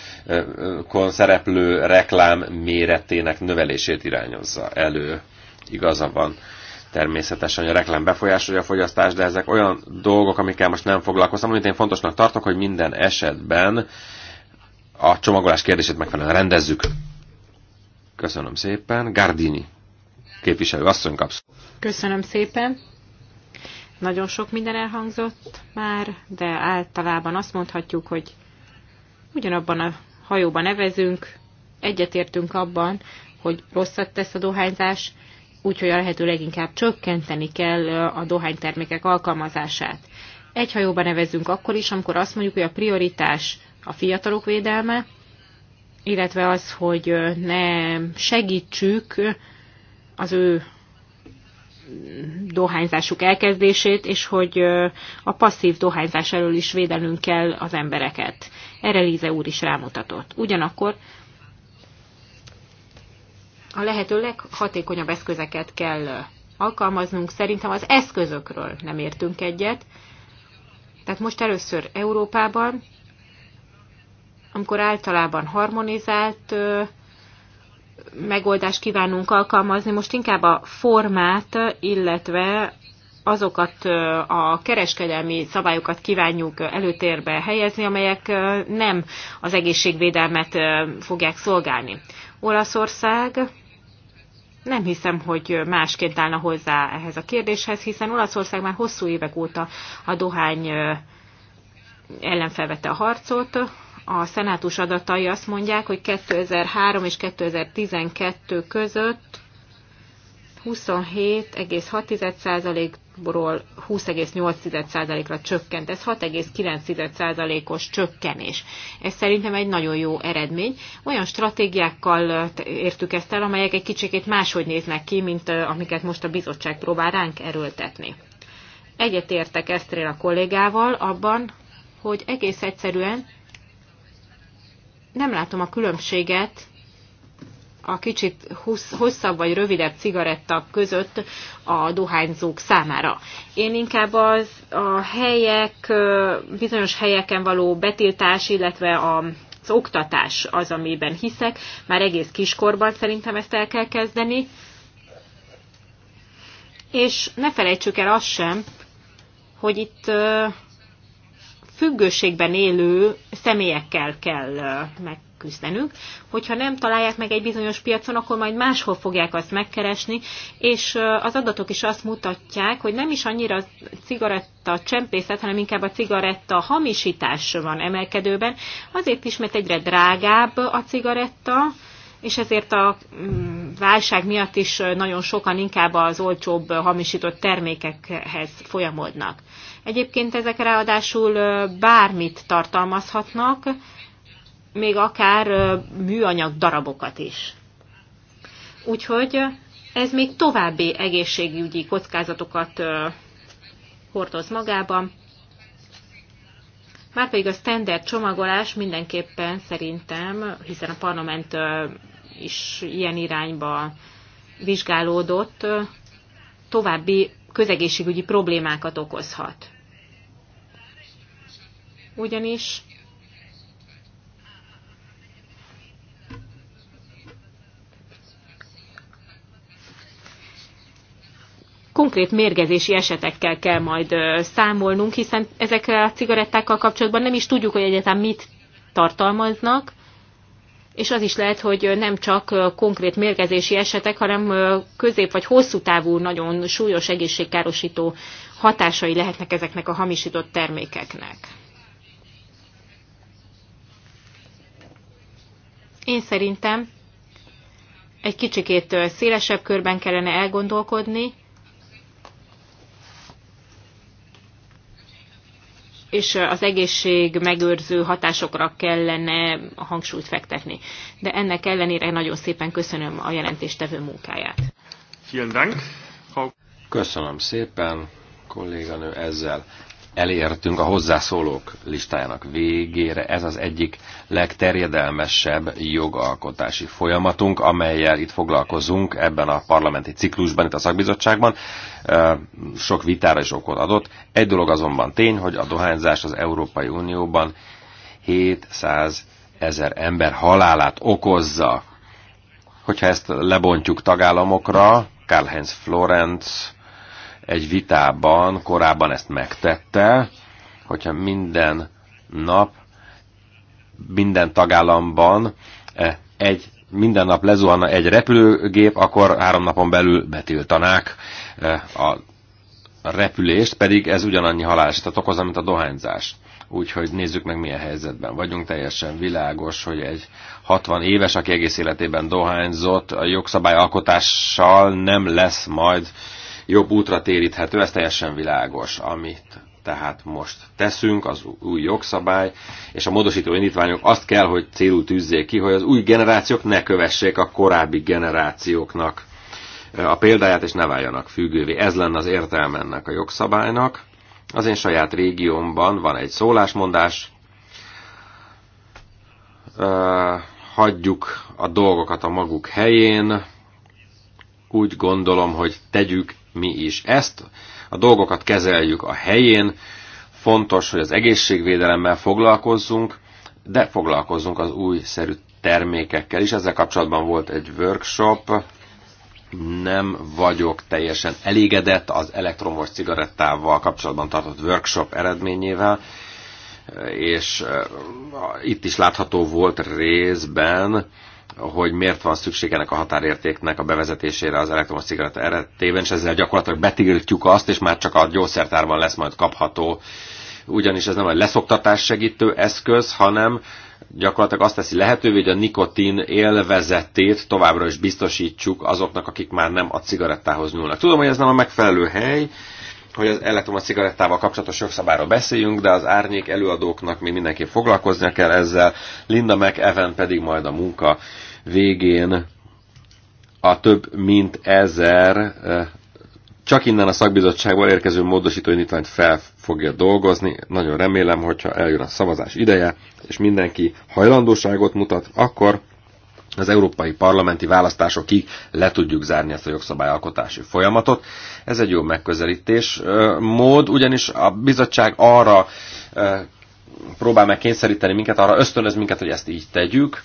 szereplő reklám méretének növelését irányozza elő. Igaza van természetesen, hogy a reklám befolyásolja a fogyasztást, de ezek olyan dolgok, amikkel most nem foglalkoztam, amit én fontosnak tartok, hogy minden esetben a csomagolás kérdését megfelelően rendezzük. Köszönöm szépen. Gardini képviselő asszony kapsz. Köszönöm szépen. Nagyon sok minden elhangzott már, de általában azt mondhatjuk, hogy ugyanabban a hajóban nevezünk, egyetértünk abban, hogy rosszat tesz a dohányzás, úgyhogy a lehető leginkább csökkenteni kell a dohánytermékek alkalmazását. Egy hajóban nevezünk akkor is, amikor azt mondjuk, hogy a prioritás a fiatalok védelme, illetve az, hogy ne segítsük az ő dohányzásuk elkezdését, és hogy a passzív dohányzás elől is védelünk kell az embereket. Erre Líze úr is rámutatott. Ugyanakkor a lehető leghatékonyabb eszközeket kell alkalmaznunk. Szerintem az eszközökről nem értünk egyet. Tehát most először Európában, amikor általában harmonizált megoldást kívánunk alkalmazni, most inkább a formát, illetve azokat a kereskedelmi szabályokat kívánjuk előtérbe helyezni, amelyek nem az egészségvédelmet fogják szolgálni. Olaszország nem hiszem, hogy másként állna hozzá ehhez a kérdéshez, hiszen Olaszország már hosszú évek óta a dohány ellen felvette a harcot, a szenátus adatai azt mondják, hogy 2003 és 2012 között 27,6%-ról 20,8%-ra csökkent. Ez 6,9%-os csökkenés. Ez szerintem egy nagyon jó eredmény. Olyan stratégiákkal értük ezt el, amelyek egy kicsikét máshogy néznek ki, mint eh, amiket most a bizottság próbál ránk erőltetni. Egyet értek Esztrél a kollégával abban, hogy egész egyszerűen nem látom a különbséget a kicsit hosszabb vagy rövidebb cigaretta között a dohányzók számára. Én inkább az a helyek, bizonyos helyeken való betiltás, illetve a az oktatás az, amiben hiszek. Már egész kiskorban szerintem ezt el kell kezdeni. És ne felejtsük el azt sem, hogy itt függőségben élő személyekkel kell megküzdenünk. Hogyha nem találják meg egy bizonyos piacon, akkor majd máshol fogják azt megkeresni, és az adatok is azt mutatják, hogy nem is annyira a cigaretta csempészet, hanem inkább a cigaretta hamisítás van emelkedőben, azért is, mert egyre drágább a cigaretta, és ezért a mm, válság miatt is nagyon sokan inkább az olcsóbb hamisított termékekhez folyamodnak. Egyébként ezek ráadásul bármit tartalmazhatnak, még akár műanyag darabokat is. Úgyhogy ez még további egészségügyi kockázatokat hordoz magában. Márpedig a standard csomagolás mindenképpen szerintem, hiszen a parlament is ilyen irányba vizsgálódott, további közegészségügyi problémákat okozhat ugyanis konkrét mérgezési esetekkel kell majd számolnunk, hiszen ezek a cigarettákkal kapcsolatban nem is tudjuk, hogy egyáltalán mit tartalmaznak, és az is lehet, hogy nem csak konkrét mérgezési esetek, hanem közép vagy hosszú távú nagyon súlyos egészségkárosító hatásai lehetnek ezeknek a hamisított termékeknek. Én szerintem egy kicsikét szélesebb körben kellene elgondolkodni, és az egészség megőrző hatásokra kellene hangsúlyt fektetni. De ennek ellenére nagyon szépen köszönöm a jelentéstevő munkáját. Köszönöm szépen, kolléganő, ezzel elértünk a hozzászólók listájának végére. Ez az egyik legterjedelmesebb jogalkotási folyamatunk, amelyel itt foglalkozunk ebben a parlamenti ciklusban, itt a szakbizottságban. Sok vitára is okot adott. Egy dolog azonban tény, hogy a dohányzás az Európai Unióban 700 ezer ember halálát okozza. Hogyha ezt lebontjuk tagállamokra, Karl-Heinz Florenz egy vitában korábban ezt megtette, hogyha minden nap, minden tagállamban e, egy minden nap lezuhanna egy repülőgép, akkor három napon belül betiltanák e, a repülést, pedig ez ugyanannyi halálesetet okozza, mint a dohányzás. Úgyhogy nézzük meg, milyen helyzetben vagyunk. Teljesen világos, hogy egy 60 éves, aki egész életében dohányzott, a jogszabályalkotással nem lesz majd jobb útra téríthető, ez teljesen világos, amit tehát most teszünk, az új jogszabály, és a módosító indítványok azt kell, hogy célul tűzzék ki, hogy az új generációk ne kövessék a korábbi generációknak a példáját, és ne váljanak függővé. Ez lenne az értelme ennek a jogszabálynak. Az én saját régiómban van egy szólásmondás, hagyjuk a dolgokat a maguk helyén, úgy gondolom, hogy tegyük mi is ezt. A dolgokat kezeljük a helyén, fontos, hogy az egészségvédelemmel foglalkozzunk, de foglalkozzunk az újszerű termékekkel is. Ezzel kapcsolatban volt egy workshop, nem vagyok teljesen elégedett az elektromos cigarettával kapcsolatban tartott workshop eredményével, és eh, itt is látható volt részben, hogy miért van szükség ennek a határértéknek a bevezetésére az elektromos cigaretta eredetében, és ezzel gyakorlatilag betiltjuk azt, és már csak a gyógyszertárban lesz majd kapható. Ugyanis ez nem egy leszoktatás segítő eszköz, hanem gyakorlatilag azt teszi lehetővé, hogy a nikotin élvezetét továbbra is biztosítsuk azoknak, akik már nem a cigarettához nyúlnak. Tudom, hogy ez nem a megfelelő hely, hogy az elektromos cigarettával kapcsolatos jogszabáról beszéljünk, de az árnyék előadóknak még mindenképp foglalkoznia kell ezzel, Linda McEwen pedig majd a munka végén a több mint ezer eh, csak innen a szakbizottságból érkező módosító indítványt fel fogja dolgozni. Nagyon remélem, hogyha eljön a szavazás ideje, és mindenki hajlandóságot mutat, akkor az európai parlamenti választásokig le tudjuk zárni ezt a jogszabályalkotási folyamatot. Ez egy jó megközelítés eh, mód, ugyanis a bizottság arra eh, próbál meg kényszeríteni minket, arra ösztönöz minket, hogy ezt így tegyük,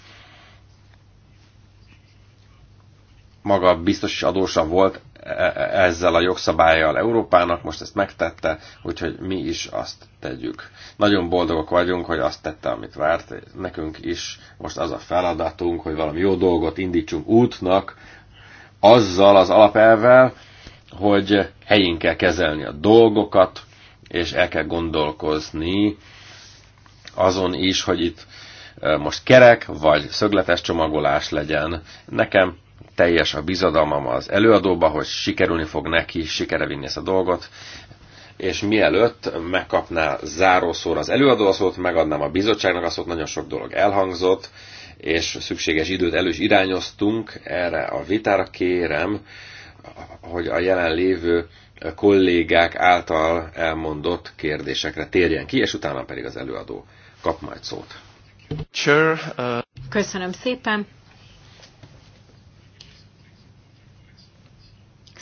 maga biztos is adósa volt e- e- ezzel a jogszabályjal Európának, most ezt megtette, úgyhogy mi is azt tegyük. Nagyon boldogok vagyunk, hogy azt tette, amit várt nekünk is. Most az a feladatunk, hogy valami jó dolgot indítsunk útnak, azzal az alapelvel, hogy helyén kell kezelni a dolgokat, és el kell gondolkozni azon is, hogy itt e, most kerek vagy szögletes csomagolás legyen. Nekem teljes a bizadalmam az előadóba, hogy sikerülni fog neki, sikere vinni ezt a dolgot, és mielőtt megkapná zárószóra az előadó szót, megadnám a bizottságnak a szót, nagyon sok dolog elhangzott, és szükséges időt elős irányoztunk erre a vitára. Kérem, hogy a jelenlévő kollégák által elmondott kérdésekre térjen ki, és utána pedig az előadó kap majd szót. Uh, Köszönöm szépen.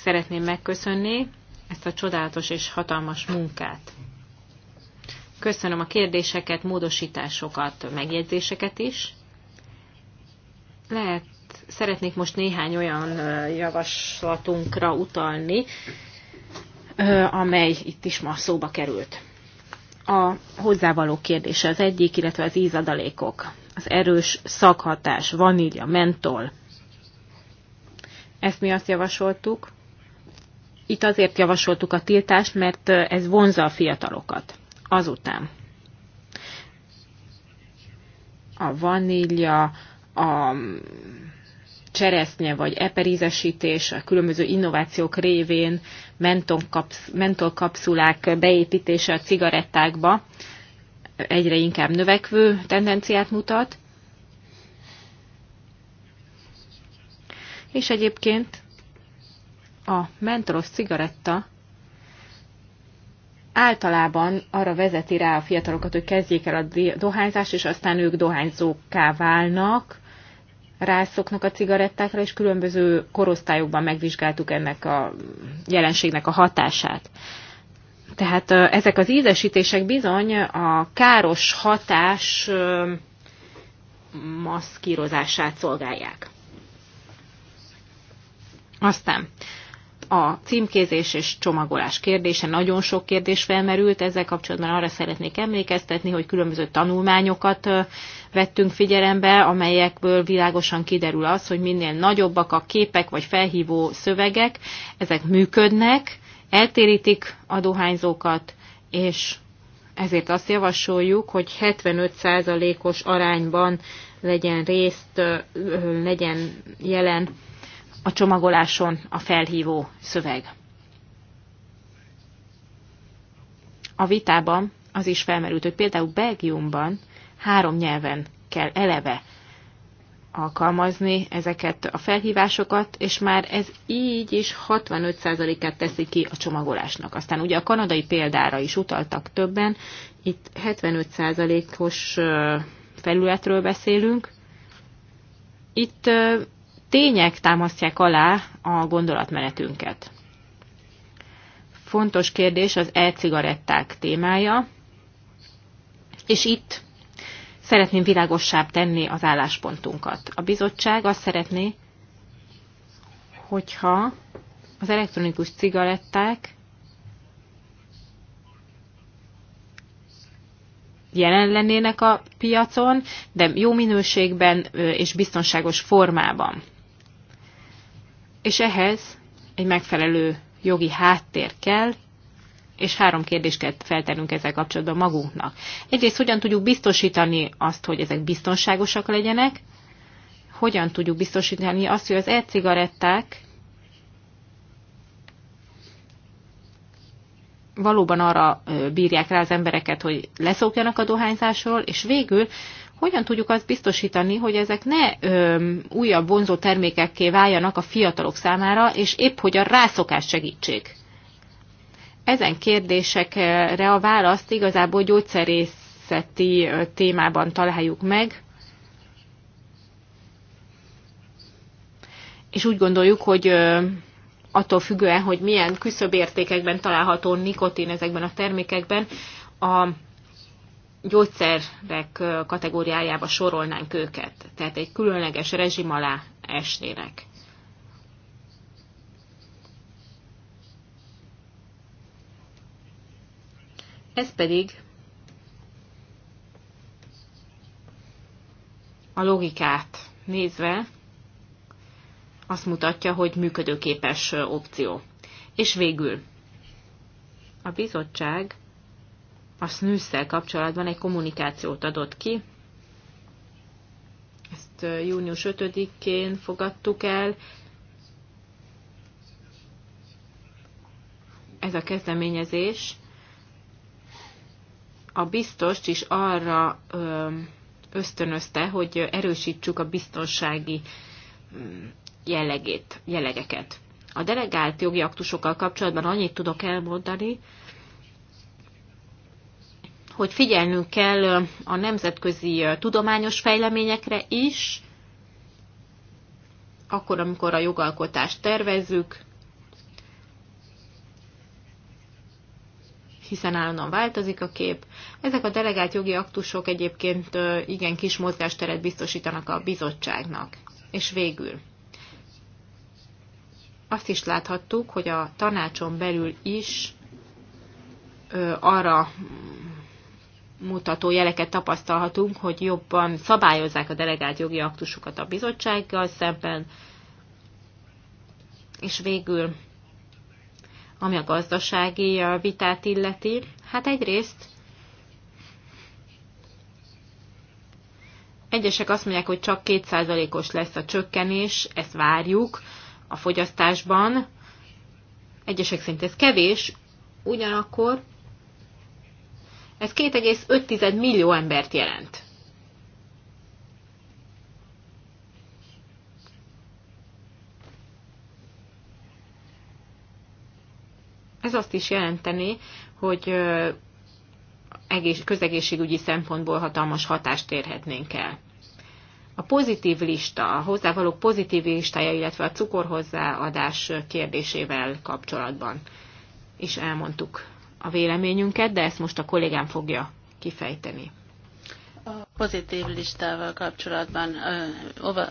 szeretném megköszönni ezt a csodálatos és hatalmas munkát. Köszönöm a kérdéseket, módosításokat, megjegyzéseket is. Lehet, szeretnék most néhány olyan javaslatunkra utalni, amely itt is ma szóba került. A hozzávaló kérdése az egyik, illetve az ízadalékok. Az erős szakhatás, vanília, mentol. Ezt mi azt javasoltuk, itt azért javasoltuk a tiltást, mert ez vonza a fiatalokat. Azután a vanília, a mm, cseresznye vagy eperízesítés, a különböző innovációk révén, mentol kapszulák beépítése a cigarettákba egyre inkább növekvő tendenciát mutat. És egyébként a mentolos cigaretta általában arra vezeti rá a fiatalokat, hogy kezdjék el a dohányzást, és aztán ők dohányzókká válnak, rászoknak a cigarettákra, és különböző korosztályokban megvizsgáltuk ennek a jelenségnek a hatását. Tehát ezek az ízesítések bizony a káros hatás maszkírozását szolgálják. Aztán a címkézés és csomagolás kérdése. Nagyon sok kérdés felmerült, ezzel kapcsolatban arra szeretnék emlékeztetni, hogy különböző tanulmányokat vettünk figyelembe, amelyekből világosan kiderül az, hogy minél nagyobbak a képek vagy felhívó szövegek, ezek működnek, eltérítik a dohányzókat, és ezért azt javasoljuk, hogy 75%-os arányban legyen részt, legyen jelen a csomagoláson a felhívó szöveg. A vitában az is felmerült, hogy például Belgiumban három nyelven kell eleve alkalmazni ezeket a felhívásokat, és már ez így is 65%-át teszi ki a csomagolásnak. Aztán ugye a kanadai példára is utaltak többen, itt 75%-os felületről beszélünk. Itt tények támasztják alá a gondolatmenetünket. Fontos kérdés az e-cigaretták témája, és itt szeretném világossább tenni az álláspontunkat. A bizottság azt szeretné, hogyha az elektronikus cigaretták jelen lennének a piacon, de jó minőségben és biztonságos formában és ehhez egy megfelelő jogi háttér kell, és három kérdést kell feltennünk ezzel kapcsolatban magunknak. Egyrészt hogyan tudjuk biztosítani azt, hogy ezek biztonságosak legyenek, hogyan tudjuk biztosítani azt, hogy az e-cigaretták valóban arra bírják rá az embereket, hogy leszokjanak a dohányzásról, és végül hogyan tudjuk azt biztosítani, hogy ezek ne ö, újabb vonzó termékekké váljanak a fiatalok számára, és épp hogy a rászokás segítsék? Ezen kérdésekre a választ igazából gyógyszerészeti témában találjuk meg, és úgy gondoljuk, hogy ö, attól függően, hogy milyen küszöbértékekben található nikotin ezekben a termékekben, a gyógyszerek kategóriájába sorolnánk őket, tehát egy különleges rezsim alá esnének. Ez pedig a logikát nézve azt mutatja, hogy működőképes opció. És végül a bizottság a snűszel kapcsolatban egy kommunikációt adott ki. Ezt június 5-én fogadtuk el. Ez a kezdeményezés a biztost is arra ösztönözte, hogy erősítsük a biztonsági jellegét, jellegeket. A delegált jogi aktusokkal kapcsolatban annyit tudok elmondani, hogy figyelnünk kell a nemzetközi tudományos fejleményekre is, akkor, amikor a jogalkotást tervezzük, hiszen állandóan változik a kép. Ezek a delegált jogi aktusok egyébként igen kis mozgásteret biztosítanak a bizottságnak. És végül azt is láthattuk, hogy a tanácson belül is arra mutató jeleket tapasztalhatunk, hogy jobban szabályozzák a delegált jogi aktusokat a bizottsággal szemben, és végül, ami a gazdasági vitát illeti, hát egyrészt egyesek azt mondják, hogy csak 2%-os lesz a csökkenés, ezt várjuk a fogyasztásban. Egyesek szerint ez kevés, ugyanakkor ez 2,5 millió embert jelent. Ez azt is jelenteni, hogy egész, közegészségügyi szempontból hatalmas hatást érhetnénk el. A pozitív lista, a hozzávalók pozitív listája, illetve a cukorhozzáadás kérdésével kapcsolatban is elmondtuk a véleményünket, de ezt most a kollégám fogja kifejteni. A pozitív listával kapcsolatban ö, ova,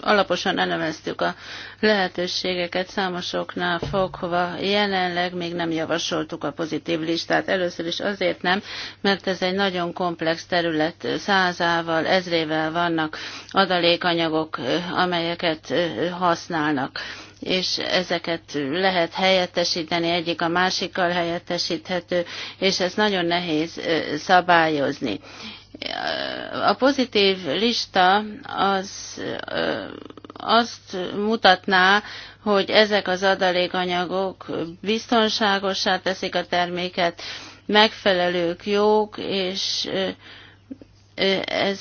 alaposan elemeztük a lehetőségeket számosoknál fogva. Jelenleg még nem javasoltuk a pozitív listát. Először is azért nem, mert ez egy nagyon komplex terület. Százával, ezrével vannak adalékanyagok, amelyeket használnak és ezeket lehet helyettesíteni, egyik a másikkal helyettesíthető, és ez nagyon nehéz szabályozni a pozitív lista az azt mutatná, hogy ezek az adalékanyagok biztonságosá teszik a terméket, megfelelők, jók, és ez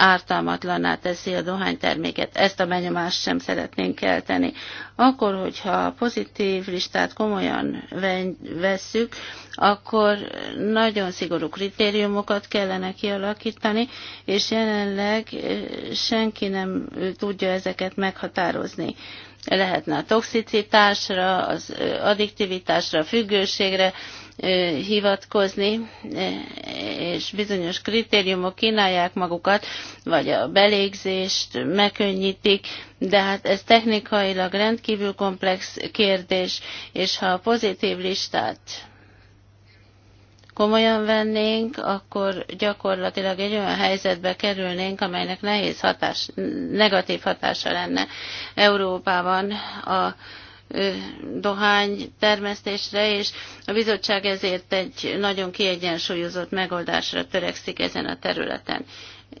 ártalmatlaná teszi a dohányterméket. Ezt a benyomást sem szeretnénk kelteni. Akkor, hogyha a pozitív listát komolyan vesszük, akkor nagyon szigorú kritériumokat kellene kialakítani, és jelenleg eh, senki nem tudja ezeket meghatározni lehetne a toxicitásra, az eh, addiktivitásra, a függőségre hivatkozni, és bizonyos kritériumok kínálják magukat, vagy a belégzést megkönnyítik, de hát ez technikailag rendkívül komplex kérdés, és ha a pozitív listát komolyan vennénk, akkor gyakorlatilag egy olyan helyzetbe kerülnénk, amelynek nehéz hatás, negatív hatása lenne Európában a dohány termesztésre, és a bizottság ezért egy nagyon kiegyensúlyozott megoldásra törekszik ezen a területen.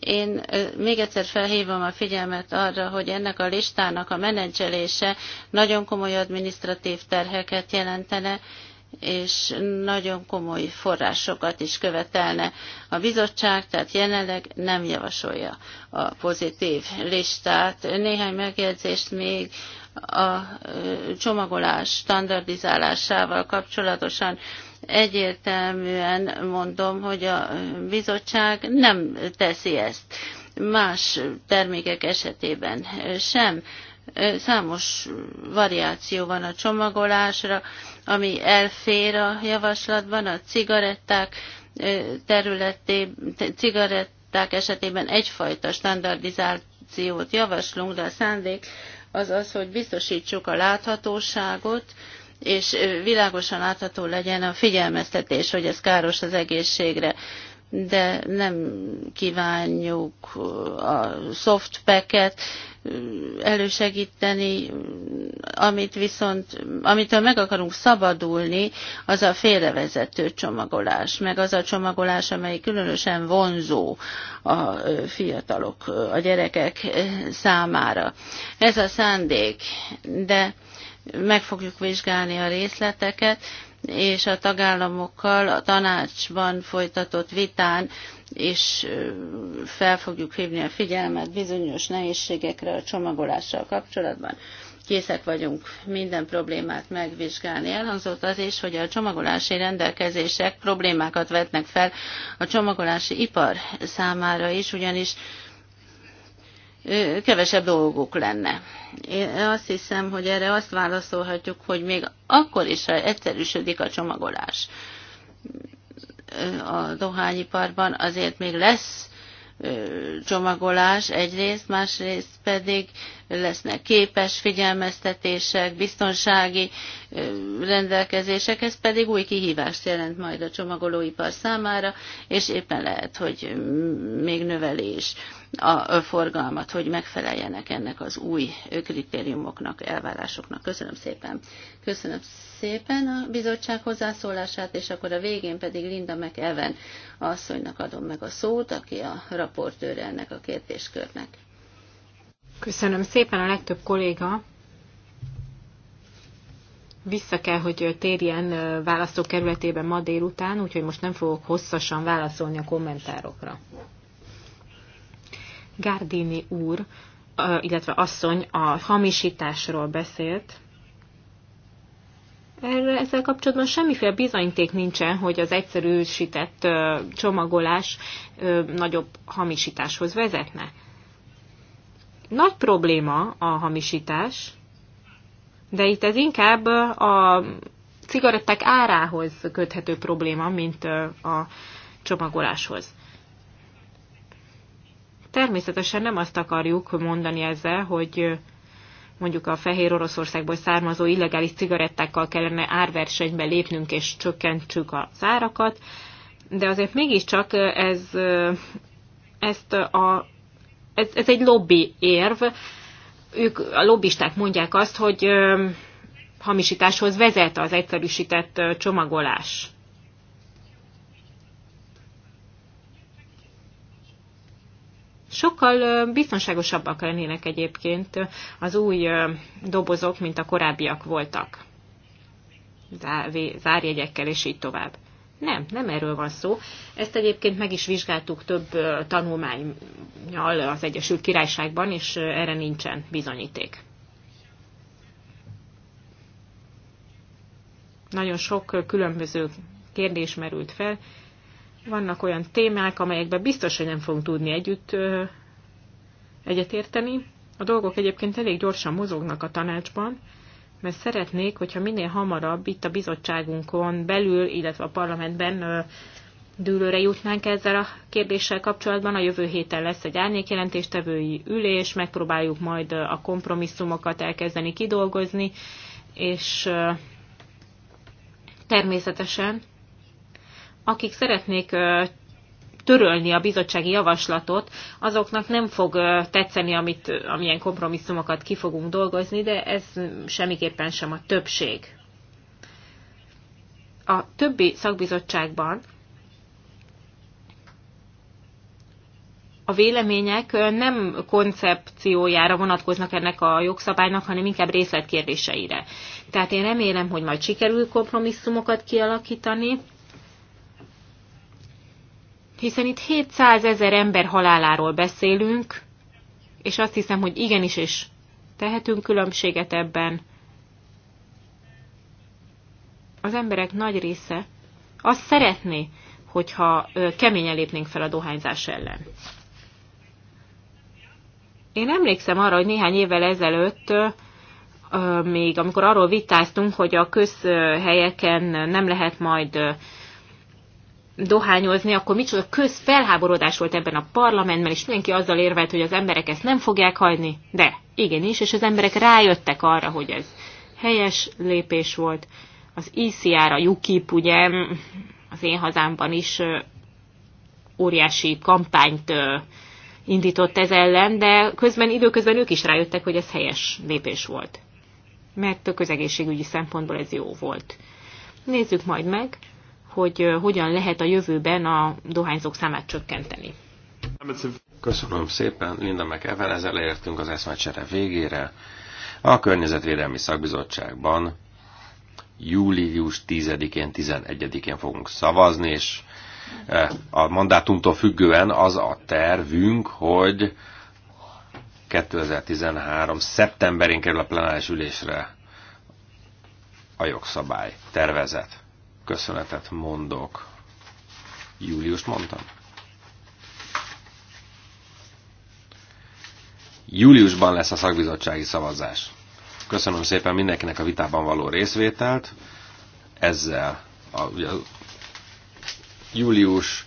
Én még egyszer felhívom a figyelmet arra, hogy ennek a listának a menedzselése nagyon komoly administratív terheket jelentene, és nagyon komoly forrásokat is követelne. A bizottság tehát jelenleg nem javasolja a pozitív listát. Néhány megjegyzést még a csomagolás standardizálásával kapcsolatosan egyértelműen mondom, hogy a bizottság nem teszi ezt más termékek esetében sem. Számos variáció van a csomagolásra, ami elfér a javaslatban, a cigaretták területé, cigaretták esetében egyfajta standardizációt javaslunk, de a szándék az az, hogy biztosítsuk a láthatóságot, és világosan látható legyen a figyelmeztetés, hogy ez káros az egészségre de nem kívánjuk a softpacket, elősegíteni, amit viszont, amitől meg akarunk szabadulni, az a félrevezető csomagolás, meg az a csomagolás, amely különösen vonzó a fiatalok, a gyerekek számára. Ez a szándék, de meg fogjuk vizsgálni a részleteket, és a tagállamokkal a tanácsban folytatott vitán és fel fogjuk hívni a figyelmet bizonyos nehézségekre a csomagolással kapcsolatban. Készek vagyunk minden problémát megvizsgálni. Elhangzott az is, hogy a csomagolási rendelkezések problémákat vetnek fel a csomagolási ipar számára is, ugyanis kevesebb dolguk lenne. Én azt hiszem, hogy erre azt válaszolhatjuk, hogy még akkor is, ha egyszerűsödik a csomagolás, a dohányiparban azért még lesz csomagolás egyrészt, másrészt pedig lesznek képes figyelmeztetések, biztonsági rendelkezések, ez pedig új kihívást jelent majd a csomagolóipar számára, és éppen lehet, hogy még növelés a forgalmat, hogy megfeleljenek ennek az új kritériumoknak, elvárásoknak. Köszönöm szépen. Köszönöm szépen a bizottság hozzászólását, és akkor a végén pedig Linda McEwen asszonynak adom meg a szót, aki a raportőre ennek a kérdéskörnek. Köszönöm szépen, a legtöbb kolléga vissza kell, hogy térjen választókerületében ma délután, úgyhogy most nem fogok hosszasan válaszolni a kommentárokra. Gárdini úr, illetve asszony a hamisításról beszélt. Erre ezzel kapcsolatban semmiféle bizonyték nincsen, hogy az egyszerűsített csomagolás nagyobb hamisításhoz vezetne. Nagy probléma a hamisítás, de itt ez inkább a cigaretták árához köthető probléma, mint a csomagoláshoz. Természetesen nem azt akarjuk mondani ezzel, hogy mondjuk a fehér Oroszországból származó illegális cigarettákkal kellene árversenybe lépnünk és csökkentsük a árakat, de azért mégiscsak ez, ezt a ez, ez egy lobby érv. Ők, a lobbisták mondják azt, hogy ö, hamisításhoz vezet az egyszerűsített ö, csomagolás. Sokkal biztonságosabbak lennének egyébként az új dobozok, mint a korábbiak voltak. Zárjegyekkel és így tovább. Nem, nem erről van szó. Ezt egyébként meg is vizsgáltuk több tanulmányjal az Egyesült Királyságban, és erre nincsen bizonyíték. Nagyon sok különböző kérdés merült fel. Vannak olyan témák, amelyekben biztos, hogy nem fogunk tudni együtt egyetérteni. A dolgok egyébként elég gyorsan mozognak a tanácsban, mert szeretnék, hogyha minél hamarabb itt a bizottságunkon belül, illetve a parlamentben dűlőre jutnánk ezzel a kérdéssel kapcsolatban. A jövő héten lesz egy árnyékjelentéstevői ülés, megpróbáljuk majd a kompromisszumokat elkezdeni kidolgozni, és természetesen akik szeretnék törölni a bizottsági javaslatot, azoknak nem fog tetszeni, amit, amilyen kompromisszumokat ki fogunk dolgozni, de ez semmiképpen sem a többség. A többi szakbizottságban a vélemények nem koncepciójára vonatkoznak ennek a jogszabálynak, hanem inkább részletkérdéseire. Tehát én remélem, hogy majd sikerül kompromisszumokat kialakítani, hiszen itt 700 ezer ember haláláról beszélünk, és azt hiszem, hogy igenis is tehetünk különbséget ebben. Az emberek nagy része azt szeretné, hogyha keményen lépnénk fel a dohányzás ellen. Én emlékszem arra, hogy néhány évvel ezelőtt még amikor arról vitáztunk, hogy a közhelyeken nem lehet majd dohányozni, akkor micsoda közfelháborodás volt ebben a parlamentben, és mindenki azzal érvelt, hogy az emberek ezt nem fogják hagyni. De, igenis, és az emberek rájöttek arra, hogy ez helyes lépés volt. Az ICR-a UKIP, ugye, az én hazámban is óriási kampányt indított ez ellen, de közben időközben ők is rájöttek, hogy ez helyes lépés volt. Mert a közegészségügyi szempontból ez jó volt. Nézzük majd meg, hogy hogyan lehet a jövőben a dohányzók számát csökkenteni. Köszönöm szépen, Linda meg Evel, ezzel értünk az eszmecsere végére. A Környezetvédelmi Szakbizottságban július 10-én, 11-én fogunk szavazni, és a mandátumtól függően az a tervünk, hogy 2013. szeptemberén kerül a plenáris ülésre a jogszabály tervezet köszönetet mondok. Július mondtam? Júliusban lesz a szakbizottsági szavazás. Köszönöm szépen mindenkinek a vitában való részvételt. Ezzel a, ugye, július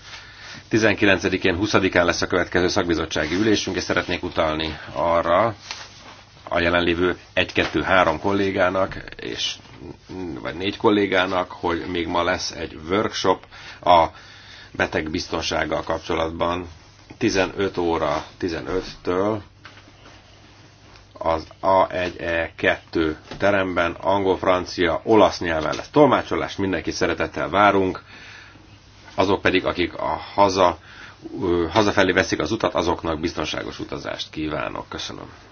19-én, 20-án lesz a következő szakbizottsági ülésünk, és szeretnék utalni arra, a jelenlévő egy-kettő-három kollégának, és, vagy négy kollégának, hogy még ma lesz egy workshop a betegbiztonsággal kapcsolatban 15 óra 15-től az A1E2 e teremben angol, francia, olasz nyelven lesz tolmácsolás, mindenki szeretettel várunk, azok pedig, akik a haza, hazafelé veszik az utat, azoknak biztonságos utazást kívánok. Köszönöm.